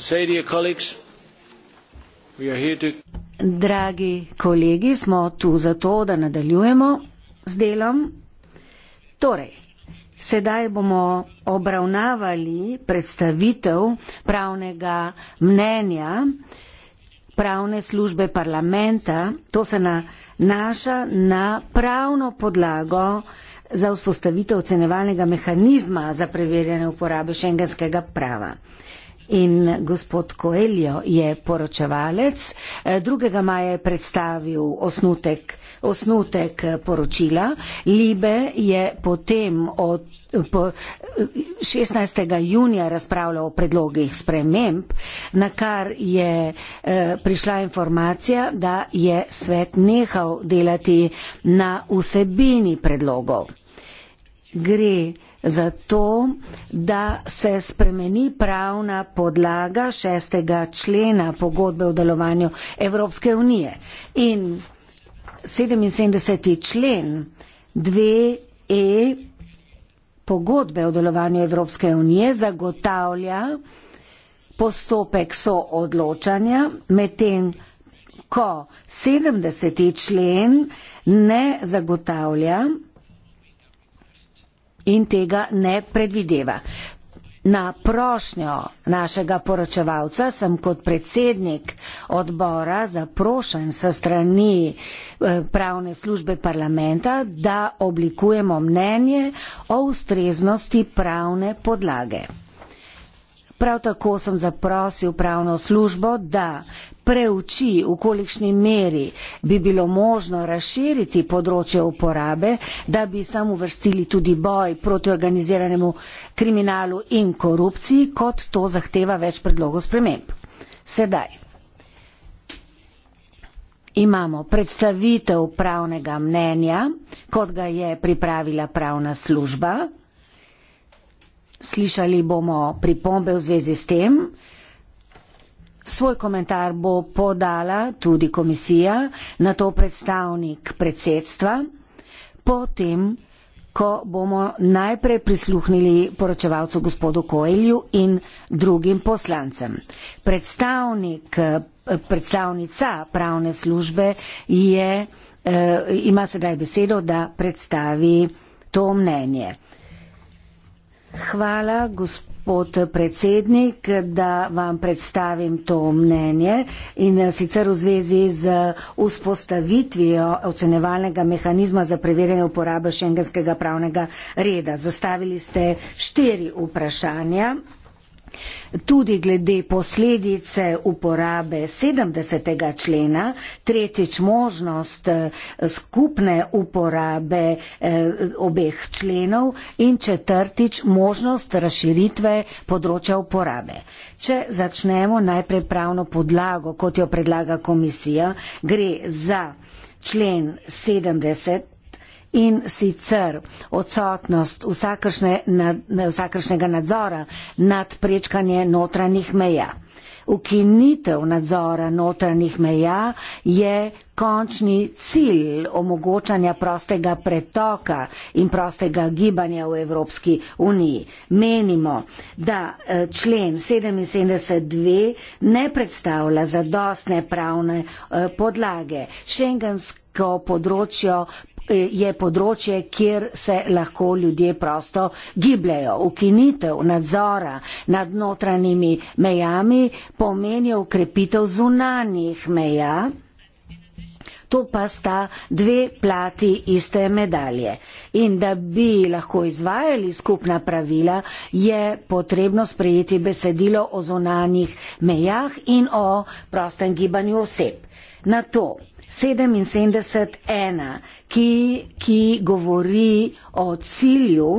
Say to your colleagues, Dragi kolegi, smo tu zato, da nadaljujemo z delom. Torej, sedaj bomo obravnavali predstavitev pravnega mnenja pravne službe parlamenta. To se nanaša na pravno podlago za vzpostavitev ocenevalnega mehanizma za preverjanje uporabe šengenskega prava. In gospod Koeljo je poročevalec. 2. Eh, maja je predstavil osnutek, osnutek eh, poročila. Libe je potem od eh, po 16. junija razpravljal o predlogih sprememb, na kar je prišla informacija, da je svet nehal delati na vsebini predlogov. Gre zato, da se spremeni pravna podlaga šestega člena pogodbe o delovanju Evropske unije. In 77. člen 2E e pogodbe o delovanju Evropske unije zagotavlja postopek soodločanja, medtem ko 70. člen ne zagotavlja in tega ne predvideva. Na prošnjo našega poročevalca sem kot predsednik odbora zaprošen sa strani eh, pravne službe parlamenta, da oblikujemo mnenje o ustreznosti pravne podlage. Prav tako sem zaprosil pravno službo, da preuči, v kolikšni meri bi bilo možno razširiti področje uporabe, da bi sam uvrstili tudi boj proti organiziranemu kriminalu in korupciji, kot to zahteva več predlogov sprememb. Sedaj imamo predstavitev pravnega mnenja, kot ga je pripravila pravna služba. Slišali bomo pripombe v zvezi s tem. Svoj komentar bo podala tudi komisija, na to predstavnik predsedstva, potem, ko bomo najprej prisluhnili poročevalcu gospodu Koelju in drugim poslancem. Predstavnik, predstavnica pravne službe je, eh, ima sedaj besedo, da predstavi to mnenje. Hvala, gospod predsednik, da vam predstavim to mnenje in eh, sicer v zvezi z vzpostavitvijo ocenevalnega mehanizma za preverjanje uporabe šengenskega pravnega reda. Zastavili ste štiri vprašanja tudi glede posledice uporabe 70. člena, tretjič možnost eh, skupne uporabe eh, obeh členov in četrtič možnost razširitve področja uporabe. Če začnemo najprej pravno podlago, kot jo predlaga komisija, gre za člen 70 in sicer odsotnost vsakršne nad, vsakršnega nadzora nad prečkanje notranjih meja. Ukinitev nadzora notranjih meja je končni cilj omogočanja prostega pretoka in prostega gibanja v Evropski uniji. Menimo, da e, člen 77.2 ne predstavlja zadostne pravne e, podlage. Schengensko področjo Eh, je področje, kjer se lahko ljudje prosto gibljajo. Ukinitev nadzora nad notranjimi mejami pomeni ukrepitev zunanjih meja. To pa sta dve plati iste medalje. In da bi lahko izvajali skupna pravila, je potrebno sprejeti besedilo o zunanjih mejah in o prostem gibanju oseb. Na to 77.1, ki, ki govori o cilju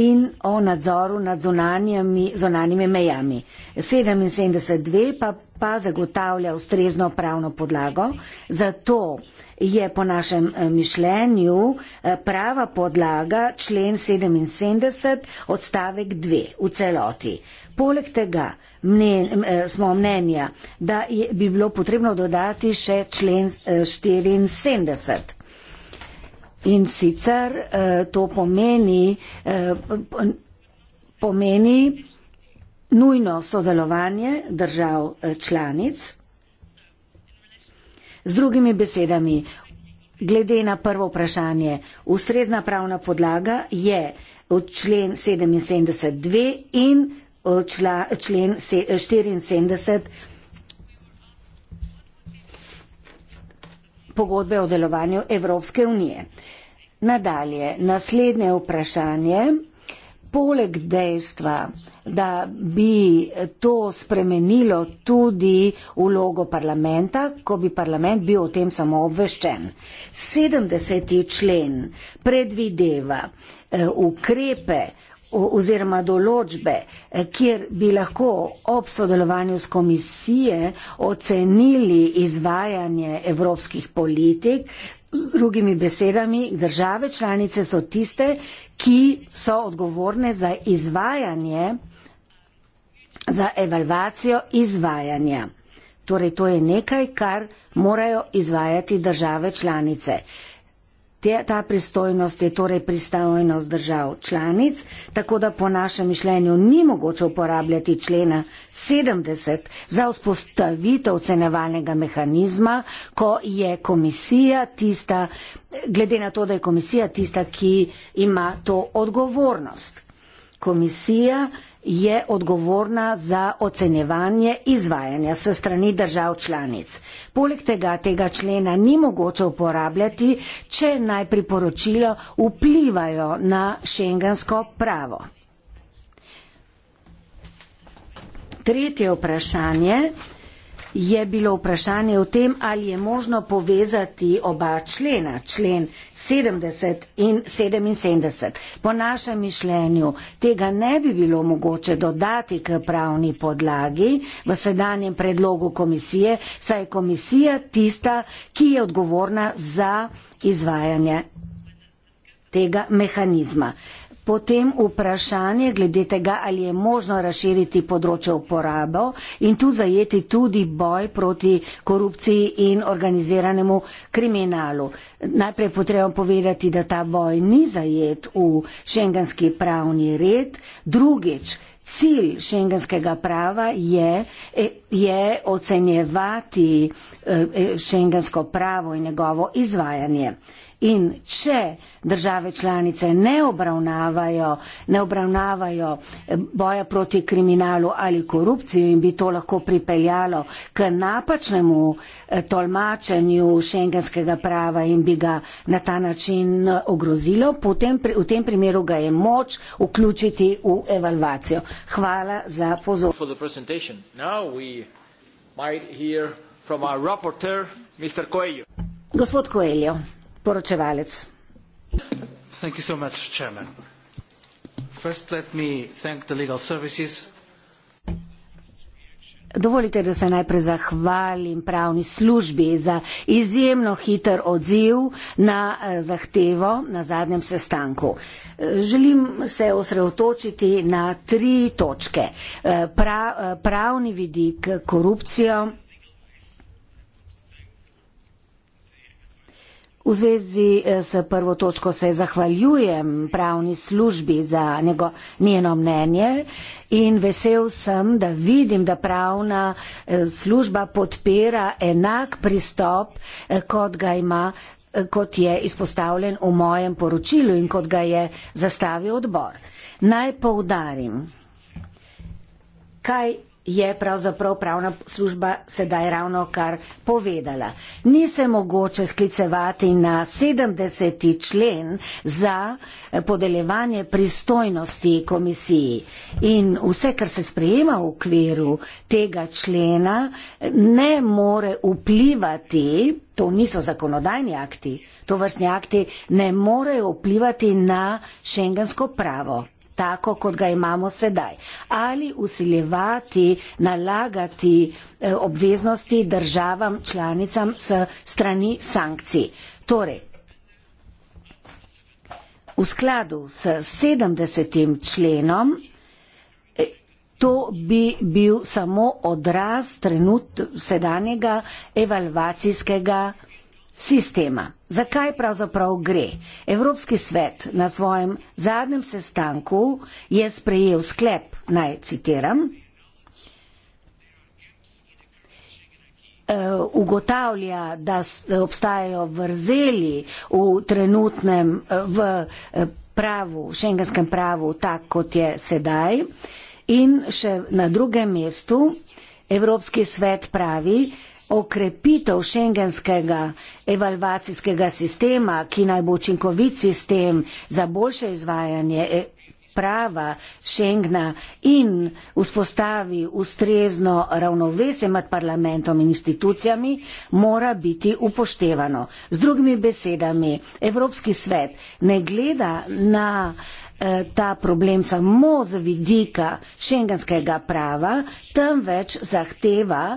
in o nadzoru nad zonanjimi, zonanjimi mejami. 77.2 pa, pa zagotavlja ustrezno pravno podlago, zato je po našem eh, mišljenju eh, prava podlaga člen 77 odstavek 2 v celoti. Poleg tega mnen, eh, smo mnenja, da je, bi bilo potrebno dodati še člen 74. Eh, in sicer eh, to pomeni, pomeni nujno sodelovanje držav članic. Z drugimi besedami, glede na prvo vprašanje, ustrezna pravna podlaga je od člen 77.2 in čla, člen 74 pogodbe o delovanju Evropske unije. Nadalje, naslednje vprašanje. Poleg dejstva, da bi to spremenilo tudi vlogo parlamenta, ko bi parlament bil o tem samo obveščen. 70. člen predvideva eh, ukrepe oziroma določbe, eh, kjer bi lahko ob sodelovanju s komisije ocenili izvajanje evropskih politik. Z drugimi besedami, države članice so tiste, ki so odgovorne za izvajanje, za evalvacijo izvajanja. Torej, to je nekaj, kar morajo izvajati države članice. Te, ta pristojnost je torej pristojnost držav članic, tako da po našem mišljenju ni mogoče uporabljati člena 70 za vzpostavitev ocenevalnega mehanizma, ko je komisija tista, glede na to, da je komisija tista, ki ima to odgovornost. Komisija je odgovorna za ocenevanje izvajanja se strani držav članic. Poleg tega tega člena ni mogoče uporabljati, če naj priporočilo vplivajo na šengensko pravo. Tretje vprašanje je bilo vprašanje o tem, ali je možno povezati oba člena, člen 70 in 77. Po našem mišljenju tega ne bi bilo mogoče dodati k pravni podlagi v sedanjem predlogu komisije, saj je komisija tista, ki je odgovorna za izvajanje tega mehanizma. Potem vprašanje glede tega, ali je možno razširiti področje uporabo in tu zajeti tudi boj proti korupciji in organiziranemu kriminalu. Najprej potrebno povedati, da ta boj ni zajet v šengenski pravni red. Drugič, cilj šengenskega prava je, je ocenjevati eh, eh, šengensko pravo in njegovo izvajanje. In če države članice ne obravnavajo, ne obravnavajo eh, boja proti kriminalu ali korupciji in bi to lahko pripeljalo k napačnemu eh, tolmačenju šengenskega prava in bi ga na ta način eh, ogrozilo, potem, v tem primeru ga je moč vključiti v evalvacijo. Hvala za pozornost. Gospod Koeljo poročevalec. Thank you so much, Chairman. First, let me thank the legal services. Dovolite, da se najprej zahvalim pravni službi za izjemno hiter odziv na eh, zahtevo na zadnjem sestanku. Eh, želim se osredotočiti na tri točke. Eh, pra, pravni vidik korupcijo V zvezi eh, s prvo točko se zahvaljujem pravni službi za njego, njeno mnenje in vesel sem, da vidim, da pravna eh, služba podpira enak pristop, eh, kot ga ima, kot je izpostavljen v mojem poročilu in kot ga je zastavil odbor. Naj poudarim, kaj je pravzaprav pravna služba sedaj ravno kar povedala. Ni se mogoče sklicevati na 70. člen za eh, podeljevanje pristojnosti komisiji in vse, kar se sprejema v okviru tega člena, ne more vplivati, to niso zakonodajni akti, to vrstni akti ne morejo vplivati na šengensko pravo tako, kot ga imamo sedaj. Ali usiljevati, nalagati eh, obveznosti državam, članicam s strani sankcij. Torej, v skladu s 70. členom, eh, to bi bil samo odraz trenut sedanjega evalvacijskega sistema. Zakaj pravzaprav gre? Evropski svet na svojem zadnjem sestanku je sprejel sklep, naj citiram, ugotavlja, da obstajajo vrzeli v trenutnem v pravu, šengenskem pravu, tako kot je sedaj. In še na drugem mestu Evropski svet pravi, okrepitev šengenskega evalvacijskega sistema, ki naj bo učinkovit sistem za boljše izvajanje eh, prava Šengna in vzpostavi ustrezno ravnovesje med parlamentom in institucijami, mora biti upoštevano. Z drugimi besedami, Evropski svet ne gleda na eh, ta problem samo z vidika šengenskega prava, temveč zahteva,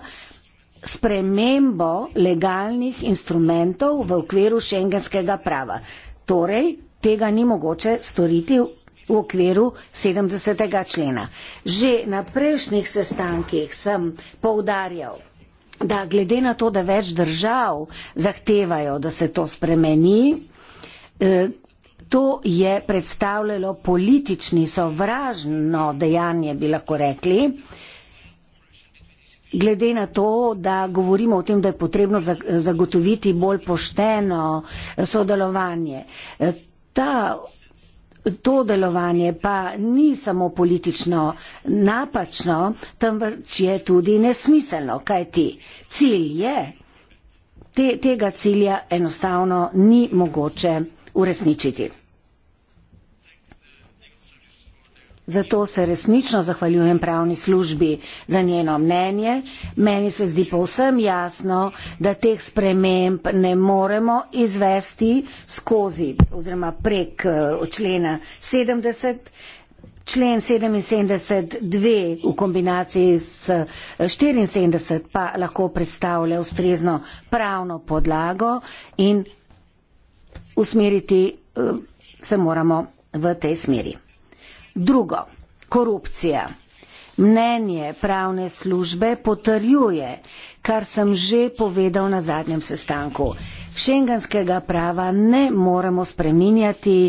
spremembo legalnih instrumentov v okviru šengenskega prava. Torej, tega ni mogoče storiti v okviru 70. člena. Že na prejšnjih sestankih sem poudarjal, da glede na to, da več držav zahtevajo, da se to spremeni, eh, to je predstavljalo politični sovražno dejanje, bi lahko rekli, glede na to, da govorimo o tem, da je potrebno zagotoviti bolj pošteno eh, sodelovanje. Eh, ta, to delovanje pa ni samo politično napačno, temveč je tudi nesmiselno, kaj ti cilj je. Te, tega cilja enostavno ni mogoče uresničiti. Zato se resnično zahvaljujem pravni službi za njeno mnenje. Meni se zdi povsem jasno, da teh sprememb ne moremo izvesti skozi oziroma prek eh, člena 70. Člen 77.2 v kombinaciji s 74 eh, pa lahko predstavlja ustrezno pravno podlago in usmeriti eh, se moramo v tej smeri. Drugo, korupcija. Mnenje pravne službe potrjuje, kar sem že povedal na zadnjem sestanku. Šengenskega prava ne moremo spreminjati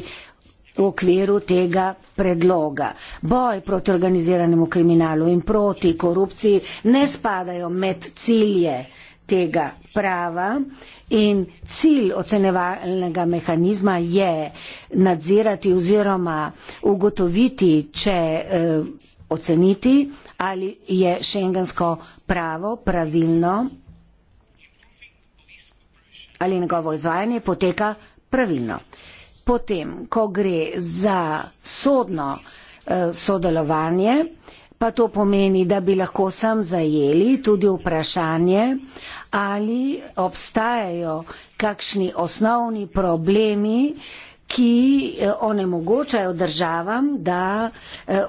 v okviru tega predloga. Boj proti organiziranemu kriminalu in proti korupciji ne spadajo med cilje tega prava in cilj ocenevalnega mehanizma je nadzirati oziroma ugotoviti, če eh, oceniti, ali je šengensko pravo pravilno ali njegovo izvajanje poteka pravilno. Potem, ko gre za sodno eh, sodelovanje, pa to pomeni, da bi lahko sam zajeli tudi vprašanje, ali obstajajo kakšni osnovni problemi, ki eh, onemogočajo državam, da, eh,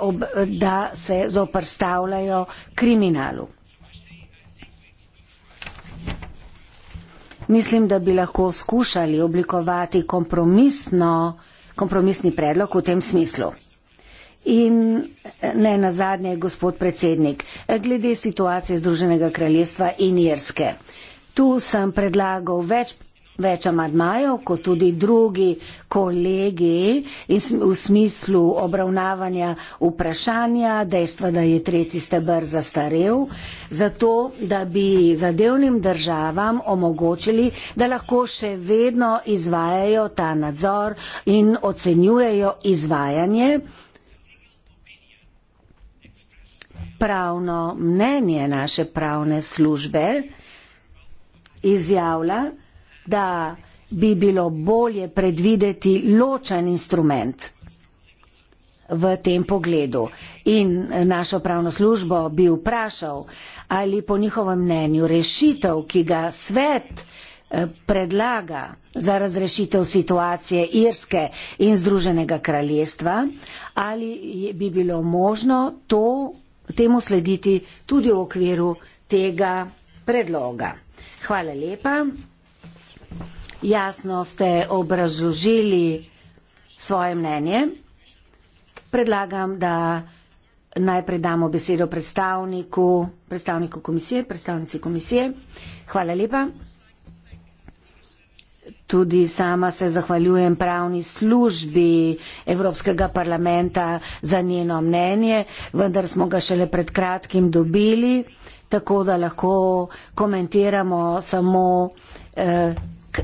da se zoprstavljajo kriminalu. Mislim, da bi lahko skušali oblikovati kompromisni predlog v tem smislu. In eh, ne na zadnje, gospod predsednik, glede situacije Združenega kraljestva in Jerske. Tu sem predlagal več, več amadmajev, kot tudi drugi kolegi in v smislu obravnavanja vprašanja, dejstva, da je tretji stebr zastarev, zato, da bi zadevnim državam omogočili, da lahko še vedno izvajajo ta nadzor in ocenjujejo izvajanje. Pravno mnenje naše pravne službe izjavlja, da bi bilo bolje predvideti ločen instrument v tem pogledu. In našo pravno službo bi vprašal, ali po njihovem mnenju rešitev, ki ga svet eh, predlaga za razrešitev situacije Irske in Združenega kraljestva, ali bi bilo možno to, temu slediti tudi v okviru tega predloga. Hvala lepa. Jasno ste obrazložili svoje mnenje. Predlagam, da najprej damo besedo predstavniku, predstavniku komisije, predstavnici komisije. Hvala lepa. Tudi sama se zahvaljujem pravni službi Evropskega parlamenta za njeno mnenje, vendar smo ga šele pred kratkim dobili tako da lahko komentiramo samo eh,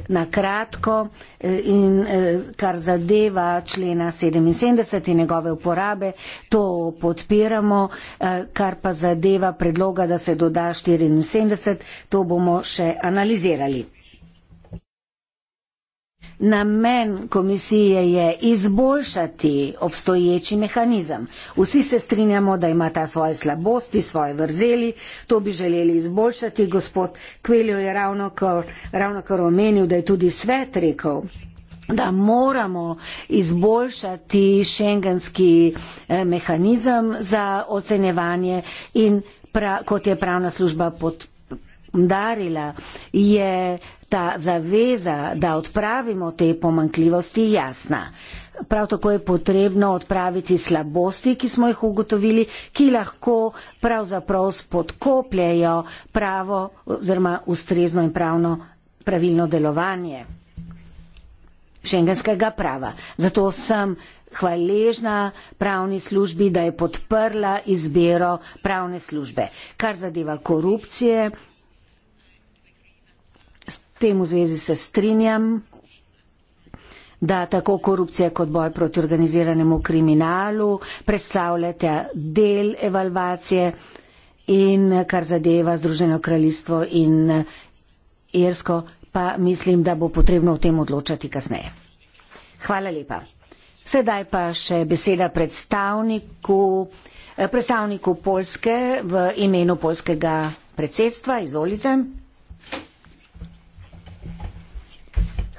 na kratko eh, in eh, kar zadeva člena 77 in njegove uporabe, to podpiramo, eh, kar pa zadeva predloga, da se doda 74, to bomo še analizirali. Namen komisije je izboljšati obstoječi mehanizem. Vsi se strinjamo, da ima ta svoje slabosti, svoje vrzeli, to bi želeli izboljšati. Gospod Kveljo je ravno kar, ravno kar omenil, da je tudi svet rekel, da moramo izboljšati šengenski eh, mehanizem za ocenevanje in pra, kot je pravna služba podporila darila je ta zaveza, da odpravimo te pomankljivosti jasna. Prav tako je potrebno odpraviti slabosti, ki smo jih ugotovili, ki lahko pravzaprav spodkopljajo pravo oziroma ustrezno in pravno pravilno delovanje šengenskega prava. Zato sem hvaležna pravni službi, da je podprla izbiro pravne službe. Kar zadeva korupcije, tem v zvezi se strinjam, da tako korupcija kot boj proti organiziranemu kriminalu predstavljate del evalvacije in kar zadeva Združeno kraljestvo in Irsko, pa mislim, da bo potrebno o tem odločati kasneje. Hvala lepa. Sedaj pa še beseda predstavniku, predstavniku Polske v imenu polskega predsedstva. Izvolite.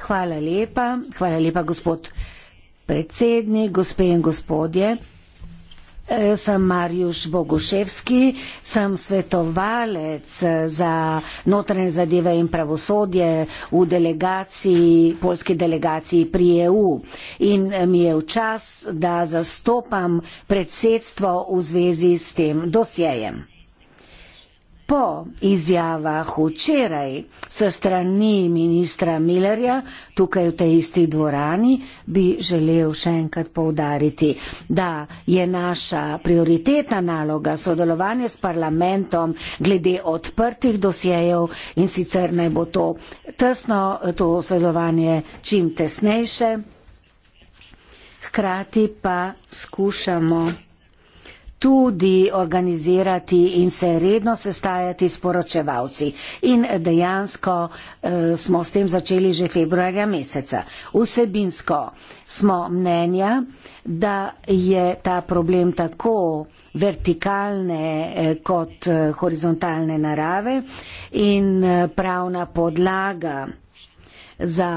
Hvala lepa. Hvala lepa, gospod predsednik, gospe in gospodje. Eh, sem Marjuš Boguševski, sem svetovalec eh, za notranje zadeve in pravosodje v delegaciji, polski delegaciji pri EU. In eh, mi je v čas, da zastopam predsedstvo v zvezi s tem dosjejem. Po izjavah včeraj se strani ministra Millerja tukaj v tej isti dvorani bi želel še enkrat povdariti, da je naša prioritetna naloga sodelovanje s parlamentom glede odprtih dosjejev in sicer naj bo to tesno to sodelovanje čim tesnejše. Hkrati pa skušamo tudi organizirati in se redno sestajati s poročevalci. In dejansko eh, smo s tem začeli že februarja meseca. Vsebinsko smo mnenja, da je ta problem tako vertikalne eh, kot eh, horizontalne narave in eh, pravna podlaga za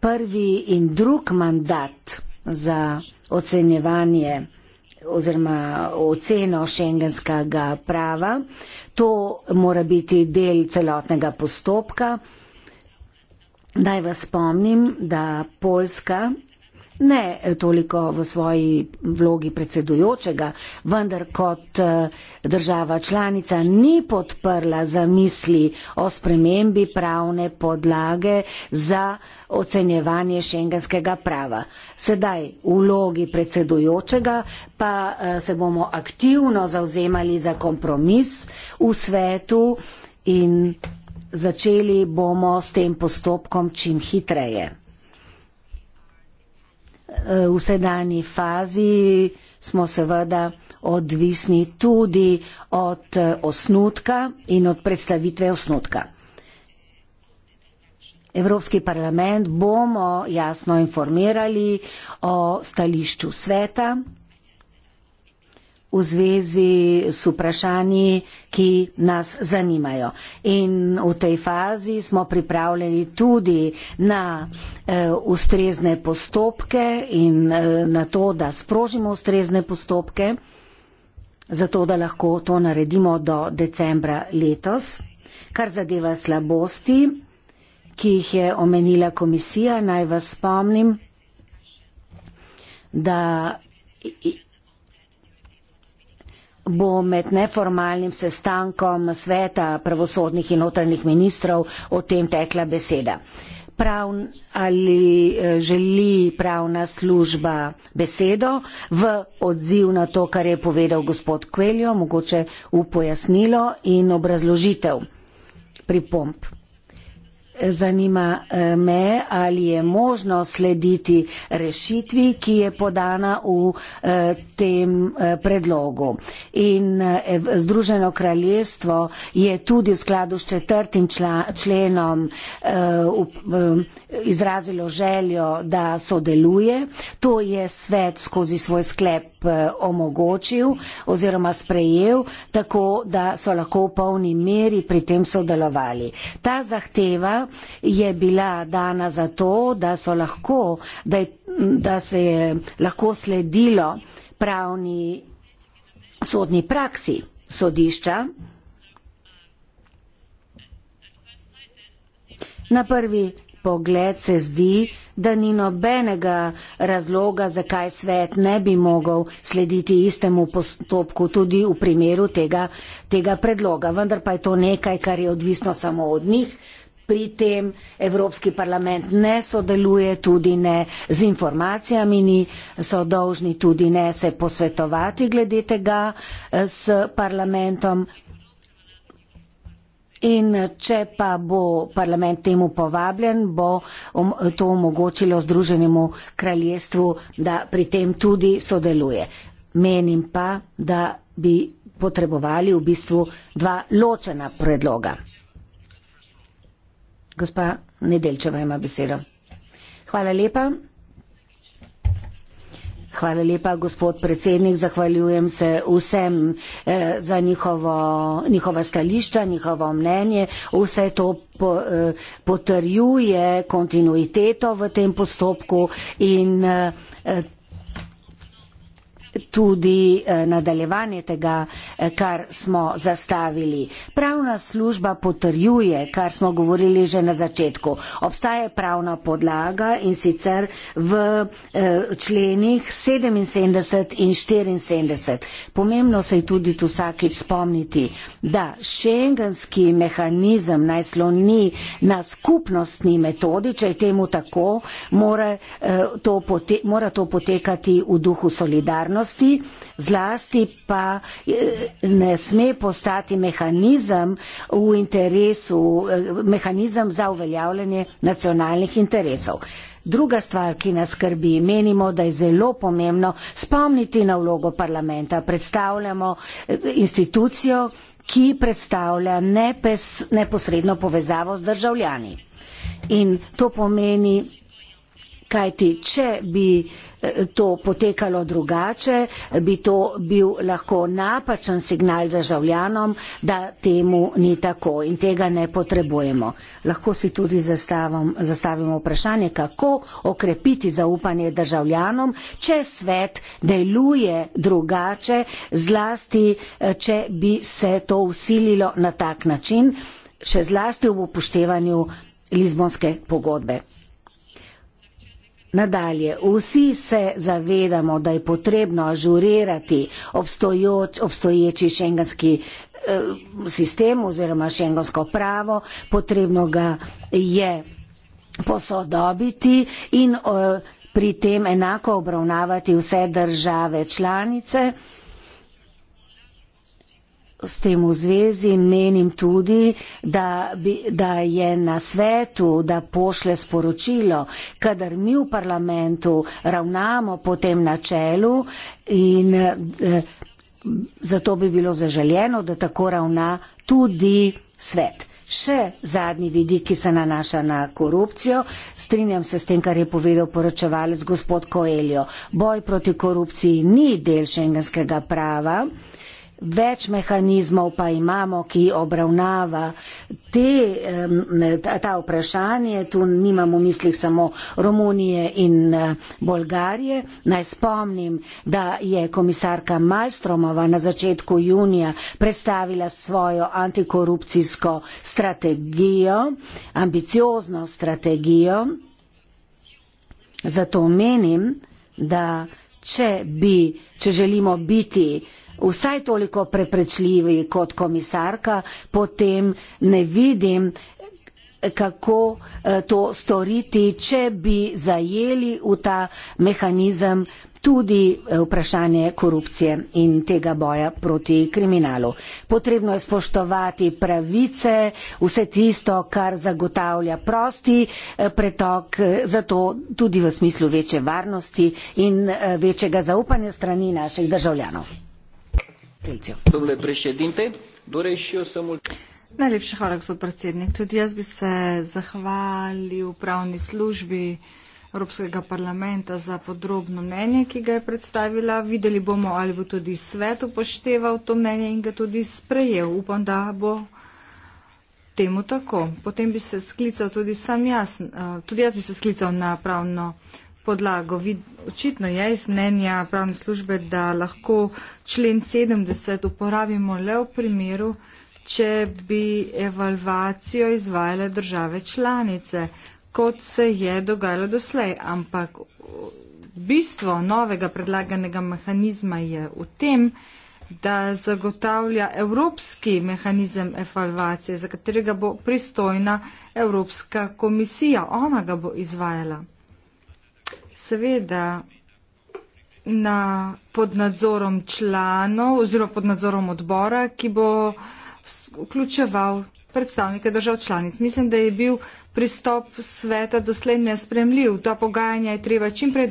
prvi in drug mandat za ocenjevanje oziroma oceno šengenskega prava. To mora biti del celotnega postopka. Naj vas spomnim, da Poljska, ne toliko v svoji vlogi predsedujočega, vendar kot eh, država članica ni podprla zamisli o spremembi pravne podlage za ocenjevanje šengenskega prava. Sedaj v vlogi predsedujočega pa eh, se bomo aktivno zauzemali za kompromis v svetu in začeli bomo s tem postopkom čim hitreje. Eh, v sedanji fazi smo seveda odvisni tudi od eh, osnutka in od predstavitve osnutka. Evropski parlament bomo jasno informirali o stališču sveta v zvezi s vprašanji, ki nas zanimajo. In v tej fazi smo pripravljeni tudi na e, ustrezne postopke in e, na to, da sprožimo ustrezne postopke, zato da lahko to naredimo do decembra letos. Kar zadeva slabosti, ki jih je omenila komisija. Naj vas spomnim, da bo med neformalnim sestankom sveta pravosodnih in notranjih ministrov o tem tekla beseda. Prav, ali eh, želi pravna služba besedo v odziv na to, kar je povedal gospod Kveljo, mogoče v pojasnilo in obrazložitev pripomp. Zanima eh, me, ali je možno slediti rešitvi, ki je podana v eh, tem eh, predlogu. In Združeno kraljestvo je tudi v skladu s četrtim členom izrazilo željo, da sodeluje. To je svet skozi svoj sklep ukrep eh, omogočil oziroma sprejel, tako da so lahko v polni meri pri tem sodelovali. Ta zahteva je bila dana zato, da, lahko, da, je, da se je lahko sledilo pravni sodni praksi sodišča. Na prvi pogled se zdi, da ni nobenega razloga, zakaj svet ne bi mogel slediti istemu postopku tudi v primeru tega, tega predloga. Vendar pa je to nekaj, kar je odvisno samo od njih. Pri tem Evropski parlament ne sodeluje tudi ne z informacijami, ni so dolžni tudi ne se posvetovati glede tega eh, s parlamentom, In če pa bo parlament temu povabljen, bo to omogočilo Združenemu kraljestvu, da pri tem tudi sodeluje. Menim pa, da bi potrebovali v bistvu dva ločena predloga. Gospa Nedelčeva ima besedo. Hvala lepa. Hvala lepa, gospod predsednik. Zahvaljujem se vsem eh, za njihovo, njihova stališča, njihovo mnenje. Vse to po, eh, potrjuje kontinuiteto v tem postopku in eh, tudi eh, nadaljevanje tega, eh, kar smo zastavili. Pravna služba potrjuje, kar smo govorili že na začetku. Obstaja pravna podlaga in sicer v eh, členih 77 in 74. Pomembno se je tudi tu vsakič spomniti, da šengenski mehanizem naj sloni na skupnostni metodi, če je temu tako, mora to, pote mora to potekati v duhu solidarnosti znanosti, zlasti pa eh, ne sme postati mehanizem, interesu, eh, mehanizem za uveljavljanje nacionalnih interesov. Druga stvar, ki nas skrbi, menimo, da je zelo pomembno spomniti na vlogo parlamenta. Predstavljamo eh, institucijo, ki predstavlja nepes, neposredno povezavo z državljani. In to pomeni, kajti, če bi eh, to potekalo drugače, bi to bil lahko napačen signal državljanom, da temu ni tako in tega ne potrebujemo. Lahko si tudi zastavom, zastavimo vprašanje, kako okrepiti zaupanje državljanom, če svet deluje drugače, zlasti, eh, če bi se to usililo na tak način, še zlasti v upoštevanju Lizbonske pogodbe. Nadalje, vsi se zavedamo, da je potrebno ažurirati obstojoč, obstoječi šengenski eh, sistem oziroma šengensko pravo, potrebno ga je posodobiti in eh, pri tem enako obravnavati vse države članice. Eh, s tem v zvezi menim tudi, da, bi, da je na svetu, da pošle sporočilo, kadar mi v parlamentu ravnamo po tem načelu in e, zato bi bilo zaželjeno, da tako ravna tudi svet. Še zadnji vidik, ki se nanaša na korupcijo, strinjam se s tem, kar je povedal poročevalec gospod Koeljo. Boj proti korupciji ni del šengenskega prava. Več mehanizmov pa imamo, ki obravnava te, ta vprašanje. Tu nimamo v mislih samo Romunije in eh, Bolgarije. Naj spomnim, da je komisarka Malstromova na začetku junija predstavila svojo antikorupcijsko strategijo, ambiciozno strategijo. Zato menim, da če, bi, če želimo biti vsaj toliko preprečljivi kot komisarka, potem ne vidim, kako eh, to storiti, če bi zajeli v ta mehanizem tudi eh, vprašanje korupcije in tega boja proti kriminalu. Potrebno je spoštovati pravice, vse tisto, kar zagotavlja prosti eh, pretok, zato tudi v smislu večje varnosti in večjega zaupanja strani naših državljanov funkcijo. Najlepša hvala, gospod predsednik. Tudi jaz bi se zahvalil pravni službi Evropskega parlamenta za podrobno mnenje, ki ga je predstavila. Videli bomo, ali bo tudi svet upošteval to mnenje in ga tudi sprejel. Upam, da bo temu tako. Potem bi se sklical tudi sam jaz, eh, tudi jaz bi se sklical na pravno podlago. Vid, očitno je iz mnenja pravne službe, da lahko člen 70 uporabimo le v primeru, če bi evalvacijo izvajale države članice, kot se je dogajalo doslej. Ampak bistvo novega predlaganega mehanizma je v tem, da zagotavlja evropski mehanizem evalvacije, za katerega bo pristojna Evropska komisija. Ona ga bo izvajala seveda na, pod nadzorom članov oziroma pod nadzorom odbora, ki bo vključeval predstavnike držav članic. Mislim, da je bil uh, pristop sveta doslej nespremljiv. Ta pogajanja je treba čimprej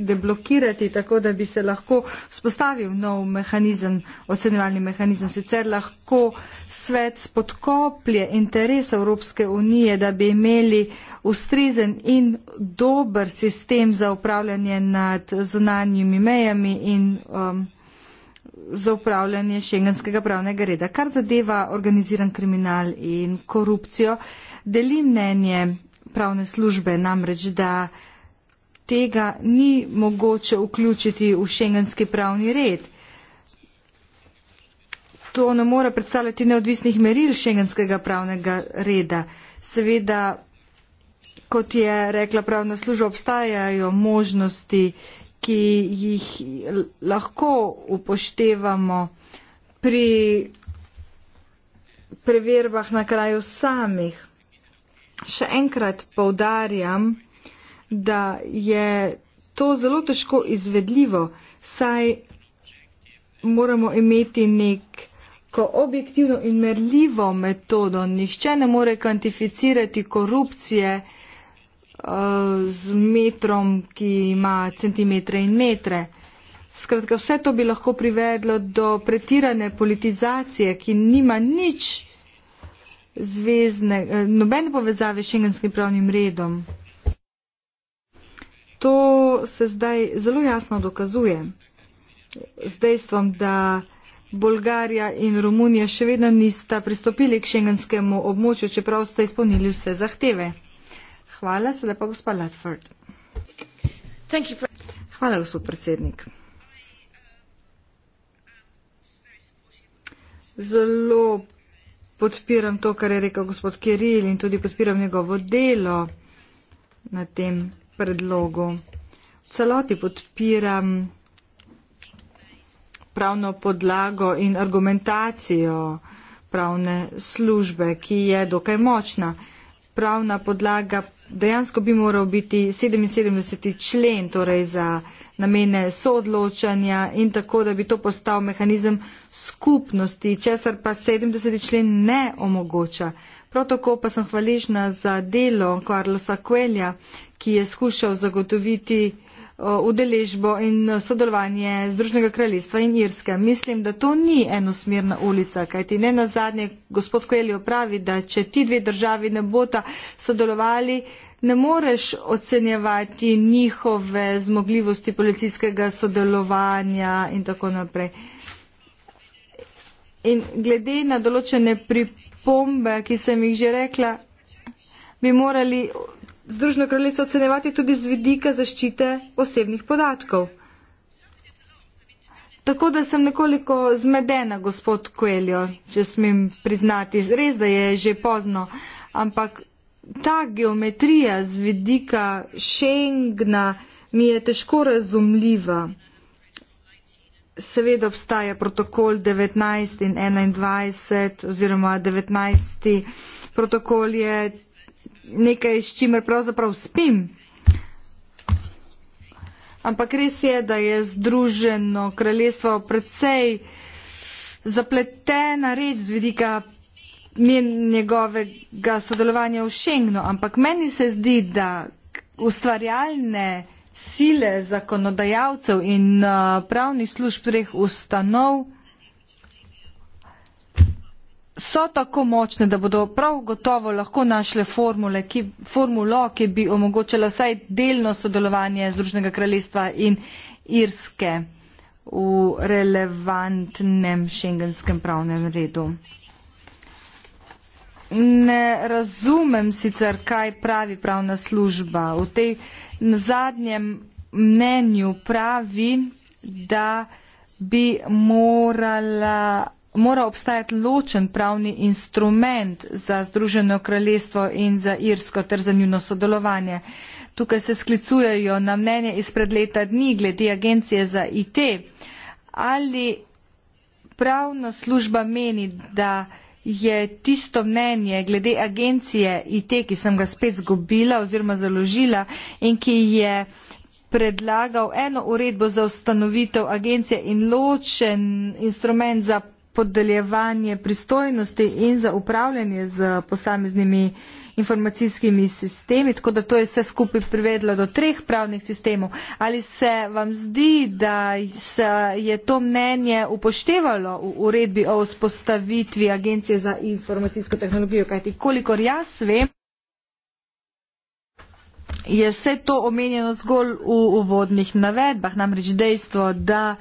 deblokirati, tako da bi se lahko spostavil nov mehanizem, ocenjevalni mehanizem. Sicer lahko svet spodkoplje interese Evropske unije, da bi imeli ustrezen in dober sistem za upravljanje nad zunanjimi mejami in um, za upravljanje šengenskega pravnega reda. Kar zadeva organiziran kriminal in korupcijo, deli mnenje pravne službe namreč, da tega ni mogoče vključiti v šengenski pravni red. To ne more predstavljati neodvisnih meril šengenskega pravnega reda. Seveda, kot je rekla pravna služba, obstajajo možnosti ki jih lahko upoštevamo pri preverbah na kraju samih. Še enkrat povdarjam, da je to zelo težko izvedljivo, saj moramo imeti neko objektivno in merljivo metodo. Nihče ne more kvantificirati korupcije. Eh, z metrom, ki ima centimetre in metre. Skratka, vse to bi lahko privedlo do pretirane politizacije, ki nima nič zvezne, eh, nobene povezave s šengenskim pravnim redom. To se zdaj zelo jasno dokazuje z dejstvom, da Bolgarija in Romunija še vedno nista pristopili k šengenskemu območju, čeprav sta izpolnili vse zahteve. Hvala, se lepa gospa Ledford. Hvala, gospod predsednik. Zelo podpiram to, kar je rekel gospod Kiril in tudi podpiram njegovo delo na tem predlogu. V celoti podpiram pravno podlago in argumentacijo pravne službe, ki je dokaj močna. Pravna podlaga dejansko bi moral biti 77. člen torej za namene soodločanja in tako, da bi to postal mehanizem skupnosti, česar pa 70. člen ne omogoča. Prav tako pa sem hvaležna za delo Karlosa Kvelja, ki je skušal zagotoviti Eh, udeležbo in eh, sodelovanje Združnega kraljestva in Irske. Mislim, da to ni enosmerna ulica, kajti ne nazadnje gospod Kveljo pravi, da če ti dve državi ne bota sodelovali, ne moreš ocenjevati njihove zmogljivosti policijskega sodelovanja in tako naprej. In glede na določene pripombe, ki sem jih že rekla, bi morali Združeno kraljestvo ocenjevati tudi z vidika zaščite osebnih podatkov. Tako da sem nekoliko zmedena, gospod Koeljo, če smem priznati. Res, da je že pozno, ampak ta geometrija z vidika Schengna mi je težko razumljiva. Seveda obstaja protokol 19 in 21 oziroma 19. protokol je nekaj, s čimer pravzaprav spim. Ampak res je, da je združeno kraljestvo precej zapletena reč z vidika njegovega sodelovanja v Schengnu, ampak meni se zdi, da ustvarjalne sile zakonodajalcev in uh, pravnih služb treh ustanov so tako močne, da bodo prav gotovo lahko našle formule, ki, formulo, ki bi omogočala vsaj delno sodelovanje Združenega kraljestva in Irske v relevantnem šengenskem pravnem redu. Ne razumem sicer, kaj pravi pravna služba. V tej zadnjem mnenju pravi, da bi morala mora obstajati ločen pravni instrument za Združeno kraljestvo in za Irsko ter za njuno sodelovanje. Tukaj se sklicujejo na mnenje izpred leta dni glede agencije za IT. Ali pravna služba meni, da je tisto mnenje glede agencije IT, ki sem ga spet zgubila oziroma založila in ki je predlagal eno uredbo za ustanovitev agencije in ločen instrument za podeljevanje pristojnosti in za upravljanje z posameznimi informacijskimi sistemi, tako da to je vse skupaj privedlo do treh pravnih sistemov. Ali se vam zdi, da se je to mnenje upoštevalo v uredbi o vzpostavitvi Agencije za informacijsko tehnologijo, kajti kolikor jaz vem, je vse to omenjeno zgolj v uvodnih navedbah, namreč dejstvo, da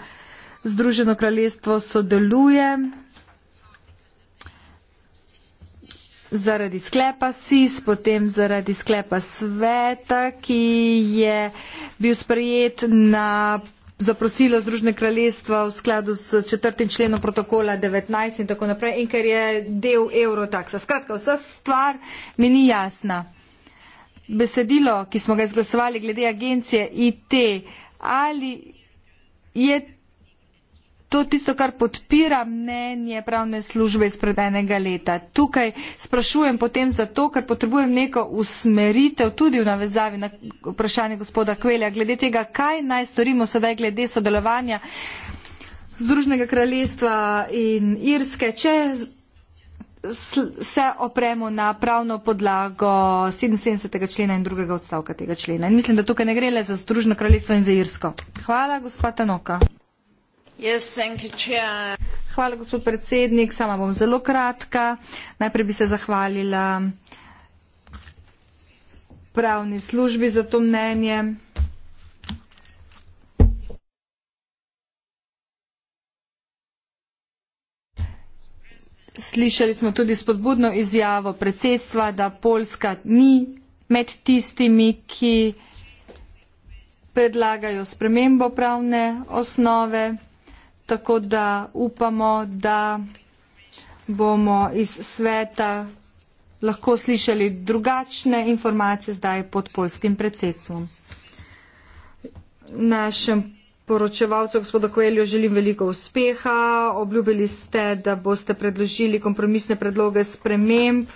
Združeno kraljestvo sodeluje zaradi sklepa SIS, potem zaradi sklepa sveta, ki je bil sprejet na zaprosilo Združne kraljestva v skladu s četrtim členom protokola 19 in tako naprej, in ker je del eurotaksa. Skratka, vsa stvar mi ni jasna. Besedilo, ki smo ga izglasovali glede agencije IT, ali je to tisto, kar podpira mnenje pravne službe iz predenega leta. Tukaj sprašujem potem zato, ker potrebujem neko usmeritev tudi v navezavi na vprašanje gospoda Kvelja, glede tega, kaj naj storimo sedaj glede sodelovanja Združnega kraljestva in Irske, če se opremo na pravno podlago 77. člena in drugega odstavka tega člena. In mislim, da tukaj ne gre le za Združno kraljestvo in za Irsko. Hvala, gospod Tanoka. Yes, Hvala, gospod predsednik. Sama bom zelo kratka. Najprej bi se zahvalila pravni službi za to mnenje. Slišali smo tudi spodbudno izjavo predsedstva, da Poljska ni med tistimi, ki predlagajo spremembo pravne osnove tako da upamo, da bomo iz sveta lahko slišali drugačne informacije zdaj pod polskim predsedstvom. Našem poročevalcu gospodu Koelju želim veliko uspeha. Obljubili ste, da boste predložili kompromisne predloge sprememb.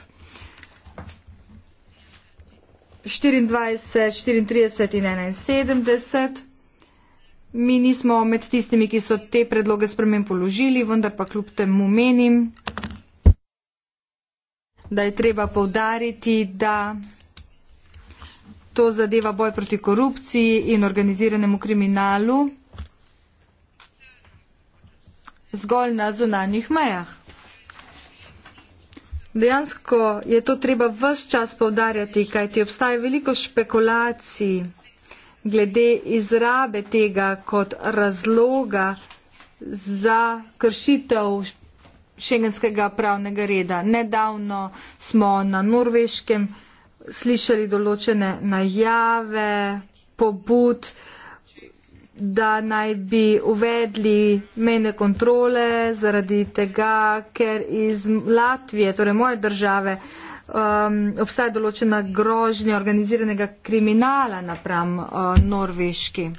24, 34 in 71. Mi nismo med tistimi, ki so te predloge spremen položili, vendar pa kljub temu menim, da je treba povdariti, da to zadeva boj proti korupciji in organiziranemu kriminalu zgolj na zunanjih mejah. Dejansko je to treba vse čas povdarjati, kajti obstaja veliko špekulacij glede izrabe tega kot razloga za kršitev šengenskega pravnega reda. Nedavno smo na Norveškem slišali določene najave, pobud, da naj bi uvedli mejne kontrole zaradi tega, ker iz Latvije, torej moje države, um, obstaja določena grožnja organiziranega kriminala napram uh, Norveški.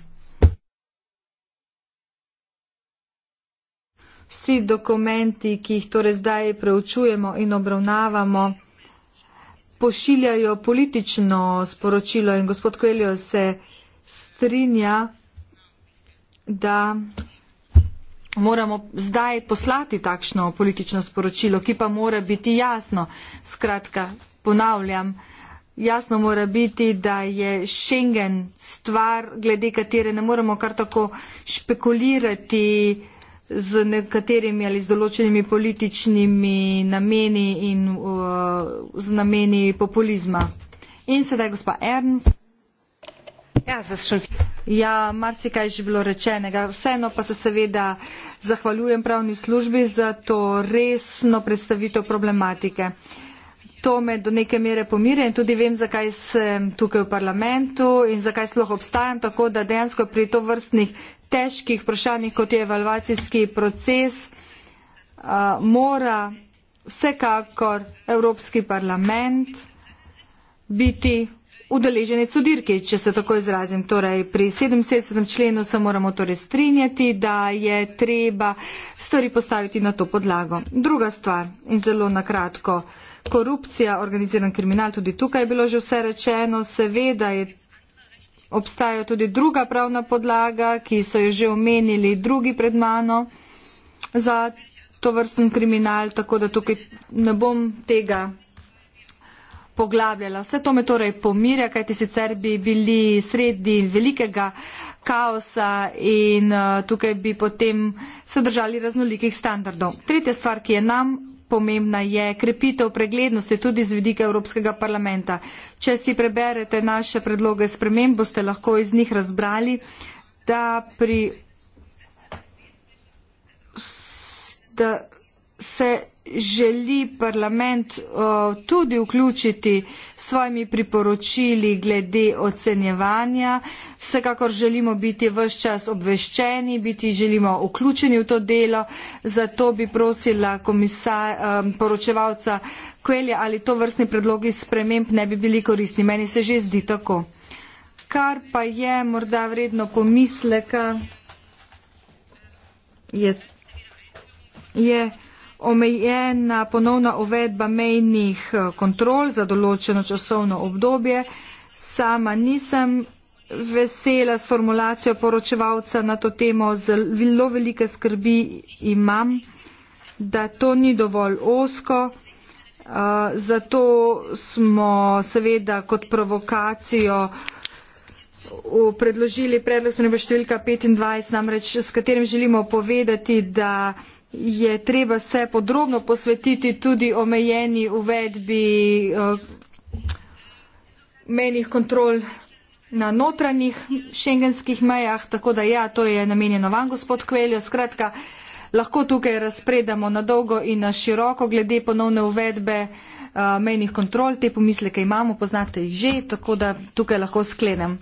Vsi dokumenti, ki jih torej zdaj preučujemo in obravnavamo, pošiljajo politično sporočilo in gospod Koeljo se strinja, da moramo zdaj poslati takšno politično sporočilo, ki pa mora biti jasno. Skratka, ponavljam, jasno mora biti, da je Schengen stvar, glede katere ne moramo kar tako špekulirati z nekaterimi ali z določenimi političnimi nameni in uh, z nameni populizma. In sedaj gospa Ernst. Ja, ja marsikaj je že bilo rečenega. Vseeno pa se seveda zahvaljujem pravni službi za to resno predstavitev problematike. To me do neke mere pomirja in tudi vem, zakaj sem tukaj v parlamentu in zakaj sploh obstajam, tako da dejansko pri to vrstnih težkih vprašanjih, kot je evalvacijski proces, uh, mora vsekakor Evropski parlament biti udeleženec v dirki, če se tako izrazim. Torej, pri 77. členu se moramo torej strinjati, da je treba stvari postaviti na to podlago. Druga stvar in zelo na kratko, korupcija, organiziran kriminal, tudi tukaj je bilo že vse rečeno, seveda je. Obstajajo tudi druga pravna podlaga, ki so jo že omenili drugi pred mano za to vrsten kriminal, tako da tukaj ne bom tega poglabljala. Vse to me torej pomirja, kajti sicer bi bili sredi velikega kaosa in eh, tukaj bi potem se držali raznolikih standardov. Tretja stvar, ki je nam pomembna, je krepitev preglednosti tudi z vidika Evropskega parlamenta. Če si preberete naše predloge sprememb, boste lahko iz njih razbrali, da pri da se želi parlament eh, tudi vključiti svojimi priporočili glede ocenjevanja. Vsekakor želimo biti vse čas obveščeni, biti želimo vključeni v to delo, zato bi prosila komisar, eh, poročevalca Kvelja, ali to vrstni predlogi sprememb ne bi bili koristni. Meni se že zdi tako. Kar pa je morda vredno pomisleka, je. je omejena ponovna uvedba mejnih eh, kontrol za določeno časovno obdobje. Sama nisem vesela s formulacijo poročevalca na to temo, zelo velike skrbi imam, da to ni dovolj osko. Eh, zato smo seveda kot provokacijo predložili predlog številka 25, namreč s katerim želimo povedati, da je treba se podrobno posvetiti tudi omejeni uvedbi eh, menih kontrol na notranjih šengenskih mejah, tako da ja, to je namenjeno vam, gospod Kveljo. Skratka, lahko tukaj razpredamo na dolgo in na široko glede ponovne uvedbe uh, eh, menih kontrol. Te pomisleke imamo, poznate jih že, tako da tukaj lahko sklenem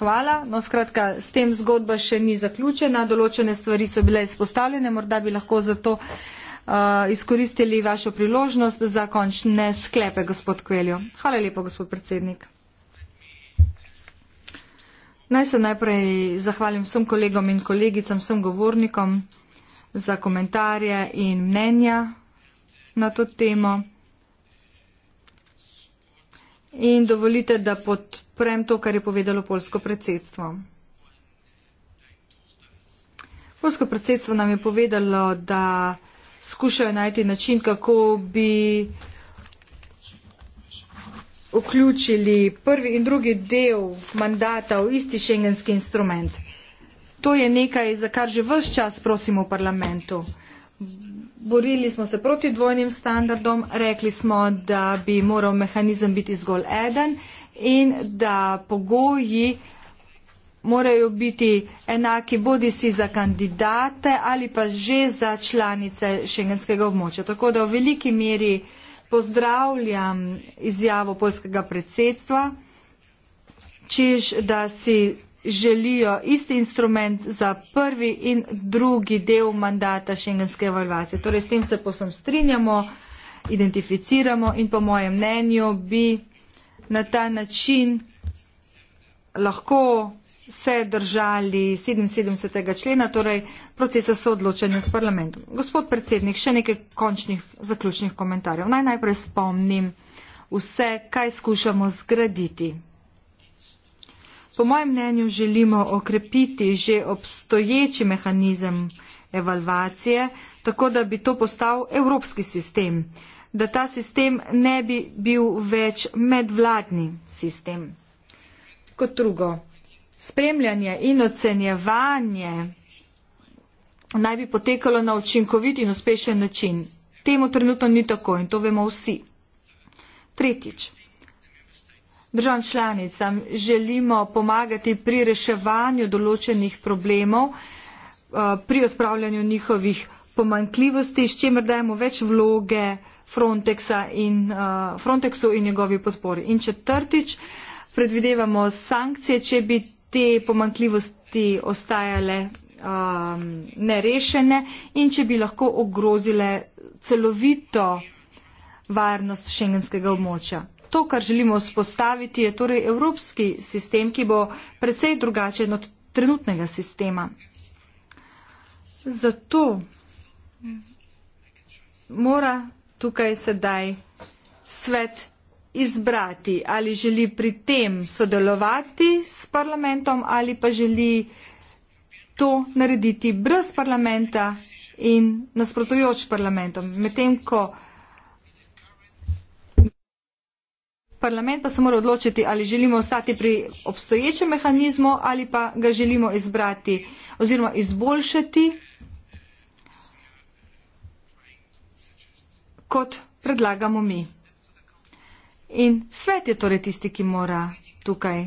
hvala. No, skratka, s tem zgodba še ni zaključena, določene stvari so bile izpostavljene, morda bi lahko zato uh, izkoristili vašo priložnost za končne sklepe, gospod Kveljo. Hvala lepo, gospod predsednik. Naj se najprej zahvalim vsem kolegom in kolegicam, vsem govornikom za komentarje in mnenja na to temo. In dovolite, da podprem to, kar je povedalo polsko predsedstvo. Polsko predsedstvo nam je povedalo, da skušajo najti način, kako bi vključili prvi in drugi del mandata v isti šengenski instrument. To je nekaj, za kar že vse čas prosimo v parlamentu. Borili smo se proti dvojnim standardom, rekli smo, da bi moral mehanizem biti zgolj eden in da pogoji morajo biti enaki bodi si za kandidate ali pa že za članice šengenskega območja. Tako da v veliki meri pozdravljam izjavo polskega predsedstva, čež da si želijo isti instrument za prvi in drugi del mandata šengenske evalvacije. Torej, s tem se posem strinjamo, identificiramo in po mojem mnenju bi na ta način lahko se držali 77. člena, torej procesa soodločanja s parlamentom. Gospod predsednik, še nekaj končnih zaključnih komentarjev. Naj najprej spomnim vse, kaj skušamo zgraditi. Po mojem mnenju želimo okrepiti že obstoječi mehanizem evalvacije, tako da bi to postal evropski sistem, da ta sistem ne bi bil več medvladni sistem. Kot drugo, spremljanje in ocenjevanje naj bi potekalo na učinkovit in uspešen način. Temu trenutno ni tako in to vemo vsi. Tretjič državam članicam želimo pomagati pri reševanju določenih problemov, eh, pri odpravljanju njihovih pomankljivosti, s čimer dajemo več vloge Frontexa in, eh, Frontexu in njegovi podpori. In četrtič, predvidevamo sankcije, če bi te pomankljivosti ostajale um, nerešene in če bi lahko ogrozile celovito varnost šengenskega območja. To, kar želimo spostaviti, je torej evropski sistem, ki bo precej drugačen od trenutnega sistema. Zato mora tukaj sedaj svet izbrati, ali želi pri tem sodelovati s parlamentom ali pa želi to narediti brez parlamenta in nasprotujoč parlamentom. Medtem, ko Parlament pa se mora odločiti, ali želimo ostati pri obstoječem mehanizmu ali pa ga želimo izbrati oziroma izboljšati, kot predlagamo mi. In svet je torej tisti, ki mora tukaj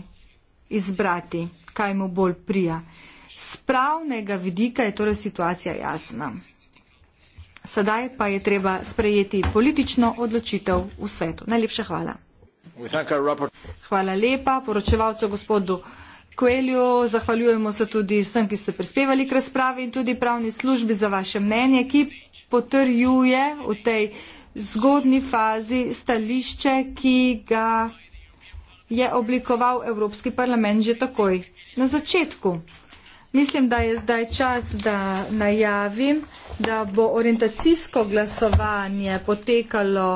izbrati, kaj mu bolj prija. Z pravnega vidika je torej situacija jasna. Sedaj pa je treba sprejeti politično odločitev v svetu. Najlepša hvala. Hvala lepa poročevalcu gospodu Koelju. Zahvaljujemo se tudi vsem, ki ste prispevali k razpravi in tudi pravni službi za vaše mnenje, ki potrjuje v tej zgodni fazi stališče, ki ga je oblikoval Evropski parlament že takoj na začetku. Mislim, da je zdaj čas, da najavim, da bo orientacijsko glasovanje potekalo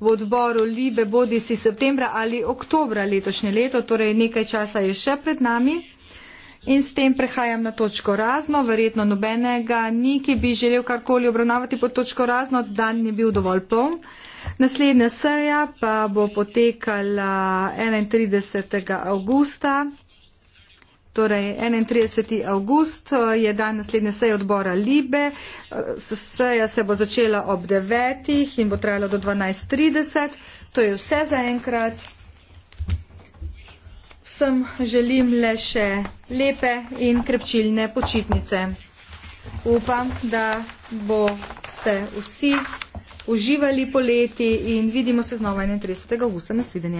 v odboru Libe bodi si septembra ali oktobra letošnje leto, torej nekaj časa je še pred nami. In s tem prehajam na točko razno, verjetno nobenega ni, ki bi želel karkoli obravnavati pod točko razno, dan je bil dovolj poln. Naslednja seja pa bo potekala 31. augusta. Torej, 31. avgust eh, je dan naslednje seje odbora Libe. Eh, seja se bo začela ob 9. in bo trajala do 12.30. To je vse za enkrat. Vsem želim le še lepe in krepčilne počitnice. Upam, da boste vsi uživali poleti in vidimo se znova 31. avgusta. Nasvidenje.